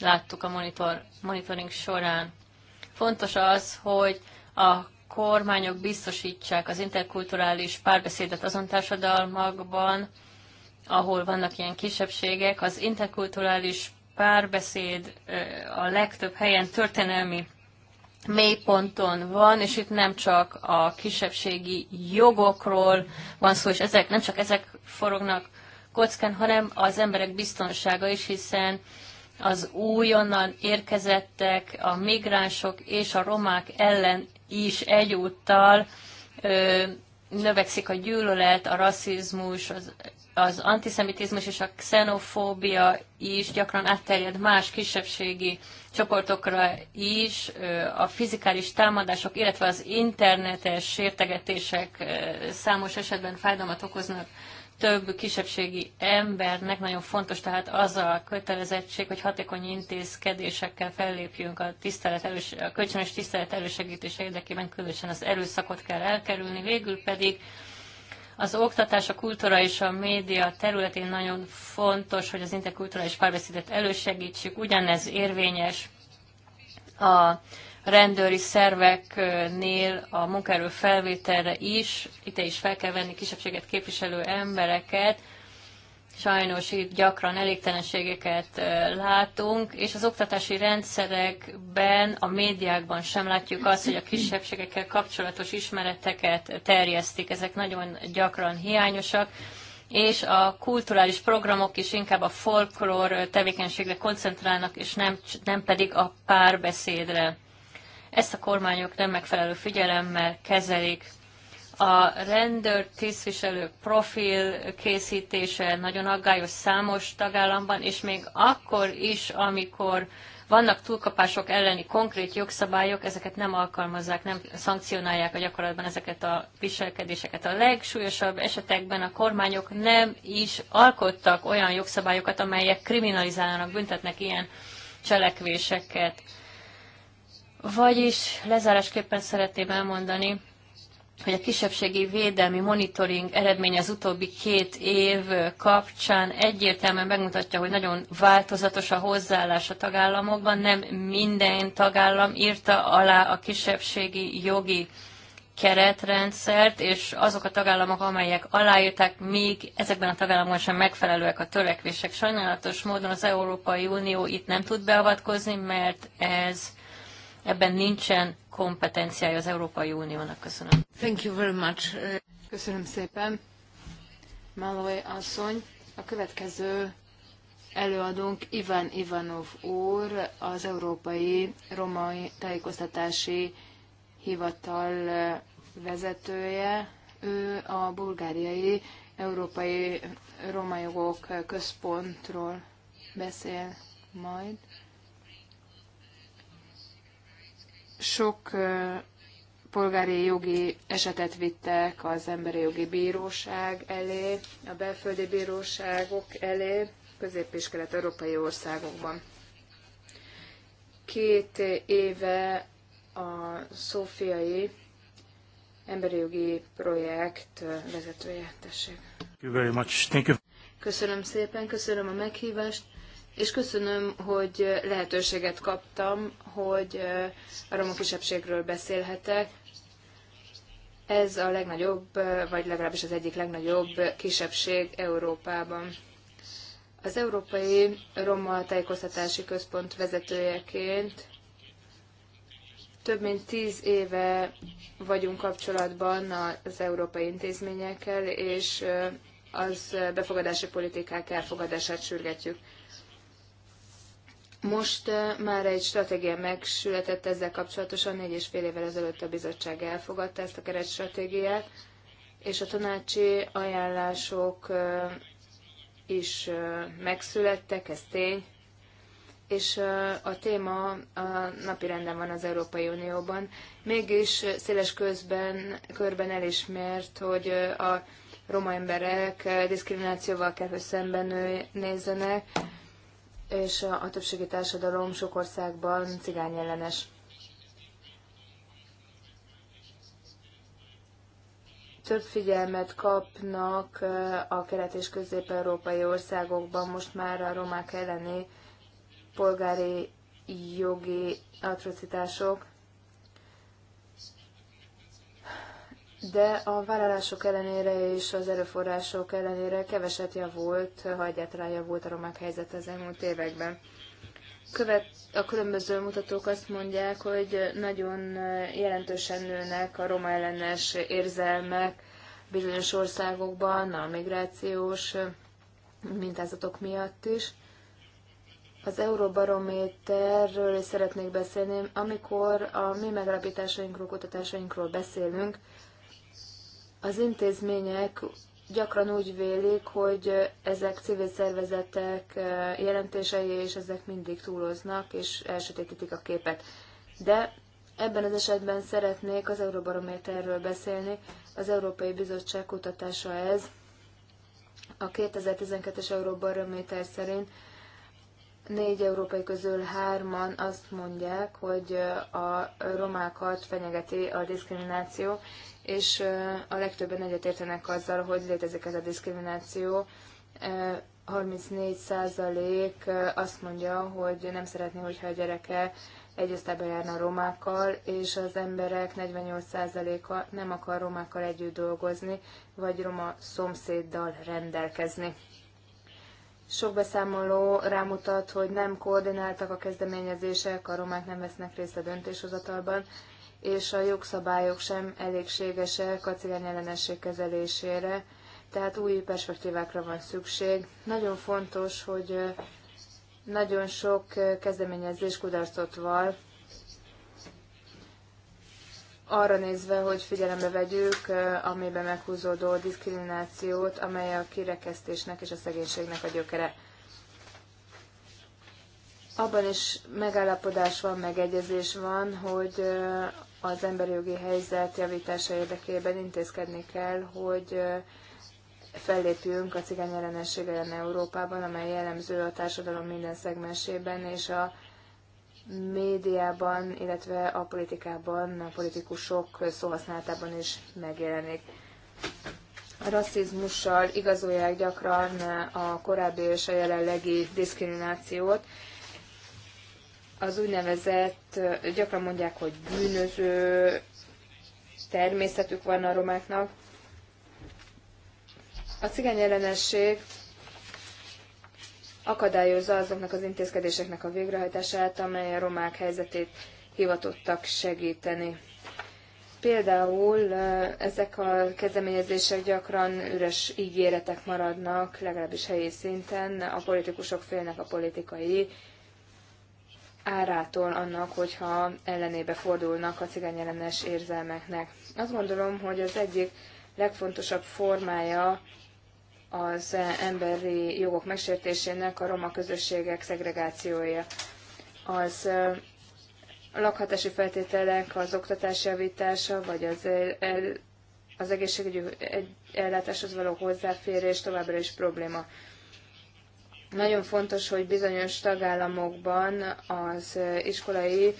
S2: láttuk a monitor, monitoring során. Fontos az, hogy a kormányok biztosítsák az interkulturális párbeszédet azon társadalmakban, ahol vannak ilyen kisebbségek, az interkulturális párbeszéd a legtöbb helyen történelmi mélyponton van, és itt nem csak a kisebbségi jogokról van szó, és ezek, nem csak ezek forognak kockán, hanem az emberek biztonsága is, hiszen az újonnan érkezettek, a migránsok és a romák ellen is egyúttal ö, növekszik a gyűlölet, a rasszizmus, az az antiszemitizmus és a xenofóbia is gyakran átterjed más kisebbségi csoportokra is, a fizikális támadások, illetve az internetes sértegetések számos esetben fájdalmat okoznak több kisebbségi embernek nagyon fontos, tehát az a kötelezettség, hogy hatékony intézkedésekkel fellépjünk a, tisztelet elős, a kölcsönös tisztelet elősegítése érdekében, különösen az erőszakot kell elkerülni. Végül pedig az oktatás, a kultúra és a média területén nagyon fontos, hogy az interkulturális párbeszédet elősegítsük. Ugyanez érvényes a rendőri szerveknél a munkaerő felvételre is. itt is fel kell venni kisebbséget képviselő embereket, Sajnos itt gyakran elégtelenségeket látunk, és az oktatási rendszerekben, a médiákban sem látjuk azt, hogy a kisebbségekkel kapcsolatos ismereteket terjesztik. Ezek nagyon gyakran hiányosak és a kulturális programok is inkább a folklór tevékenységre koncentrálnak, és nem, nem pedig a párbeszédre. Ezt a kormányok nem megfelelő figyelemmel kezelik. A rendőr profil készítése nagyon aggályos számos tagállamban, és még akkor is, amikor vannak túlkapások elleni konkrét jogszabályok, ezeket nem alkalmazzák, nem szankcionálják a gyakorlatban ezeket a viselkedéseket. A legsúlyosabb esetekben a kormányok nem is alkottak olyan jogszabályokat, amelyek kriminalizálnak, büntetnek ilyen cselekvéseket. Vagyis lezárásképpen szeretném elmondani, hogy a kisebbségi védelmi monitoring eredménye az utóbbi két év kapcsán egyértelműen megmutatja, hogy nagyon változatos a hozzáállás a tagállamokban. Nem minden tagállam írta alá a kisebbségi jogi keretrendszert, és azok a tagállamok, amelyek aláírták, még ezekben a tagállamokban sem megfelelőek a törekvések. Sajnálatos módon az Európai Unió itt nem tud beavatkozni, mert ez Ebben nincsen kompetenciája az Európai Uniónak. Köszönöm. Thank you very much. Köszönöm szépen. Malloy asszony, a következő
S3: előadónk Ivan Ivanov úr, az Európai Romai Tájékoztatási Hivatal vezetője. Ő a bulgáriai Európai Roma Jogok Központról beszél majd. Sok polgári jogi esetet vittek az Emberi Jogi Bíróság elé, a belföldi bíróságok elé, közép- és kelet-európai országokban. Két éve a szófiai emberi jogi projekt vezetője. Tessék. Köszönöm szépen, köszönöm a meghívást és köszönöm, hogy lehetőséget kaptam, hogy a roma kisebbségről beszélhetek. Ez a legnagyobb, vagy legalábbis az egyik legnagyobb kisebbség Európában. Az Európai Roma Tájékoztatási Központ vezetőjeként több mint tíz éve vagyunk kapcsolatban az európai intézményekkel, és az befogadási politikák elfogadását sürgetjük. Most már egy stratégia megszületett ezzel kapcsolatosan, négy és fél évvel ezelőtt a bizottság elfogadta ezt a keretstratégiát, és a tanácsi ajánlások is megszülettek, ez tény, és a téma a napi renden van az Európai Unióban. Mégis széles közben, körben elismert, hogy a roma emberek diszkriminációval kell, hogy szemben nézzenek, és a többségi társadalom sok országban ellenes. Több figyelmet kapnak a kelet- és közép-európai országokban most már a romák elleni polgári jogi atrocitások, de a vállalások ellenére és az erőforrások ellenére keveset javult, ha egyáltalán javult a romák helyzet az elmúlt években. Követ, a különböző mutatók azt mondják, hogy nagyon jelentősen nőnek a roma ellenes érzelmek bizonyos országokban, a migrációs mintázatok miatt is. Az Euróbarométerről is szeretnék beszélni. Amikor a mi megalapításainkról, kutatásainkról beszélünk, az intézmények gyakran úgy vélik, hogy ezek civil szervezetek eh, jelentései, és ezek mindig túloznak, és elsötétítik a képet. De ebben az esetben szeretnék az Euróbarométerről beszélni. Az Európai Bizottság kutatása ez. A 2012-es Euróbarométer szerint négy európai közül hárman azt mondják, hogy a romákat fenyegeti a diszkrimináció, és a legtöbben egyetértenek azzal, hogy létezik ez a diszkrimináció. 34% azt mondja, hogy nem szeretné, hogyha a gyereke egy osztályba járna a romákkal, és az emberek 48%-a nem akar romákkal együtt dolgozni, vagy roma szomszéddal rendelkezni. Sok beszámoló rámutat, hogy nem koordináltak a kezdeményezések, a romák nem vesznek részt a döntéshozatalban, és a jogszabályok sem elégségesek a cigány ellenesség kezelésére, tehát új perspektívákra van szükség. Nagyon fontos, hogy nagyon sok kezdeményezés kudarcot val, arra nézve, hogy figyelembe vegyük amiben meghúzódó diszkriminációt, amely a kirekesztésnek és a szegénységnek a gyökere. Abban is megállapodás van, megegyezés van, hogy az emberi jogi helyzet javítása érdekében intézkedni kell, hogy fellépjünk a cigány ellenesség ellen Európában, amely jellemző a társadalom minden szegmensében, és a médiában, illetve a politikában, a politikusok szóhasználatában is megjelenik. A rasszizmussal igazolják gyakran a korábbi és a jelenlegi diszkriminációt, az úgynevezett, gyakran mondják, hogy bűnöző természetük van a romáknak. A cigány ellenesség akadályozza azoknak az intézkedéseknek a végrehajtását, amely a romák helyzetét hivatottak segíteni. Például ezek a kezdeményezések gyakran üres ígéretek maradnak, legalábbis helyi szinten. A politikusok félnek a politikai árától annak, hogyha ellenébe fordulnak a cigányellenes érzelmeknek. Azt gondolom, hogy az egyik legfontosabb formája az emberi jogok megsértésének a roma közösségek szegregációja. Az lakhatási feltételek, az oktatás javítása, vagy az, el, az egészségügyi ellátáshoz való hozzáférés továbbra is probléma. Nagyon fontos, hogy bizonyos tagállamokban az iskolai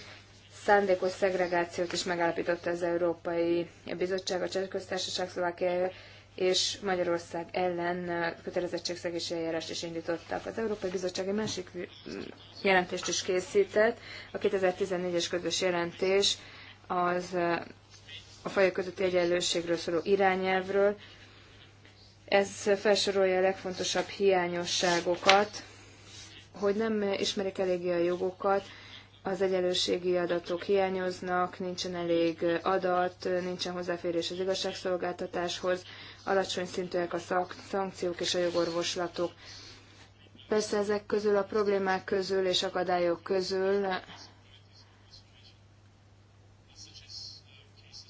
S3: szándékos szegregációt is megállapította az Európai Bizottság, a Csehköztársaság, Szlovákia és Magyarország ellen kötelezettségszegési eljárást is indítottak. Az Európai Bizottság egy másik jelentést is készített, a 2014-es közös jelentés az a fajok közötti egyenlőségről szóló irányelvről, ez felsorolja a legfontosabb hiányosságokat, hogy nem ismerik eléggé a jogokat, az egyenlőségi adatok hiányoznak, nincsen elég adat, nincsen hozzáférés az igazságszolgáltatáshoz, alacsony szintűek a szak, szankciók és a jogorvoslatok. Persze ezek közül, a problémák közül és akadályok közül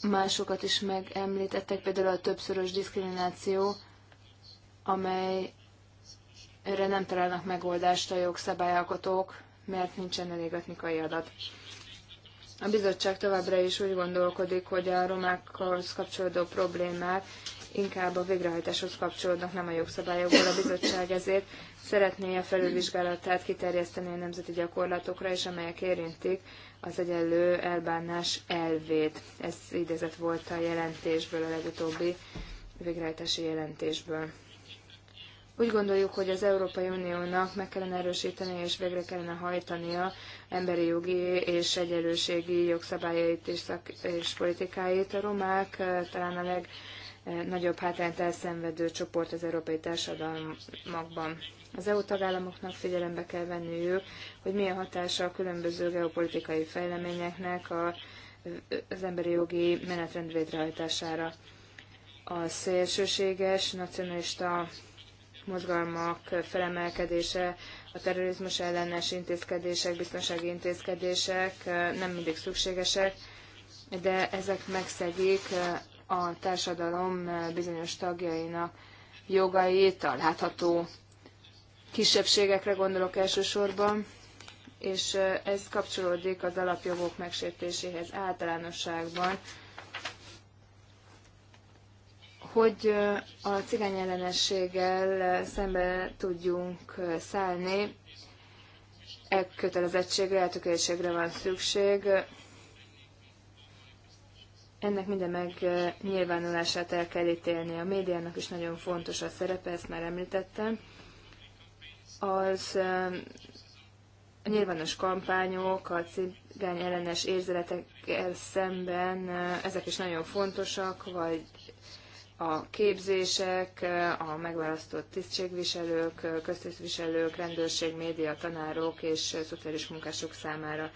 S3: másokat is megemlítettek, például a többszörös diszkrimináció, amelyre nem találnak megoldást a jogszabályalkotók, mert nincsen elég etnikai adat. A bizottság továbbra is úgy gondolkodik, hogy a romákhoz kapcsolódó problémák inkább a végrehajtáshoz kapcsolódnak, nem a jogszabályokból. A bizottság ezért szeretné a felülvizsgálatát kiterjeszteni a nemzeti gyakorlatokra is, amelyek érintik az egyenlő elbánás elvét. Ez idézet volt a jelentésből, a legutóbbi végrehajtási jelentésből. Úgy gondoljuk, hogy az Európai Uniónak meg kellene erősítenie és végre kellene hajtania emberi jogi és egyenlőségi jogszabályait és, szak- és politikáit. A romák eh, talán a legnagyobb hátrányt elszenvedő csoport az európai társadalmakban. Az EU tagállamoknak figyelembe kell venniük, hogy milyen hatása a különböző geopolitikai fejleményeknek a, az emberi jogi menetrend végrehajtására. A szélsőséges nacionalista mozgalmak felemelkedése, a terrorizmus ellenes intézkedések, biztonsági intézkedések nem mindig szükségesek, de ezek megszegik a társadalom bizonyos tagjainak jogait, a látható kisebbségekre gondolok elsősorban, és ez kapcsolódik az alapjogok megsértéséhez általánosságban, hogy a cigány ellenességgel szembe tudjunk szállni, e kötelezettségre, eltökéltségre van szükség. Ennek minden megnyilvánulását el kell ítélni. A médiának is nagyon fontos a szerepe, ezt már említettem. Az a nyilvános kampányok, a cigány ellenes érzeletekkel szemben, ezek is nagyon fontosak, vagy a képzések, a megválasztott tisztségviselők, köztisztviselők, rendőrség, média, tanárok és szociális munkások számára.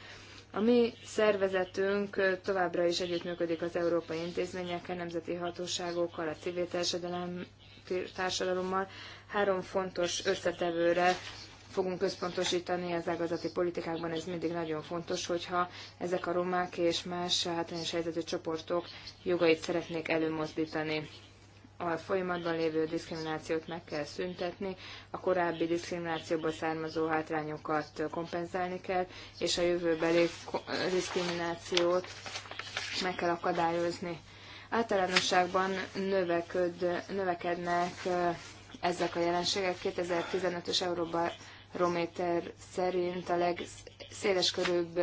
S3: A mi szervezetünk továbbra is együttműködik az európai intézményekkel, nemzeti hatóságokkal, a civil társadalom, társadalommal. Három fontos összetevőre fogunk központosítani az ágazati politikákban, ez mindig nagyon fontos, hogyha ezek a romák és más hátrányos helyzetű csoportok jogait szeretnék előmozdítani a folyamatban lévő diszkriminációt meg kell szüntetni, a korábbi diszkriminációból származó hátrányokat kompenzálni kell, és a jövőbeli diszkriminációt meg kell akadályozni. Általánosságban növeköd, növekednek ezek a jelenségek. 2015-ös rométer szerint a legszéleskörűbb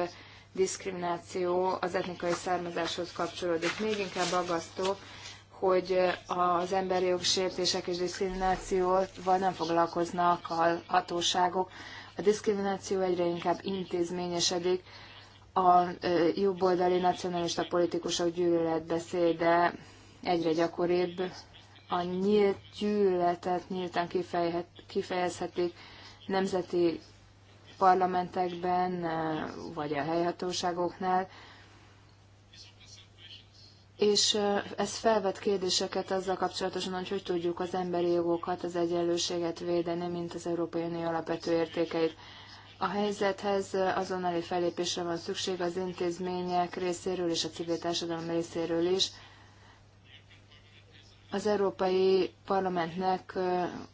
S3: diszkrimináció az etnikai származáshoz kapcsolódik. Még inkább aggasztó, hogy az emberi jogsértések és diszkriminációval nem foglalkoznak a hatóságok. A diszkrimináció egyre inkább intézményesedik, a jobboldali nacionalista politikusok gyűlöletbeszéde egyre gyakoribb, a nyílt gyűlöletet nyíltan kifejezhetik nemzeti parlamentekben, vagy a helyhatóságoknál, és ez felvet kérdéseket azzal kapcsolatosan, hogy hogy tudjuk az emberi jogokat, az egyenlőséget védeni, mint az Európai Unió alapvető értékeit. A helyzethez azonnali fellépésre van szükség az intézmények részéről és a civil társadalom részéről is. Az Európai Parlamentnek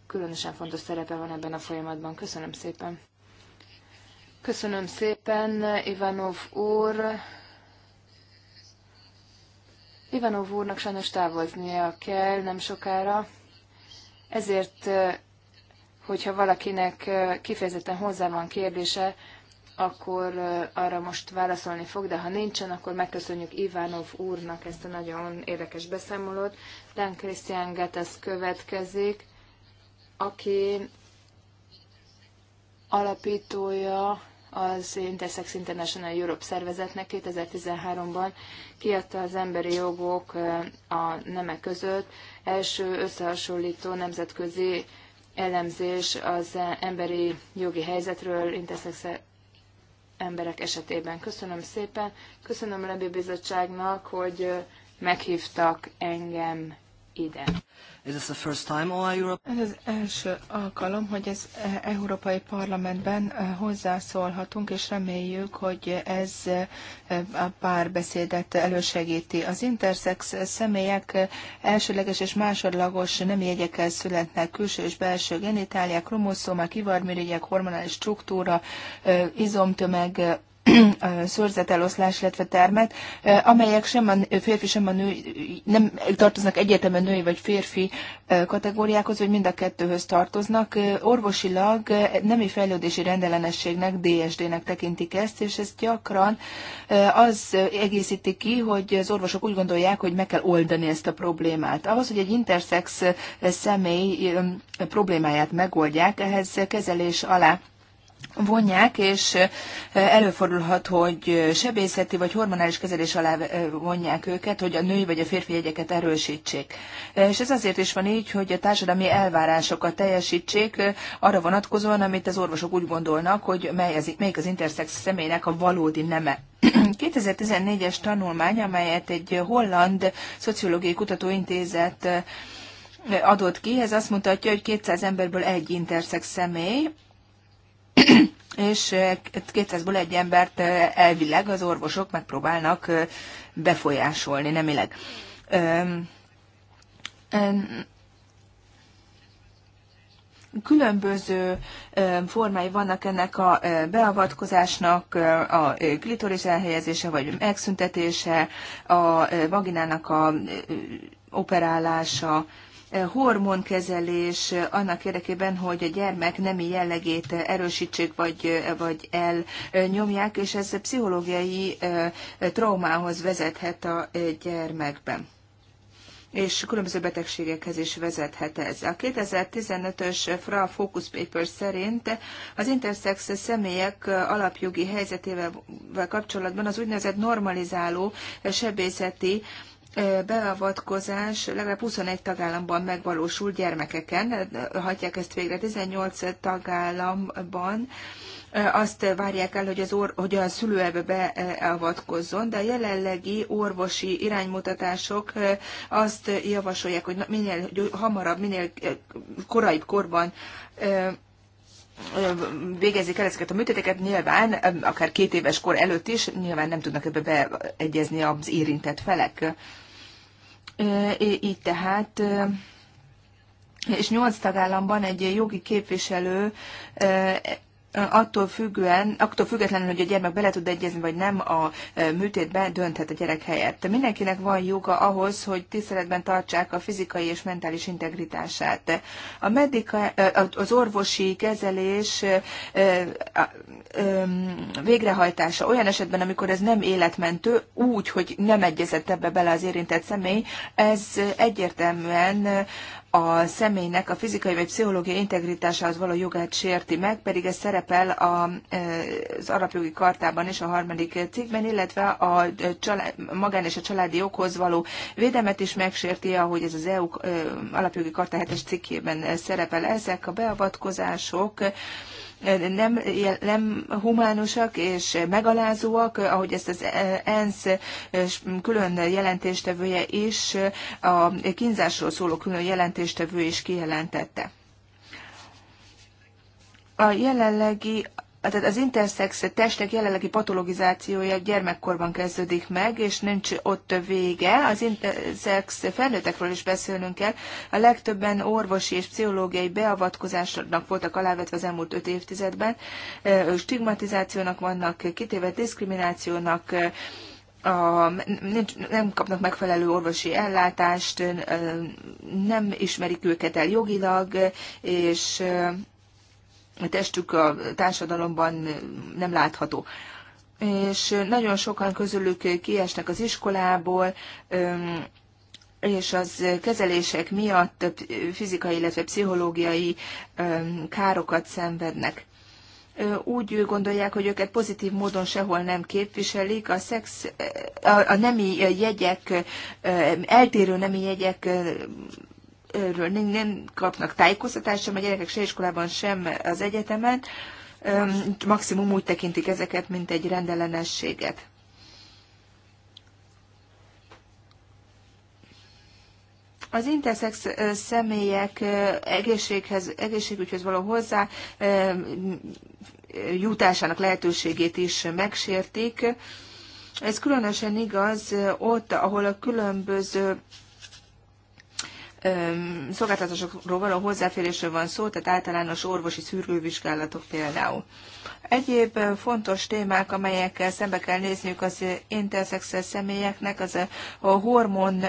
S3: különösen fontos szerepe van ebben a folyamatban. Köszönöm szépen. Köszönöm szépen, Ivanov úr. Ivanov úrnak sajnos távoznia kell nem sokára, ezért, hogyha valakinek kifejezetten hozzá van kérdése, akkor arra most válaszolni fog, de ha nincsen, akkor megköszönjük Ivanov úrnak ezt a nagyon érdekes beszámolót. Dan Christian Getes következik, aki alapítója az Intersex International Europe szervezetnek 2013-ban kiadta az emberi jogok eh, a nemek között első összehasonlító nemzetközi elemzés az emberi jogi helyzetről intersex emberek esetében. Köszönöm szépen, köszönöm a Lebi Bizottságnak, hogy eh, meghívtak engem
S2: ide. Is this the first time all Europe?
S1: Ez az első alkalom, hogy az e, Európai Parlamentben e, hozzászólhatunk, és reméljük, hogy ez e, a párbeszédet elősegíti. Az intersex személyek elsőleges és másodlagos nem jegyekkel születnek külső és belső genitáliák, kromoszómák, ivarmirigyek, hormonális struktúra, izomtömeg, szőrzeteloszlás, illetve termet, amelyek sem a férfi, sem a nő, nem tartoznak egyetemen női vagy férfi kategóriákhoz, vagy mind a kettőhöz tartoznak. Orvosilag nemi fejlődési rendellenességnek, DSD-nek tekintik ezt, és ez gyakran az egészíti ki, hogy az orvosok úgy gondolják, hogy meg kell oldani ezt a problémát. Ahhoz, hogy egy intersex személy problémáját megoldják, ehhez kezelés alá vonják, és előfordulhat, hogy sebészeti vagy hormonális kezelés alá vonják őket, hogy a női vagy a férfi jegyeket erősítsék. És ez azért is van így, hogy a társadalmi elvárásokat teljesítsék arra vonatkozóan, amit az orvosok úgy gondolnak, hogy mely az, melyik az interszex személynek a valódi neme. 2014-es [clears throat] tanulmány, amelyet egy holland szociológiai kutatóintézet adott ki, ez azt mutatja, hogy 200 emberből egy interszex személy, és 200-ból egy embert elvileg az orvosok megpróbálnak befolyásolni, nemileg. Különböző formái vannak ennek a beavatkozásnak, a klitoris elhelyezése vagy megszüntetése, a vaginának a operálása, hormonkezelés eh, annak érdekében, hogy a gyermek nemi jellegét eh, erősítsék vagy, eh, vagy elnyomják, és ez pszichológiai traumához vezethet a gyermekben és különböző betegségekhez is vezethet ez. A 2015-ös FRA Focus Paper szerint az intersex személyek alapjogi helyzetével kapcsolatban az úgynevezett normalizáló sebészeti beavatkozás legalább 21 tagállamban megvalósul gyermekeken, hagyják ezt végre 18 tagállamban. Azt várják el, hogy, az or- hogy a szülő ebbe beavatkozzon, de a jelenlegi orvosi iránymutatások azt javasolják, hogy minél hamarabb, minél korai korban végezik el ezeket a műtéteket, nyilván akár két éves kor előtt is, nyilván nem tudnak ebbe beegyezni az érintett felek. Így tehát és nyolc tagállamban egy jogi képviselő attól, függően, attól függetlenül, hogy a gyermek bele tud egyezni, vagy nem a műtétbe, dönthet a gyerek helyett. Mindenkinek van joga ahhoz, hogy tiszteletben tartsák a fizikai és mentális integritását. A medika, az orvosi kezelés végrehajtása olyan esetben, amikor ez nem életmentő, úgy, hogy nem egyezett ebbe bele az érintett személy, ez egyértelműen a személynek a fizikai vagy pszichológiai integritásához való jogát sérti meg, pedig ez szerepel a, az alapjogi kartában és a harmadik cikkben, illetve a család, magán és a családi joghoz való védelmet is megsérti, ahogy ez az EU alapjogi karta 7-es cikkében szerepel. Ezek a beavatkozások nem, nem humánusak és megalázóak, ahogy ezt az ENSZ külön jelentéstevője is, a kínzásról szóló külön jelentéstevő is kijelentette. A jelenlegi tehát az interszex testek jelenlegi patologizációja gyermekkorban kezdődik meg, és nincs ott vége. Az interszex felnőttekről is beszélnünk kell. A legtöbben orvosi és pszichológiai beavatkozásnak voltak alávetve az elmúlt öt évtizedben. Stigmatizációnak vannak kitéve, diszkriminációnak, a, nincs, nem kapnak megfelelő orvosi ellátást, nem ismerik őket el jogilag, és a testük a társadalomban nem látható. És nagyon sokan közülük kiesnek az iskolából, és az kezelések miatt fizikai, illetve pszichológiai károkat szenvednek. Úgy gondolják, hogy őket pozitív módon sehol nem képviselik, a, szex, a, a nemi jegyek, eltérő nemi jegyek erről nem kapnak tájékoztatást sem a gyerekek se iskolában, sem az egyetemen. Maximum úgy tekintik ezeket, mint egy rendellenességet. Az interszex személyek egészséghez, egészségügyhöz való hozzá jutásának lehetőségét is megsértik. Ez különösen igaz ott, ahol a különböző szolgáltatásokról való hozzáférésről van szó, tehát általános orvosi szűrővizsgálatok például. Egyéb fontos témák, amelyekkel szembe kell nézniük az interszexes személyeknek, az a hormon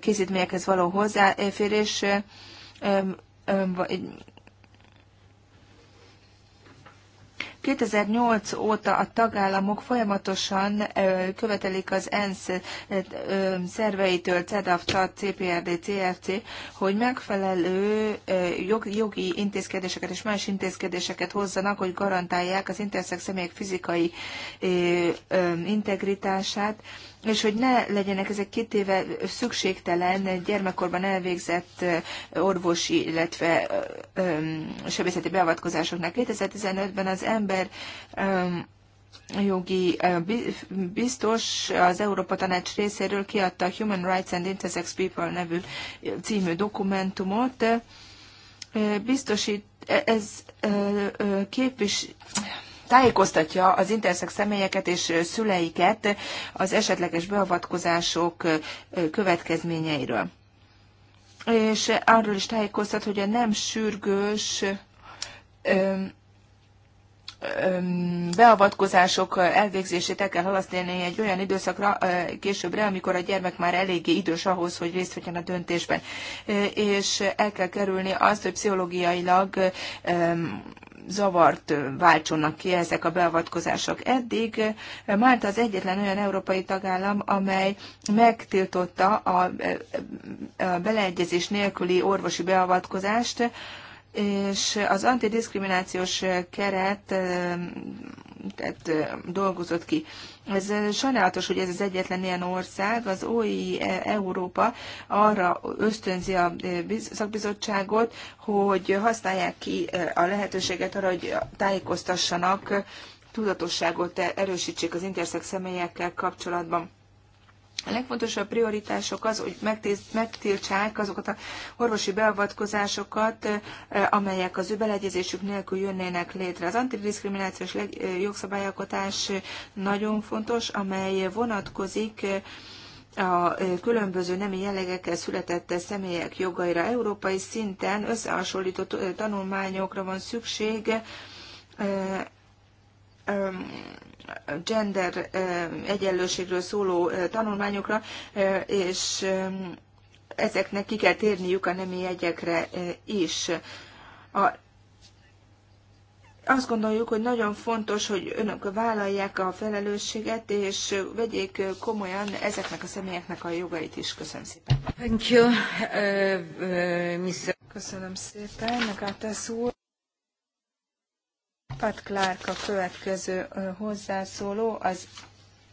S1: készítményekhez való hozzáférés, 2008 óta a tagállamok folyamatosan követelik az ENSZ szerveitől, CEDAF, TAD, CPRD, CFC, hogy megfelelő jogi intézkedéseket és más intézkedéseket hozzanak, hogy garantálják az interszex személyek fizikai integritását, és hogy ne legyenek ezek kitéve szükségtelen gyermekkorban elvégzett orvosi, illetve sebészeti beavatkozásoknak. 2015-ben az ember jogi biztos az Európa Tanács részéről kiadta a Human Rights and Intersex People nevű című dokumentumot. Biztosít, e-, ez képvis, tájékoztatja az interszex személyeket és szüleiket az esetleges beavatkozások következményeiről. És arról is tájékoztat, hogy a nem sürgős beavatkozások elvégzését el kell halasztani egy olyan időszakra későbbre, amikor a gyermek már eléggé idős ahhoz, hogy részt vegyen a döntésben. És el kell kerülni azt, hogy pszichológiailag zavart váltsonak ki ezek a beavatkozások. Eddig Málta az egyetlen olyan európai tagállam, amely megtiltotta a beleegyezés nélküli orvosi beavatkozást, és az antidiszkriminációs keret tehát dolgozott ki. Ez sajnálatos, hogy ez az egyetlen ilyen ország, az OI e, Európa arra ösztönzi a szakbizottságot, hogy használják ki a lehetőséget arra, hogy tájékoztassanak, tudatosságot erősítsék az interszex személyekkel kapcsolatban. A legfontosabb prioritások az, hogy megtiltsák azokat a orvosi beavatkozásokat, amelyek az ő beleegyezésük nélkül jönnének létre. Az antidiskriminációs jogszabályalkotás nagyon fontos, amely vonatkozik a különböző nemi jellegekkel született személyek jogaira. Európai szinten összehasonlított tanulmányokra van szükség, gender egyenlőségről szóló tanulmányokra, és ezeknek ki kell térniük a nemi egyekre is. A azt gondoljuk, hogy nagyon fontos, hogy önök vállalják a felelősséget, és vegyék komolyan ezeknek a személyeknek a jogait is. Köszönöm szépen. Thank you, uh, uh, Köszönöm szépen, Megátász úr. Pat Clark a következő hozzászóló, az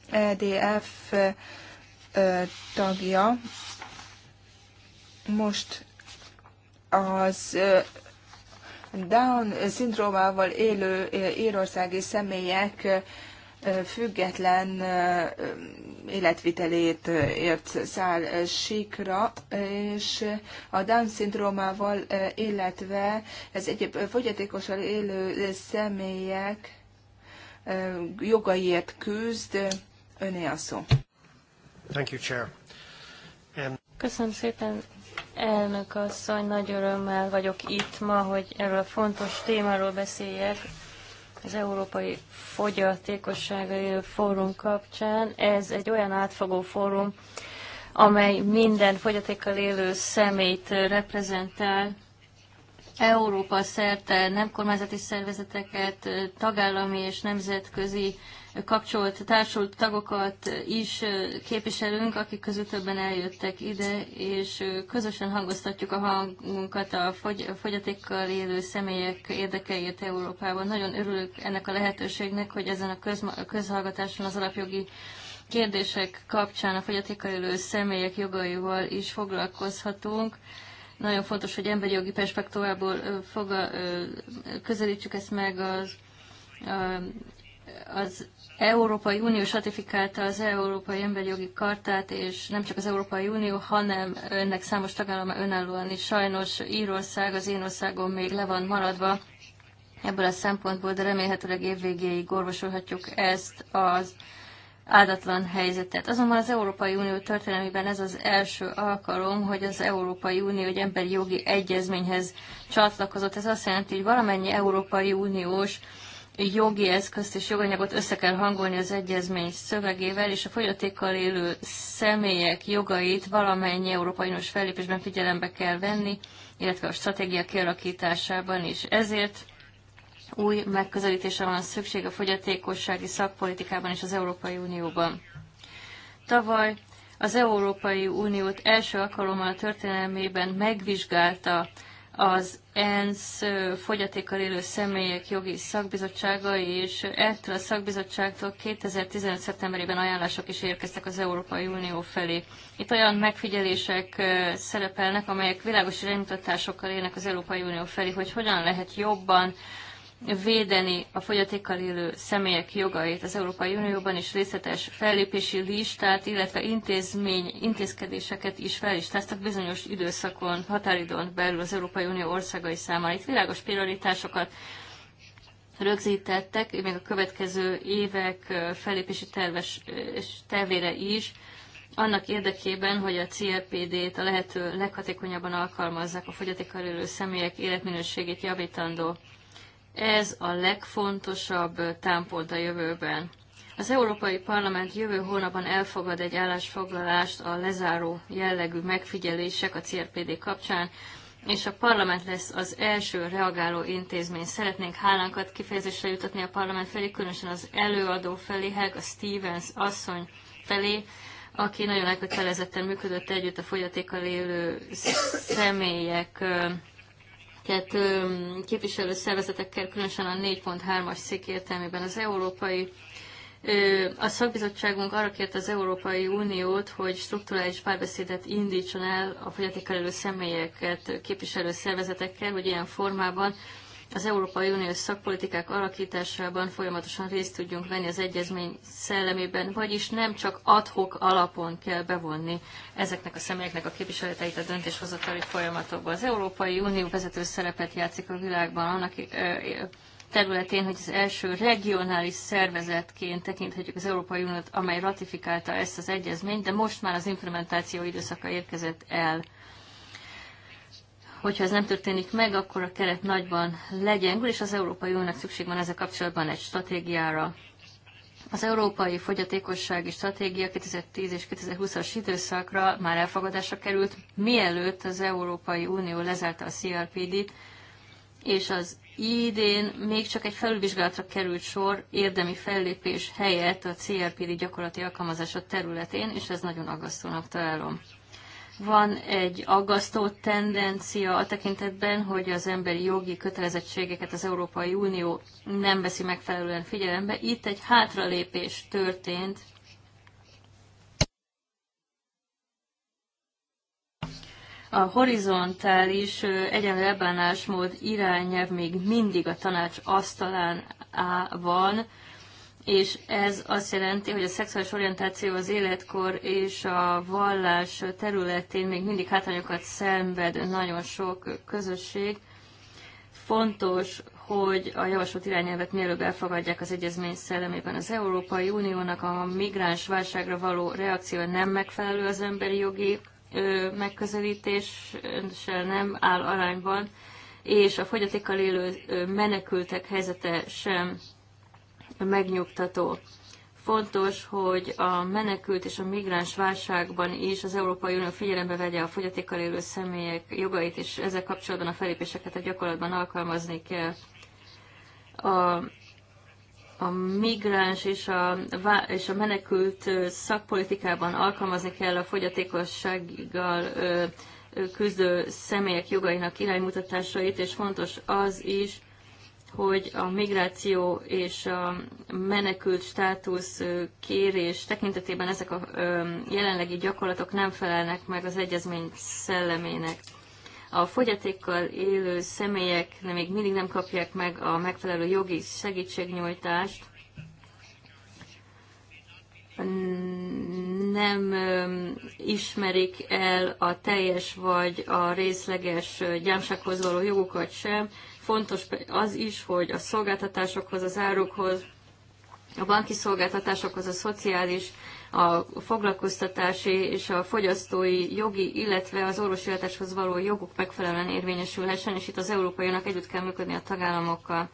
S1: EDF tagja. Most az Down szindrómával élő írországi személyek független életvitelét ért száll síkra, és a Down-szindrómával, illetve ez egyéb fogyatékosan élő személyek jogaiért küzd.
S2: Öné a szó.
S1: Thank you, Chair. And...
S2: Köszönöm szépen, elnök asszony, nagy örömmel vagyok itt ma, hogy erről a fontos témáról beszéljek, az Európai Fogyatékossági Fórum kapcsán. Ez egy olyan átfogó fórum, amely minden fogyatékkal élő szemét reprezentál, Európa szerte nem kormányzati szervezeteket, tagállami és nemzetközi kapcsolt, társult tagokat is képviselünk, akik közül többen eljöttek ide, és közösen hangoztatjuk a hangunkat a fogyatékkal élő személyek érdekeiért Európában. Nagyon örülök ennek a lehetőségnek, hogy ezen a közhallgatáson az alapjogi kérdések kapcsán a fogyatékkal élő személyek jogaival is foglalkozhatunk nagyon fontos, hogy emberi jogi perspektívából foga, közelítsük ezt meg az, az Európai Unió ratifikálta az Európai Emberi Jogi Kartát, és nem csak az Európai Unió, hanem ennek számos tagállama önállóan is. Sajnos Írország, az én országom még le van maradva ebből a szempontból, de remélhetőleg évvégéig orvosolhatjuk ezt az áldatlan helyzetet. Azonban az Európai Unió történelmében ez az első alkalom, hogy az Európai Unió egy emberi jogi egyezményhez csatlakozott. Ez azt jelenti, hogy valamennyi Európai Uniós jogi eszközt és joganyagot össze kell hangolni az egyezmény szövegével, és a fogyatékkal élő személyek jogait valamennyi Európai Uniós fellépésben figyelembe kell venni, illetve a stratégia kialakításában is. Ezért új megközelítésre van szükség a fogyatékossági szakpolitikában és az Európai Unióban. Tavaly az Európai Uniót első alkalommal a történelmében megvizsgálta az ENSZ fogyatékkal élő személyek jogi szakbizottsága, és ettől a szakbizottságtól 2015. szeptemberében ajánlások is érkeztek az Európai Unió felé. Itt olyan megfigyelések szerepelnek, amelyek világos iránymutatásokkal élnek az Európai Unió felé, hogy hogyan lehet jobban védeni a fogyatékkal élő személyek jogait az Európai Unióban is részletes fellépési listát, illetve intézmény, intézkedéseket is tesztek bizonyos időszakon, határidon belül az Európai Unió országai számára. Itt világos prioritásokat rögzítettek, még a következő évek fellépési terves, tervére is, annak érdekében, hogy a CLPD-t a lehető leghatékonyabban alkalmazzák a fogyatékkal élő személyek életminőségét javítandó ez a legfontosabb támpont a jövőben. Az Európai Parlament jövő hónapban elfogad egy állásfoglalást a lezáró jellegű megfigyelések a CRPD kapcsán, és a parlament lesz az első reagáló intézmény. Szeretnénk hálánkat kifejezésre jutatni a parlament felé, különösen az előadó felé, Helga Stevens asszony felé, aki nagyon elkötelezetten működött együtt a fogyatékkal élő személyek amiket képviselő szervezetekkel, különösen a 4.3-as szék értelmében az európai a szakbizottságunk arra kérte az Európai Uniót, hogy strukturális párbeszédet indítson el a fogyatékkal élő személyeket képviselő szervezetekkel, hogy ilyen formában az Európai Uniós szakpolitikák alakításában folyamatosan részt tudjunk venni az egyezmény szellemében, vagyis nem csak adhok alapon kell bevonni ezeknek a személyeknek a képviseleteit a döntéshozatali folyamatokba. Az Európai Unió vezető szerepet játszik a világban annak területén, hogy az első regionális szervezetként tekinthetjük az Európai Uniót, amely ratifikálta ezt az egyezményt, de most már az implementáció időszaka érkezett el hogyha ez nem történik meg, akkor a keret nagyban legyengül, és az Európai Uniónak szükség van ezzel kapcsolatban egy stratégiára. Az Európai Fogyatékossági Stratégia 2010 és 2020-as időszakra már elfogadásra került, mielőtt az Európai Unió lezárta a CRPD-t, és az idén még csak egy felülvizsgálatra került sor érdemi fellépés helyett a CRPD gyakorlati alkalmazása területén, és ez nagyon aggasztónak találom. Van egy aggasztó tendencia a tekintetben, hogy az emberi jogi kötelezettségeket az Európai Unió nem veszi megfelelően figyelembe. Itt egy hátralépés történt A horizontális egyenlő elbánásmód irányelv még mindig a tanács asztalán van, és ez azt jelenti, hogy a szexuális orientáció az életkor és a vallás területén még mindig hátrányokat szenved nagyon sok közösség. Fontos, hogy a javasolt irányelvet mielőbb elfogadják az egyezmény szellemében. Az Európai Uniónak a migráns válságra való reakció nem megfelelő az emberi jogi megközelítéssel nem áll arányban, és a fogyatékkal élő menekültek helyzete sem megnyugtató. Fontos, hogy a menekült és a migráns válságban is az Európai Unió figyelembe vegye a fogyatékkal élő személyek jogait, és ezzel kapcsolatban a felépéseket a gyakorlatban alkalmazni kell. A a migráns és a, és a menekült szakpolitikában alkalmazni kell a fogyatékossággal küzdő személyek jogainak iránymutatásait, és fontos az is, hogy a migráció és a menekült státusz kérés tekintetében ezek a jelenlegi gyakorlatok nem felelnek meg az egyezmény szellemének. A fogyatékkal élő személyek még mindig nem kapják meg a megfelelő jogi segítségnyújtást, nem ismerik el a teljes vagy a részleges gyámsághoz való jogokat sem, Fontos az is, hogy a szolgáltatásokhoz, az árukhoz, a banki szolgáltatásokhoz, a szociális, a foglalkoztatási és a fogyasztói jogi, illetve az orvosi ellátáshoz való joguk megfelelően érvényesülhessen, és itt az Európai Uniónak együtt kell működni a tagállamokkal.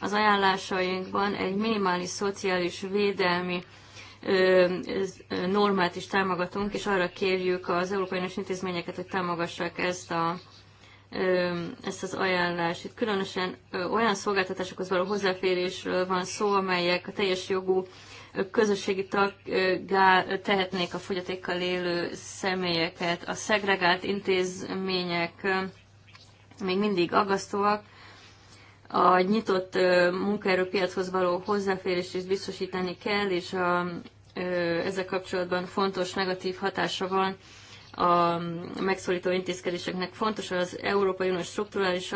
S2: Az ajánlásainkban egy minimális szociális védelmi normát is támogatunk, és arra kérjük az Európai Uniós intézményeket, hogy támogassák ezt a ezt az ajánlást. Itt különösen olyan szolgáltatásokhoz való hozzáférésről van szó, amelyek a teljes jogú közösségi taggá tehetnék a fogyatékkal élő személyeket. A szegregált intézmények még mindig aggasztóak, a nyitott munkaerőpiachoz való hozzáférést is biztosítani kell, és a, ezzel kapcsolatban fontos negatív hatása van a megszorító intézkedéseknek fontos az Európai Uniós strukturális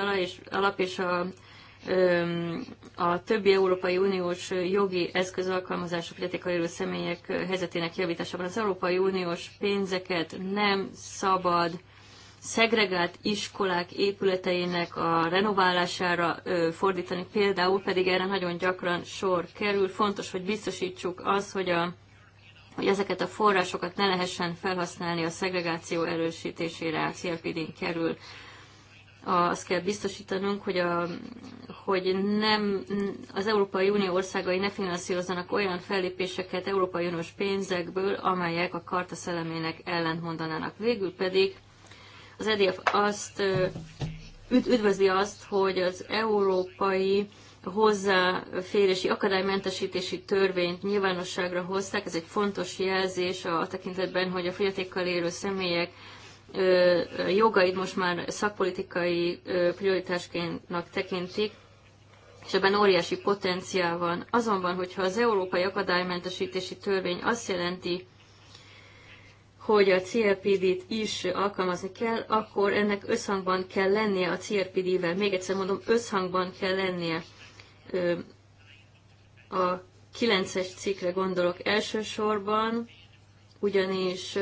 S2: alap és a, a többi Európai Uniós jogi eszköz alkalmazása fogyatékkal személyek helyzetének javításában. Az Európai Uniós pénzeket nem szabad szegregált iskolák épületeinek a renoválására fordítani például, pedig erre nagyon gyakran sor kerül. Fontos, hogy biztosítsuk az, hogy a hogy ezeket a forrásokat ne lehessen felhasználni a szegregáció erősítésére, a CLPD-n kerül. Azt kell biztosítanunk, hogy, a, hogy nem, az Európai Unió országai ne finanszírozzanak olyan fellépéseket Európai Uniós pénzekből, amelyek a karta szellemének ellentmondanának. Végül pedig az EDF azt üdvözli azt, hogy az európai hozzáférési akadálymentesítési törvényt nyilvánosságra hozták. Ez egy fontos jelzés a tekintetben, hogy a fogyatékkal élő személyek jogait most már szakpolitikai prioritásként tekintik, és ebben óriási potenciál van. Azonban, hogyha az európai akadálymentesítési törvény azt jelenti, hogy a crpd t is alkalmazni kell, akkor ennek összhangban kell lennie a crpd vel Még egyszer mondom, összhangban kell lennie a 9-es cikkre gondolok elsősorban, ugyanis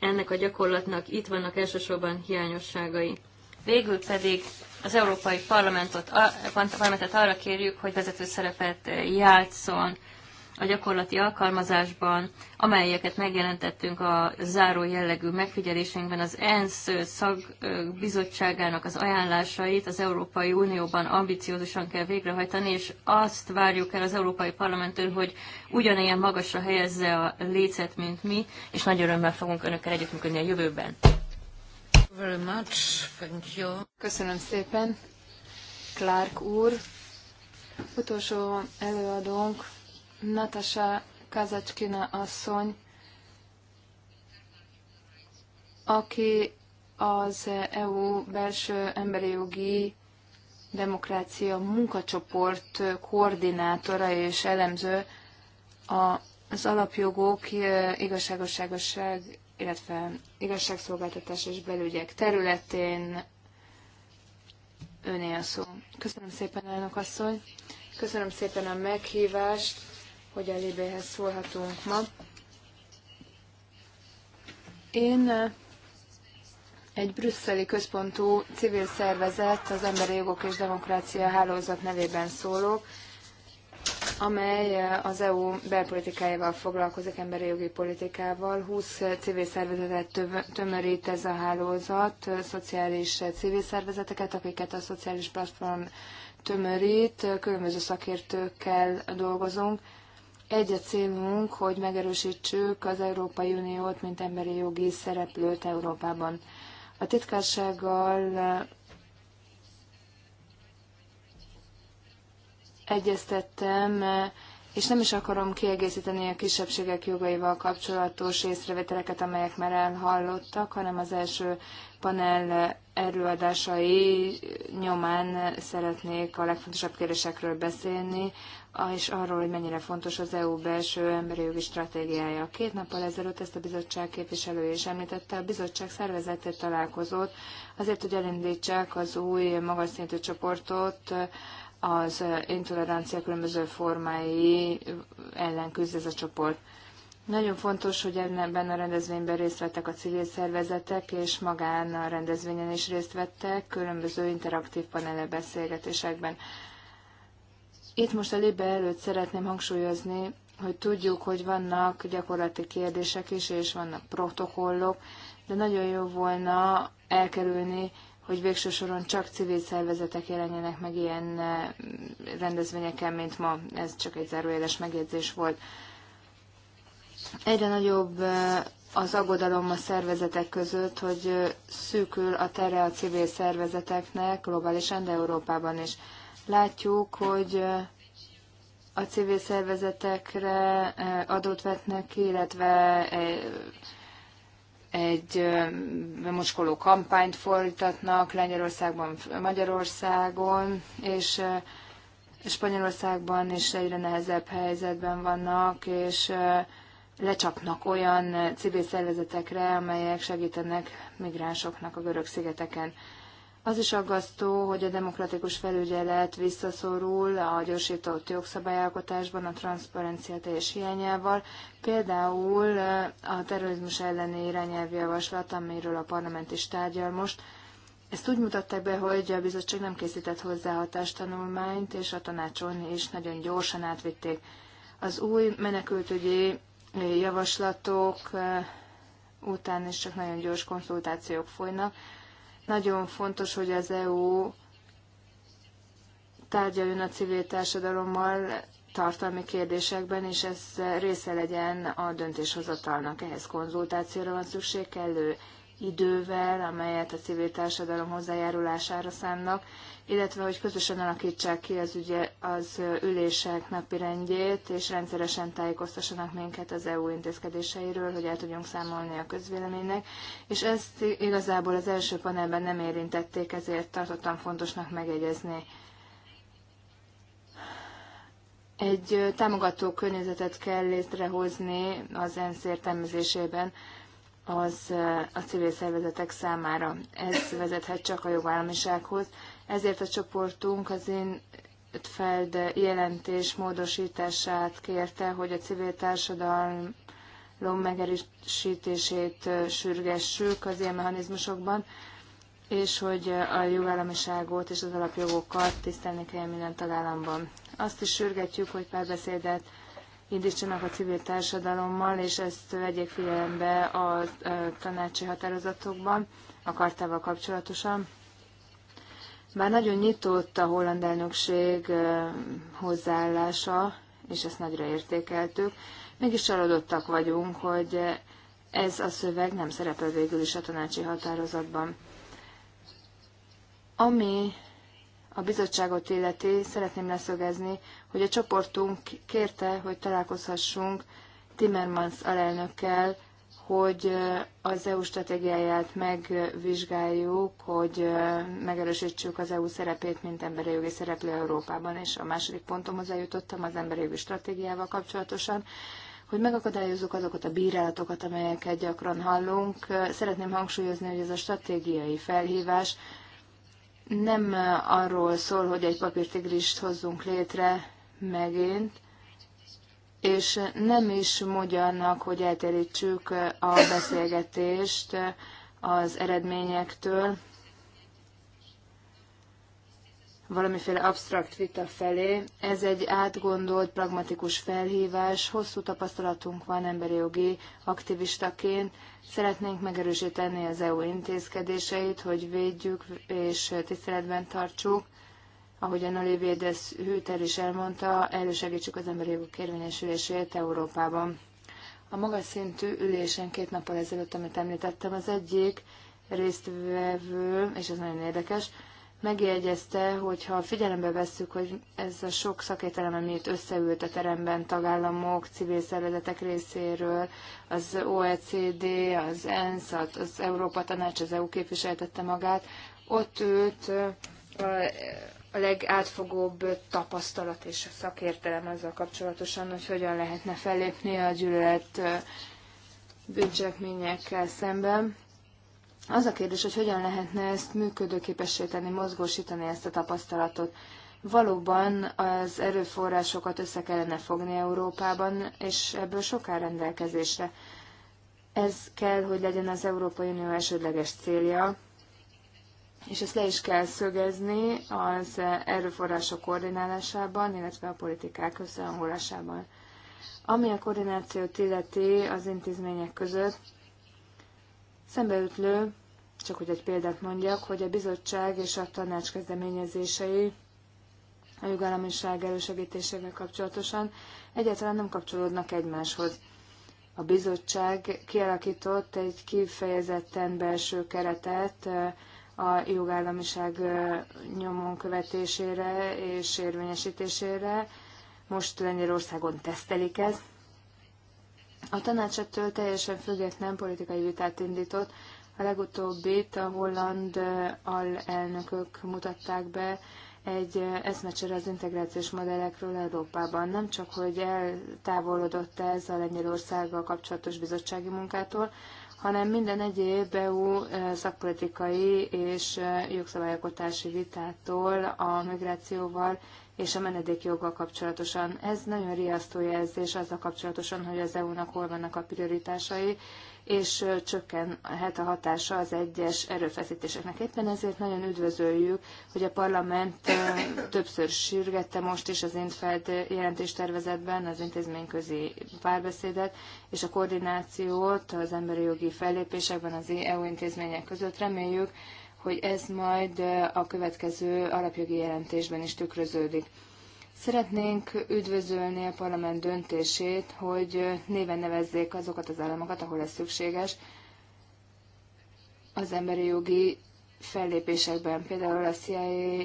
S2: ennek a gyakorlatnak itt vannak elsősorban hiányosságai. Végül pedig az Európai Parlamentot, Parlamentet arra kérjük, hogy vezető szerepet játszon a gyakorlati alkalmazásban, amelyeket megjelentettünk a záró jellegű megfigyelésünkben, az ENSZ szakbizottságának az ajánlásait az Európai Unióban ambiciózusan kell végrehajtani, és azt várjuk el az Európai Parlamenttől, hogy ugyanilyen magasra helyezze a lécet, mint mi, és nagy örömmel fogunk önökkel együttműködni a jövőben.
S3: Very much. Thank you. Köszönöm szépen, Clark úr. Utolsó előadónk Natasha Kazacskina asszony, aki az EU belső emberi jogi demokrácia munkacsoport koordinátora és elemző az alapjogok eh, igazságosságosság, illetve igazságszolgáltatás és belügyek területén Önél a szó. Köszönöm szépen, elnök asszony! Köszönöm szépen a meghívást! hogy a szólhatunk ma. Én eh, egy brüsszeli központú civil szervezet, az Emberi Jogok és Demokrácia Hálózat nevében szólok, amely eh, az EU belpolitikájával foglalkozik, emberi jogi politikával. 20 eh, civil szervezetet tömörít ez a hálózat, szociális civil szervezeteket, akiket a szociális platform tömörít, különböző szakértőkkel dolgozunk. Egy a célunk, hogy megerősítsük az Európai Uniót, mint emberi jogi szereplőt Európában. A titkársággal egyeztettem, és nem is akarom kiegészíteni a kisebbségek jogaival kapcsolatos észrevételeket, amelyek már elhallottak, hanem az első panel előadásai nyomán szeretnék a legfontosabb kérdésekről beszélni, és arról, hogy mennyire fontos az EU belső emberi jogi stratégiája. Két nappal ezelőtt ezt a bizottság képviselője is említette, a bizottság szervezetét találkozott, azért, hogy elindítsák az új magas szintű csoportot, az intolerancia különböző formái ellen küzd ez a csoport. Nagyon fontos, hogy ebben a rendezvényben részt vettek a civil szervezetek, és magán a rendezvényen is részt vettek, különböző interaktív panele beszélgetésekben. Itt most a Libe előtt szeretném hangsúlyozni, hogy tudjuk, hogy vannak gyakorlati kérdések is, és vannak protokollok, de nagyon jó volna elkerülni hogy végső soron csak civil szervezetek jelenjenek meg ilyen eh, rendezvényeken, mint ma. Ez csak egy zárójeles megjegyzés volt. Egyre nagyobb eh, az aggodalom a szervezetek között, hogy eh, szűkül a tere a civil szervezeteknek globálisan, de Európában is. Látjuk, hogy a civil szervezetekre adót vetnek ki, illetve egy bemocskoló kampányt folytatnak Lengyelországban, Magyarországon, és Spanyolországban is egyre nehezebb helyzetben vannak, és lecsapnak olyan civil szervezetekre, amelyek segítenek migránsoknak a görög szigeteken. Az is aggasztó, hogy a demokratikus felügyelet visszaszorul a gyorsított jogszabályalkotásban a transzparencia teljes hiányával. Például eh, a terrorizmus elleni irányelvi javaslat, amiről a parlament is tárgyal most, ezt úgy mutatták be, hogy a bizottság nem készített hozzá hatástanulmányt, és a tanácson is nagyon gyorsan átvitték. Az új menekültügyi eh, javaslatok eh, után is csak nagyon gyors konzultációk folynak, nagyon fontos, hogy az EU tárgyaljon a civil társadalommal tartalmi kérdésekben, és ez része legyen a döntéshozatalnak. Ehhez konzultációra van szükség, kellő idővel, amelyet a civil társadalom hozzájárulására szánnak, illetve hogy közösen alakítsák ki az, ügye, az ülések napirendjét, és rendszeresen tájékoztassanak minket az EU intézkedéseiről, hogy el tudjunk számolni a közvéleménynek. És ezt igazából az első panelben nem érintették, ezért tartottam fontosnak megegyezni. Egy támogató környezetet kell létrehozni az ENSZ értelmezésében, az a civil szervezetek számára. Ez vezethet csak a jogállamisághoz, ezért a csoportunk az én Feld jelentés módosítását kérte, hogy a civil társadalom megerősítését sürgessük az ilyen mechanizmusokban, és hogy a jogállamiságot és az alapjogokat tisztelni kell minden tagállamban. Azt is sürgetjük, hogy párbeszédet indítsanak a civil társadalommal, és ezt vegyék figyelembe a tanácsi határozatokban, a kartával kapcsolatosan. Bár nagyon nyitott a holland elnökség hozzáállása, és ezt nagyra értékeltük, mégis csalódottak vagyunk, hogy ez a szöveg nem szerepel végül is a tanácsi határozatban. Ami a bizottságot illeti, szeretném leszögezni, hogy a csoportunk kérte, hogy találkozhassunk Timmermans alelnökkel hogy az EU stratégiáját megvizsgáljuk, hogy megerősítsük az EU szerepét, mint emberi jogi szereplő Európában, és a második pontomhoz eljutottam az emberi jogi stratégiával kapcsolatosan, hogy megakadályozzuk azokat a bírálatokat, amelyeket gyakran hallunk. Szeretném hangsúlyozni, hogy ez a stratégiai felhívás nem arról szól, hogy egy papírtigrist hozzunk létre megint, és nem is annak, hogy elterítsük a beszélgetést az eredményektől valamiféle absztrakt vita felé. Ez egy átgondolt, pragmatikus felhívás. Hosszú tapasztalatunk van emberi jogi aktivistaként. Szeretnénk megerősíteni az EU intézkedéseit, hogy védjük és tiszteletben tartsuk ahogyan Olivier de Hüter is elmondta, elősegítsük az emberi jogok érvényesülését Európában. A magas szintű ülésen két nappal ezelőtt, amit említettem, az egyik résztvevő, és ez nagyon érdekes, megjegyezte, hogy ha figyelembe vesszük, hogy ez a sok szakértelem, amit összeült a teremben tagállamok, civil szervezetek részéről, az OECD, az ENSZ, az Európa Tanács, az EU képviseltette magát, ott ült a legátfogóbb tapasztalat és a szakértelem azzal kapcsolatosan, hogy hogyan lehetne fellépni a gyűlölet bűncsekményekkel szemben. Az a kérdés, hogy hogyan lehetne ezt működőképessé tenni, mozgósítani ezt a tapasztalatot. Valóban az erőforrásokat össze kellene fogni Európában, és ebből sok áll rendelkezésre. Ez kell, hogy legyen az Európai Unió elsődleges célja, és ezt le is kell szögezni az erőforrások koordinálásában, illetve a politikák összehangolásában. Ami a koordinációt illeti az intézmények között, szembeütlő, csak hogy egy példát mondjak, hogy a bizottság és a tanács kezdeményezései a jogállamiság elősegítésével kapcsolatosan egyáltalán nem kapcsolódnak egymáshoz. A bizottság kialakított egy kifejezetten belső keretet, a jogállamiság nyomon követésére és érvényesítésére. Most Lengyelországon tesztelik ez. A tanács ettől teljesen független politikai vitát indított. A legutóbbit a holland alelnökök mutatták be egy eszmecsere az integrációs modellekről Európában. Nem csak, hogy eltávolodott ez a Lengyelországgal kapcsolatos bizottsági munkától, hanem minden egyéb EU e, szakpolitikai és e, jogszabályalkotási vitától a migrációval és a menedékjoggal kapcsolatosan. Ez nagyon riasztó jelzés azzal kapcsolatosan, hogy az EU-nak hol vannak a prioritásai, és csökkenhet a hatása az egyes erőfeszítéseknek. Éppen ezért nagyon üdvözöljük, hogy a parlament többször sürgette most is az Intfeld jelentéstervezetben az intézményközi párbeszédet és a koordinációt az emberi jogi fellépésekben az EU intézmények között. Reméljük, hogy ez majd a következő alapjogi jelentésben is tükröződik. Szeretnénk üdvözölni a parlament döntését, hogy néven nevezzék azokat az államokat, ahol ez szükséges, az emberi jogi fellépésekben, például a CIA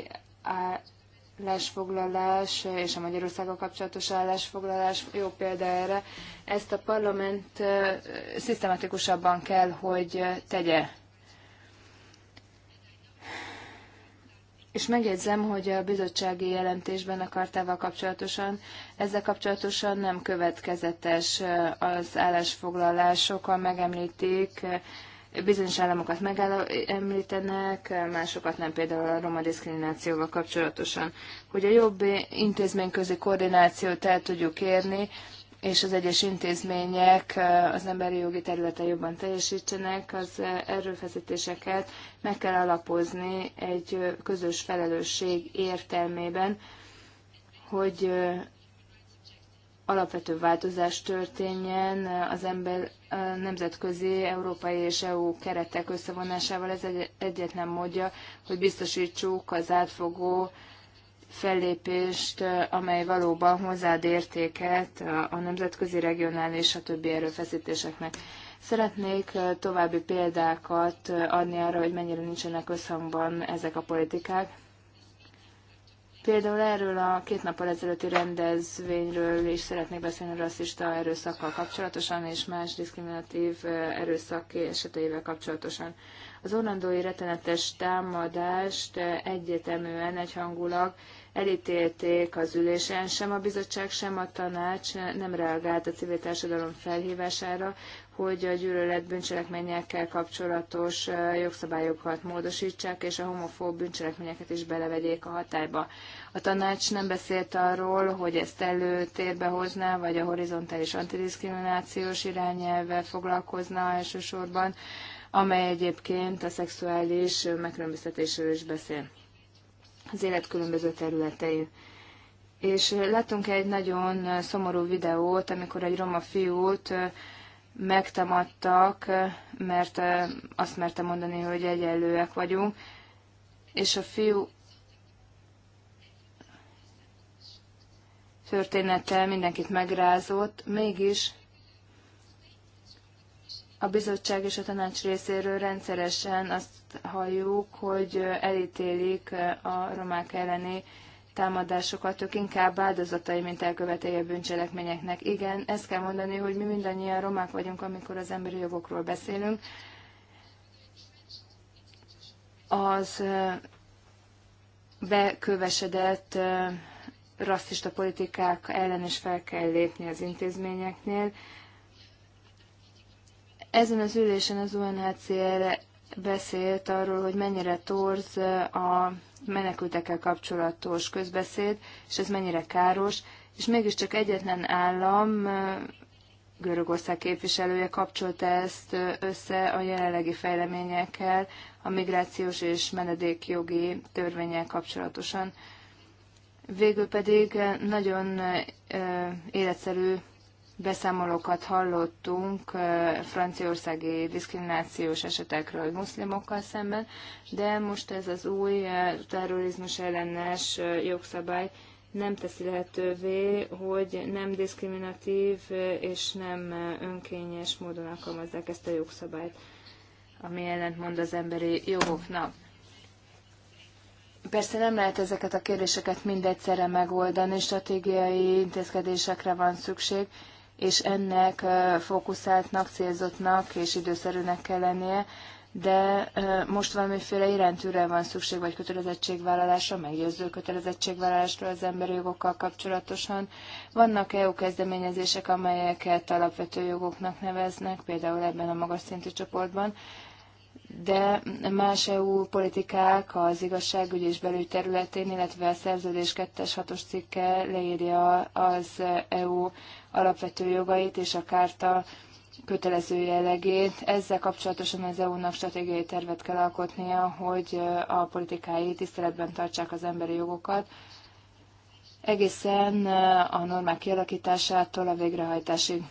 S3: állásfoglalás és a Magyarországgal kapcsolatos állásfoglalás jó példa erre. Ezt a parlament szisztematikusabban kell, hogy tegye. És megjegyzem, hogy a bizottsági jelentésben a kartával kapcsolatosan, ezzel kapcsolatosan nem következetes az állásfoglalásokkal megemlítik, bizonyos államokat megemlítenek, másokat nem, például a roma diszkriminációval kapcsolatosan. Hogy a jobb intézményközi koordinációt el tudjuk érni, és az egyes intézmények az emberi jogi területen jobban teljesítsenek, az erőfeszítéseket meg kell alapozni egy közös felelősség értelmében, hogy alapvető változás történjen az ember a nemzetközi, európai és EU keretek összevonásával. Ez egy, egyetlen módja, hogy biztosítsuk az átfogó fellépést, amely valóban hozzáad értéket a nemzetközi, regionális, a többi erőfeszítéseknek. Szeretnék további példákat adni arra, hogy mennyire nincsenek összhangban ezek a politikák. Például erről a két nappal ezelőtti rendezvényről is szeretnék beszélni a rasszista erőszakkal kapcsolatosan, és más diszkriminatív erőszak eseteivel kapcsolatosan. Az orlandói rettenetes támadást egyeteműen, egyhangulag elítélték az ülésen, sem a bizottság, sem a tanács nem reagált a civil társadalom felhívására, hogy a gyűlölet bűncselekményekkel kapcsolatos jogszabályokat módosítsák, és a homofób bűncselekményeket is belevegyék a hatályba. A tanács nem beszélt arról, hogy ezt előtérbe hozná, vagy a horizontális antidiszkriminációs irányelvvel foglalkozna elsősorban, amely egyébként a szexuális megkülönböztetésről is beszél az élet különböző területein. És láttunk egy nagyon szomorú videót, amikor egy roma fiút megtamadtak, mert azt merte mondani, hogy egyenlőek vagyunk, és a fiú története mindenkit megrázott, mégis a bizottság és a tanács részéről rendszeresen azt halljuk, hogy elítélik a romák elleni támadásokat, ők inkább áldozatai, mint elkövetői a bűncselekményeknek. Igen, ezt kell mondani, hogy mi mindannyian romák vagyunk, amikor az emberi jogokról beszélünk. Az bekövesedett rasszista politikák ellen is fel kell lépni az intézményeknél ezen az ülésen az UNHCR beszélt arról, hogy mennyire torz a menekültekkel kapcsolatos közbeszéd, és ez mennyire káros, és mégiscsak egyetlen állam, Görögország képviselője kapcsolta ezt össze a jelenlegi fejleményekkel, a migrációs és menedékjogi törvényel kapcsolatosan. Végül pedig nagyon életszerű beszámolókat hallottunk franciaországi diszkriminációs esetekről muszlimokkal szemben, de most ez az új terrorizmus ellenes jogszabály nem teszi lehetővé, hogy nem diszkriminatív és nem önkényes módon alkalmazzák ezt a jogszabályt, ami ellentmond az emberi jogoknak. Persze nem lehet ezeket a kérdéseket mindegyszerre megoldani, stratégiai intézkedésekre van szükség, és ennek fókuszáltnak, célzottnak és időszerűnek kell lennie, de most valamiféle iránytűre van szükség, vagy kötelezettségvállalásra, meggyőző kötelezettségvállalásra az emberi jogokkal kapcsolatosan. Vannak EU kezdeményezések, amelyeket alapvető jogoknak neveznek, például ebben a magas szintű csoportban, de más EU politikák az igazságügy és belügy területén, illetve a szerződés 2-es 6-os cikke leírja az EU alapvető jogait és a kárta kötelező jellegét. Ezzel kapcsolatosan az EU-nak stratégiai tervet kell alkotnia, hogy a politikái tiszteletben tartsák az emberi jogokat, egészen a normák kialakításától a végrehajtásig.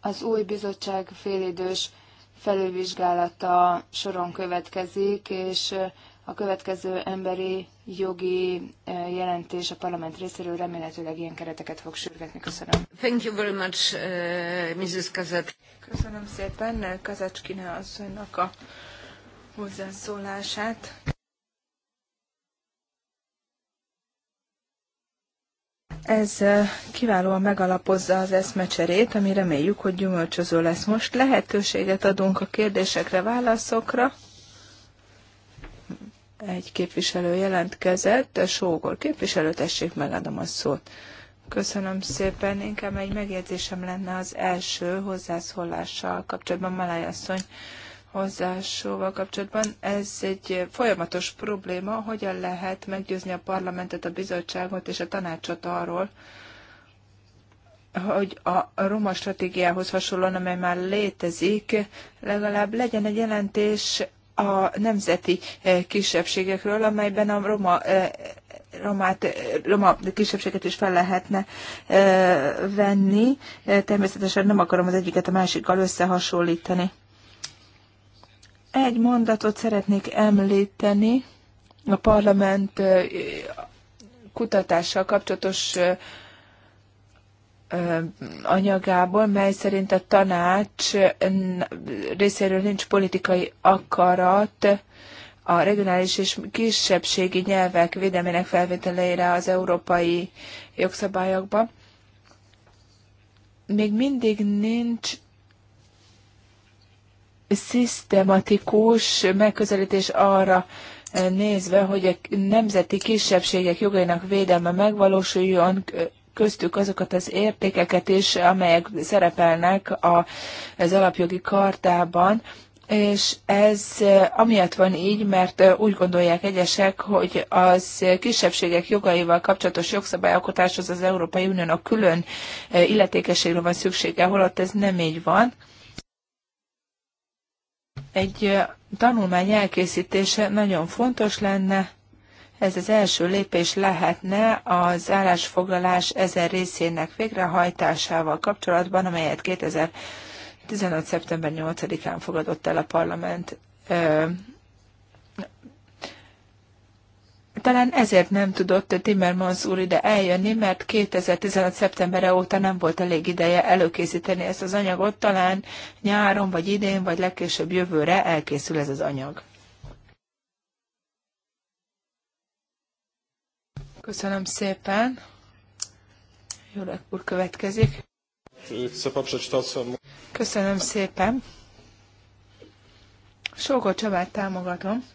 S3: Az új bizottság félidős felülvizsgálata soron következik, és a következő emberi jogi jelentés a parlament részéről remélhetőleg ilyen kereteket fog sürgetni. Köszönöm.
S1: Thank you very much, uh,
S3: Mrs. Kazat.
S1: Köszönöm szépen Kazacskine asszonynak a hozzászólását. Ez kiválóan megalapozza az eszmecserét, ami reméljük, hogy gyümölcsöző lesz. Most lehetőséget adunk a kérdésekre, válaszokra. Egy képviselő jelentkezett, Sógor képviselő, tessék, megadom a szót. Köszönöm szépen. Inkább egy megjegyzésem lenne az első hozzászólással kapcsolatban, Maláj asszony hozzásóval kapcsolatban. Ez egy folyamatos probléma, hogyan lehet meggyőzni a parlamentet, a bizottságot és a tanácsot arról, hogy a roma stratégiához hasonlóan, amely már létezik, legalább legyen egy jelentés a nemzeti e, kisebbségekről, amelyben a roma e, romát, e, roma kisebbséget is fel lehetne venni. Természetesen nem akarom az egyiket a másikkal összehasonlítani. Egy mondatot szeretnék említeni a parlament kutatással kapcsolatos anyagából, mely szerint a tanács részéről nincs politikai akarat a regionális és kisebbségi nyelvek védelmének felvételére az európai jogszabályokba. Még mindig nincs szisztematikus megközelítés arra eh, nézve, hogy a nemzeti kisebbségek jogainak védelme megvalósuljon, köztük azokat az értékeket is, amelyek szerepelnek az alapjogi kartában, és ez eh, amiatt van így, mert eh, úgy gondolják egyesek, hogy az kisebbségek jogaival kapcsolatos jogszabályalkotáshoz az Európai Uniónak külön illetékességre van szüksége, holott ez nem így van. Egy tanulmány elkészítése nagyon fontos lenne, ez az első lépés lehetne az állásfoglalás ezen részének végrehajtásával kapcsolatban, amelyet 2015. szeptember 8-án fogadott el a parlament Talán ezért nem tudott Timmermans úr ide eljönni, mert 2015. szeptembere óta nem volt elég ideje előkészíteni ezt az anyagot. Talán nyáron, vagy idén, vagy legkésőbb jövőre elkészül ez az anyag. Köszönöm szépen. Jurek úr következik. Köszönöm szépen. Sógó Csabát támogatom.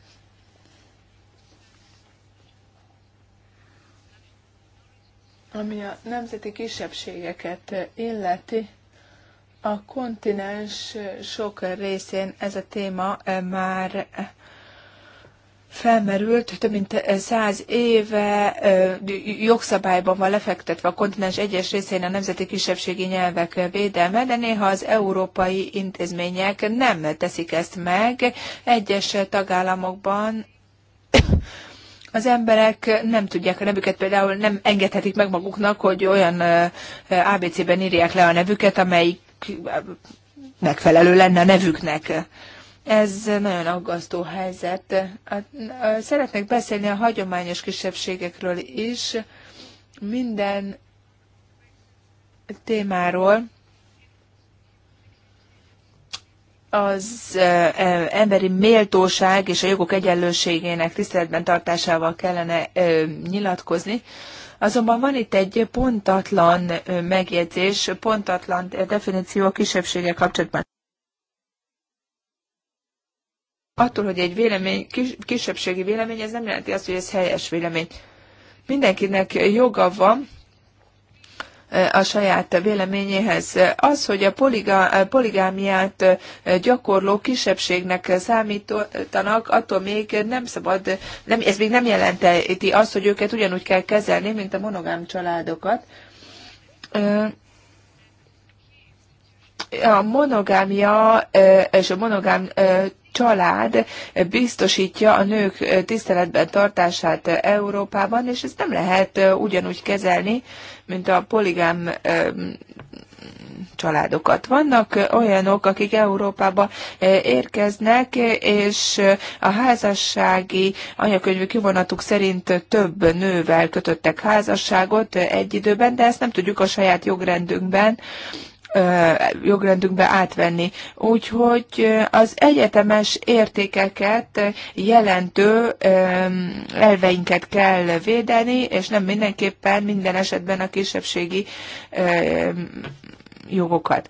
S1: Ami a nemzeti kisebbségeket illeti, a kontinens sok részén ez a téma eh, már eh, felmerült, több mint eh, száz éve jogszabályban van lefektetve a kontinens egyes részén a nemzeti kisebbségi nyelvek védelme, de néha az európai intézmények nem teszik ezt meg. Egyes tagállamokban az emberek nem tudják a nevüket, például nem engedhetik meg maguknak, hogy olyan ABC-ben írják le a nevüket, amelyik megfelelő lenne a nevüknek. Ez nagyon aggasztó helyzet. Szeretnék beszélni a hagyományos kisebbségekről is, minden témáról, az emberi méltóság és a jogok egyenlőségének tiszteletben tartásával kellene nyilatkozni. Azonban van itt egy pontatlan megjegyzés, pontatlan definíció a kisebbsége kapcsolatban. Attól, hogy egy vélemény, kis, kisebbségi vélemény, ez nem jelenti azt, hogy ez helyes vélemény. Mindenkinek joga van a saját véleményéhez. Az, hogy a poligá, poligámiát gyakorló kisebbségnek számítanak, attól még nem szabad, nem, ez még nem jelenteti azt, hogy őket ugyanúgy kell kezelni, mint a monogám családokat a monogámia és a monogám család biztosítja a nők tiszteletben tartását Európában, és ezt nem lehet ugyanúgy kezelni, mint a poligám családokat. Vannak olyanok, akik Európába érkeznek, és a házassági anyakönyvű kivonatuk szerint több nővel kötöttek házasságot egy időben, de ezt nem tudjuk a saját jogrendünkben jogrendünkbe átvenni. Úgyhogy az egyetemes értékeket jelentő elveinket kell védeni, és nem mindenképpen minden esetben a kisebbségi jogokat.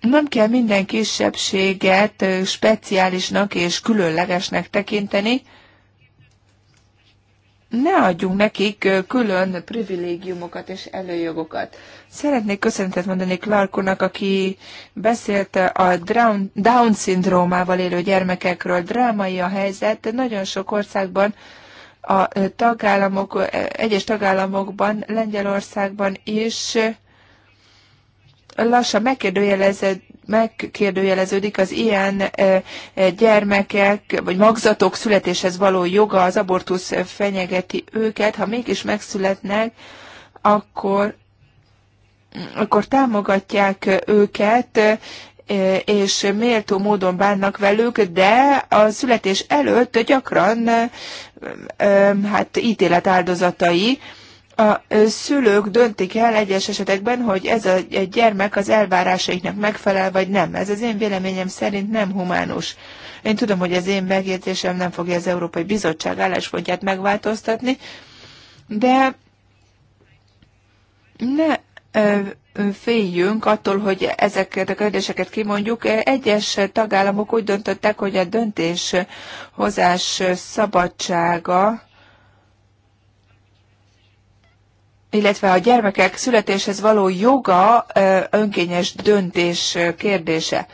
S1: Nem kell minden kisebbséget speciálisnak és különlegesnek tekinteni, ne adjunk nekik külön privilégiumokat és előjogokat. Szeretnék köszönetet mondani Clarkonak, aki beszélt a Down-szindrómával élő gyermekekről. Drámai a helyzet, de nagyon sok országban a tagállamok, egyes tagállamokban, Lengyelországban is lassan megkérdőjelezett megkérdőjeleződik az ilyen eh, eh, gyermekek vagy magzatok születéshez való joga, az abortusz fenyegeti őket, ha mégis megszületnek, akkor, akkor támogatják őket, eh, és méltó módon bánnak velük, de a születés előtt gyakran hát ítélet áldozatai, a szülők döntik el egyes esetekben, hogy ez a gyermek az elvárásaiknak megfelel, vagy nem. Ez az én véleményem szerint nem humánus. Én tudom, hogy az én megértésem nem fogja az Európai Bizottság álláspontját megváltoztatni, de ne féljünk attól, hogy ezeket a kérdéseket kimondjuk. Egyes tagállamok úgy döntöttek, hogy a döntéshozás szabadsága illetve a gyermekek születéshez való joga önkényes döntés kérdése.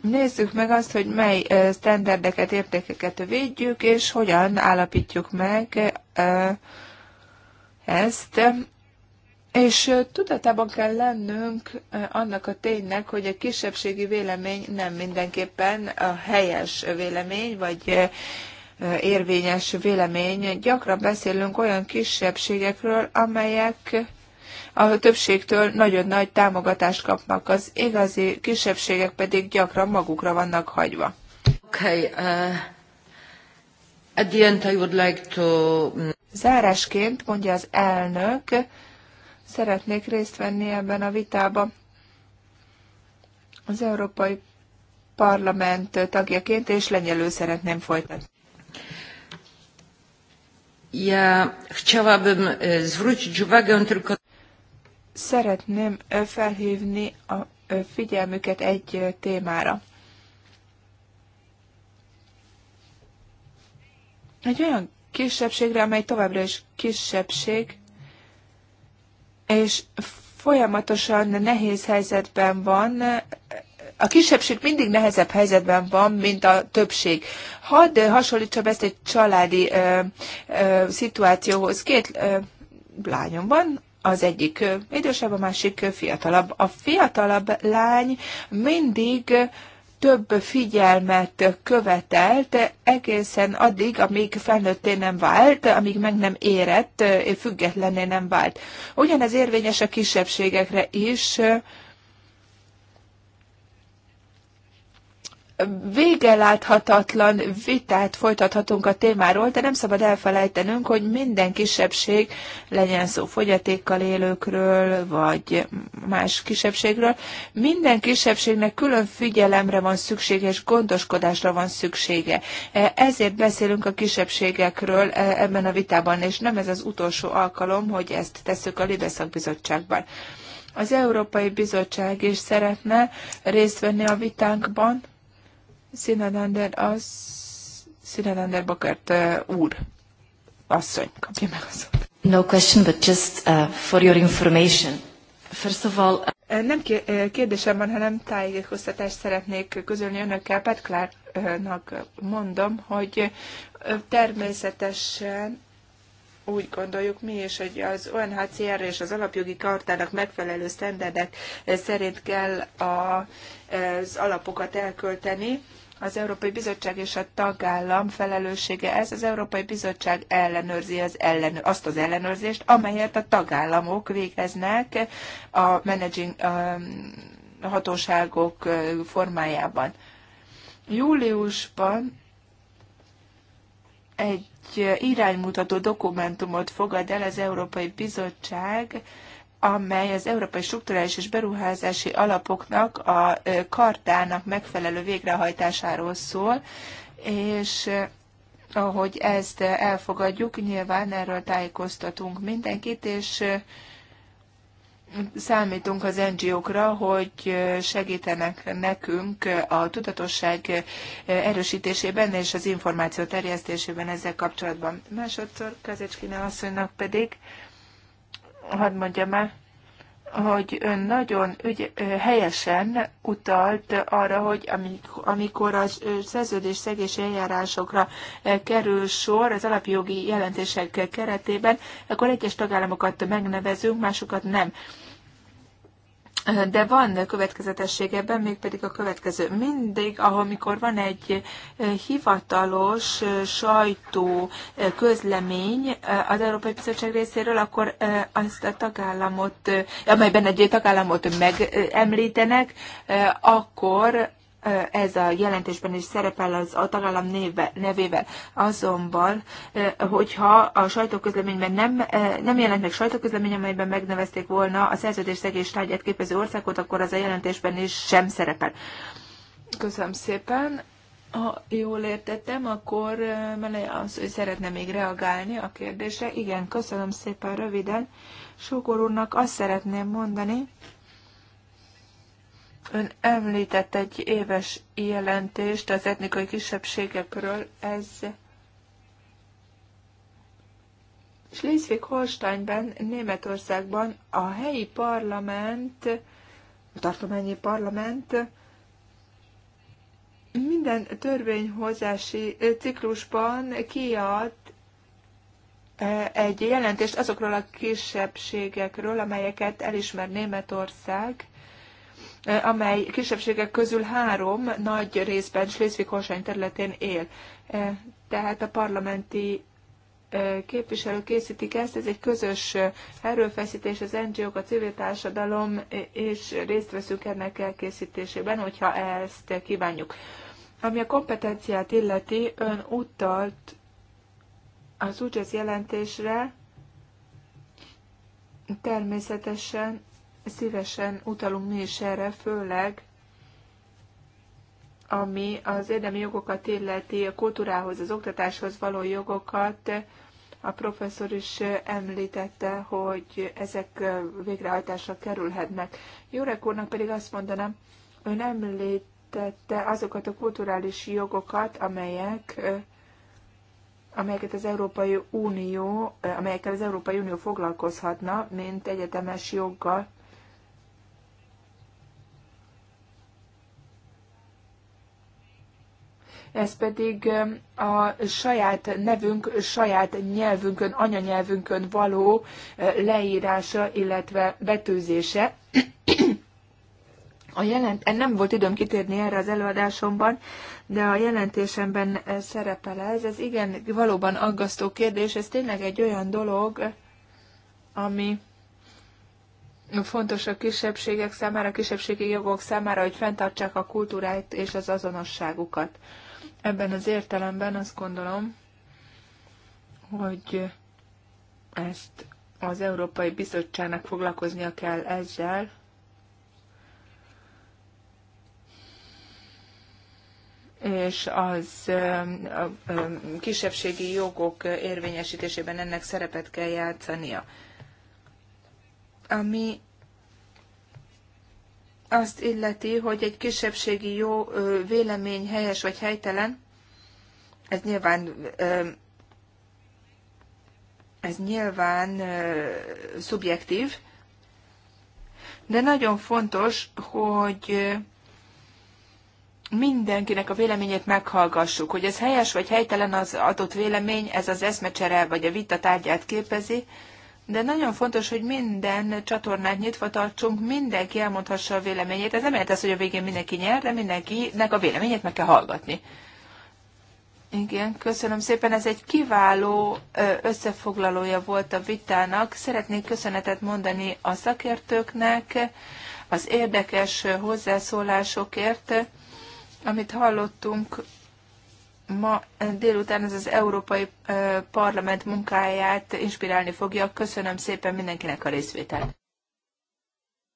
S1: Nézzük meg azt, hogy mely sztenderdeket, értékeket védjük, és hogyan állapítjuk meg ezt. És tudatában kell lennünk annak a ténynek, hogy a kisebbségi vélemény nem mindenképpen a helyes vélemény, vagy érvényes vélemény. Gyakran beszélünk olyan kisebbségekről, amelyek a többségtől nagyon nagy támogatást kapnak, az igazi kisebbségek pedig gyakran magukra vannak hagyva. Okay, uh, at the end I would like to... Mm, Zárásként, mondja az elnök, szeretnék részt venni ebben a vitában. Az Európai Parlament tagjaként és lenyelő szeretném folytatni. Ja chciałabym e, zwrócić uwagę tylko... Szeretném e, felhívni a e, figyelmüket egy témára. Egy olyan kisebbségre, amely továbbra is kisebbség, és folyamatosan nehéz helyzetben van, a kisebbség mindig nehezebb helyzetben van, mint a többség. Hadd hasonlítsam ezt egy családi ö, ö, szituációhoz. Két ö, lányom van, az egyik idősebb, a másik fiatalabb. A fiatalabb lány mindig több figyelmet követelt egészen addig, amíg felnőtté nem vált, amíg meg nem érett, függetlenné nem vált. Ugyanez érvényes a kisebbségekre is, vége láthatatlan vitát folytathatunk a témáról, de nem szabad elfelejtenünk, hogy minden kisebbség, legyen szó fogyatékkal élőkről, vagy más kisebbségről, minden kisebbségnek külön figyelemre van szüksége, és gondoskodásra van szüksége. E, ezért beszélünk a kisebbségekről e, ebben a vitában, és nem ez az utolsó alkalom, hogy ezt tesszük a Libeszak Bizottságban. Az Európai Bizottság is szeretne részt venni a vitánkban, Színelander az... Bakert uh, úr. Asszony, kapja meg az.
S2: No question, but just uh, for your information.
S1: First of all... Uh... Nem kérdésem van, hanem tájékoztatást szeretnék közölni önökkel. Pat Clarknak mondom, hogy természetesen úgy gondoljuk mi is, hogy az ONHCR és az alapjogi kartának megfelelő sztenderdek szerint kell az alapokat elkölteni az Európai Bizottság és a tagállam felelőssége ez. Az Európai Bizottság ellenőrzi az ellen, azt az ellenőrzést, amelyet a tagállamok végeznek a managing a hatóságok formájában. Júliusban egy iránymutató dokumentumot fogad el az Európai Bizottság, amely az Európai Strukturális és Beruházási Alapoknak a kartának megfelelő végrehajtásáról szól, és ahogy ezt elfogadjuk, nyilván erről tájékoztatunk mindenkit, és számítunk az NGO-kra, hogy segítenek nekünk a tudatosság erősítésében és az információ terjesztésében ezzel kapcsolatban. Másodszor Kazecskine asszonynak pedig hadd mondjam el, hogy ön nagyon ügy, helyesen utalt arra, hogy amikor az szerződés szegési eljárásokra kerül sor az alapjogi jelentések keretében, akkor egyes tagállamokat megnevezünk, másokat nem. De van következetesség ebben, mégpedig a következő. Mindig, amikor van egy eh, hivatalos eh, sajtó eh, közlemény az Európai Bizottság részéről, akkor azt a tagállamot, amelyben egy tagállamot megemlítenek, akkor ez a jelentésben is szerepel az a tagállam néve, nevével. Azonban, hogyha a sajtóközleményben nem, nem jelent meg sajtóközlemény, amelyben megnevezték volna a szegés tárgyát képező országot, akkor az a jelentésben is sem szerepel. Köszönöm szépen. Ha jól értettem, akkor Mele az, hogy szeretne még reagálni a kérdésre. Igen, köszönöm szépen röviden. Sokor úrnak azt szeretném mondani, Ön említett egy éves jelentést az etnikai kisebbségekről, ez Schleswig-Holsteinben, Németországban a helyi parlament, a tartományi parlament minden törvényhozási ciklusban kiad e, egy jelentést azokról a kisebbségekről, amelyeket elismer Németország, amely kisebbségek közül három nagy részben Schleswig-Holstein területén él. Tehát a parlamenti képviselők készítik ezt, ez egy közös erőfeszítés, az NGO-k, a civil társadalom, és részt veszünk ennek elkészítésében, hogyha ezt kívánjuk. Ami a kompetenciát illeti, ön utalt az UJEZ jelentésre, természetesen szívesen utalunk mi is erre, főleg ami az érdemi jogokat illeti, a kultúrához, az oktatáshoz való jogokat. A professzor is említette, hogy ezek végrehajtásra kerülhetnek. Jurek úrnak pedig azt mondanám, ön említette azokat a kulturális jogokat, amelyek amelyeket az Európai Unió, amelyekkel az Európai Unió foglalkozhatna, mint egyetemes joggal ez pedig um, a saját nevünk, saját nyelvünkön, anyanyelvünkön való uh, leírása, illetve betűzése. A jelent, eh, nem volt időm kitérni erre az előadásomban, de a jelentésemben eh, szerepel ez. Ez igen, valóban aggasztó kérdés, ez tényleg egy olyan dolog, ami fontos a kisebbségek számára, a kisebbségi jogok számára, hogy fenntartsák a kultúráit és az azonosságukat. Ebben az értelemben azt gondolom, hogy ezt az Európai Bizottságnak foglalkoznia kell ezzel, és az a kisebbségi jogok érvényesítésében ennek szerepet kell játszania. Ami azt illeti, hogy egy kisebbségi jó vélemény helyes vagy helytelen, ez nyilván ez nyilván szubjektív, de nagyon fontos, hogy mindenkinek a véleményét meghallgassuk, hogy ez helyes vagy helytelen az adott vélemény, ez az eszmecsere vagy a vita tárgyát képezi, de nagyon fontos, hogy minden csatornát nyitva tartsunk, mindenki elmondhassa a véleményét. Ez nem jelent az, hogy a végén mindenki nyer, de mindenkinek a véleményét meg kell hallgatni. Igen, köszönöm szépen. Ez egy kiváló összefoglalója volt a vitának. Szeretnék köszönetet mondani a szakértőknek az érdekes hozzászólásokért, amit hallottunk ma délután ez az Európai Parlament munkáját inspirálni fogja. Köszönöm szépen mindenkinek a részvételt.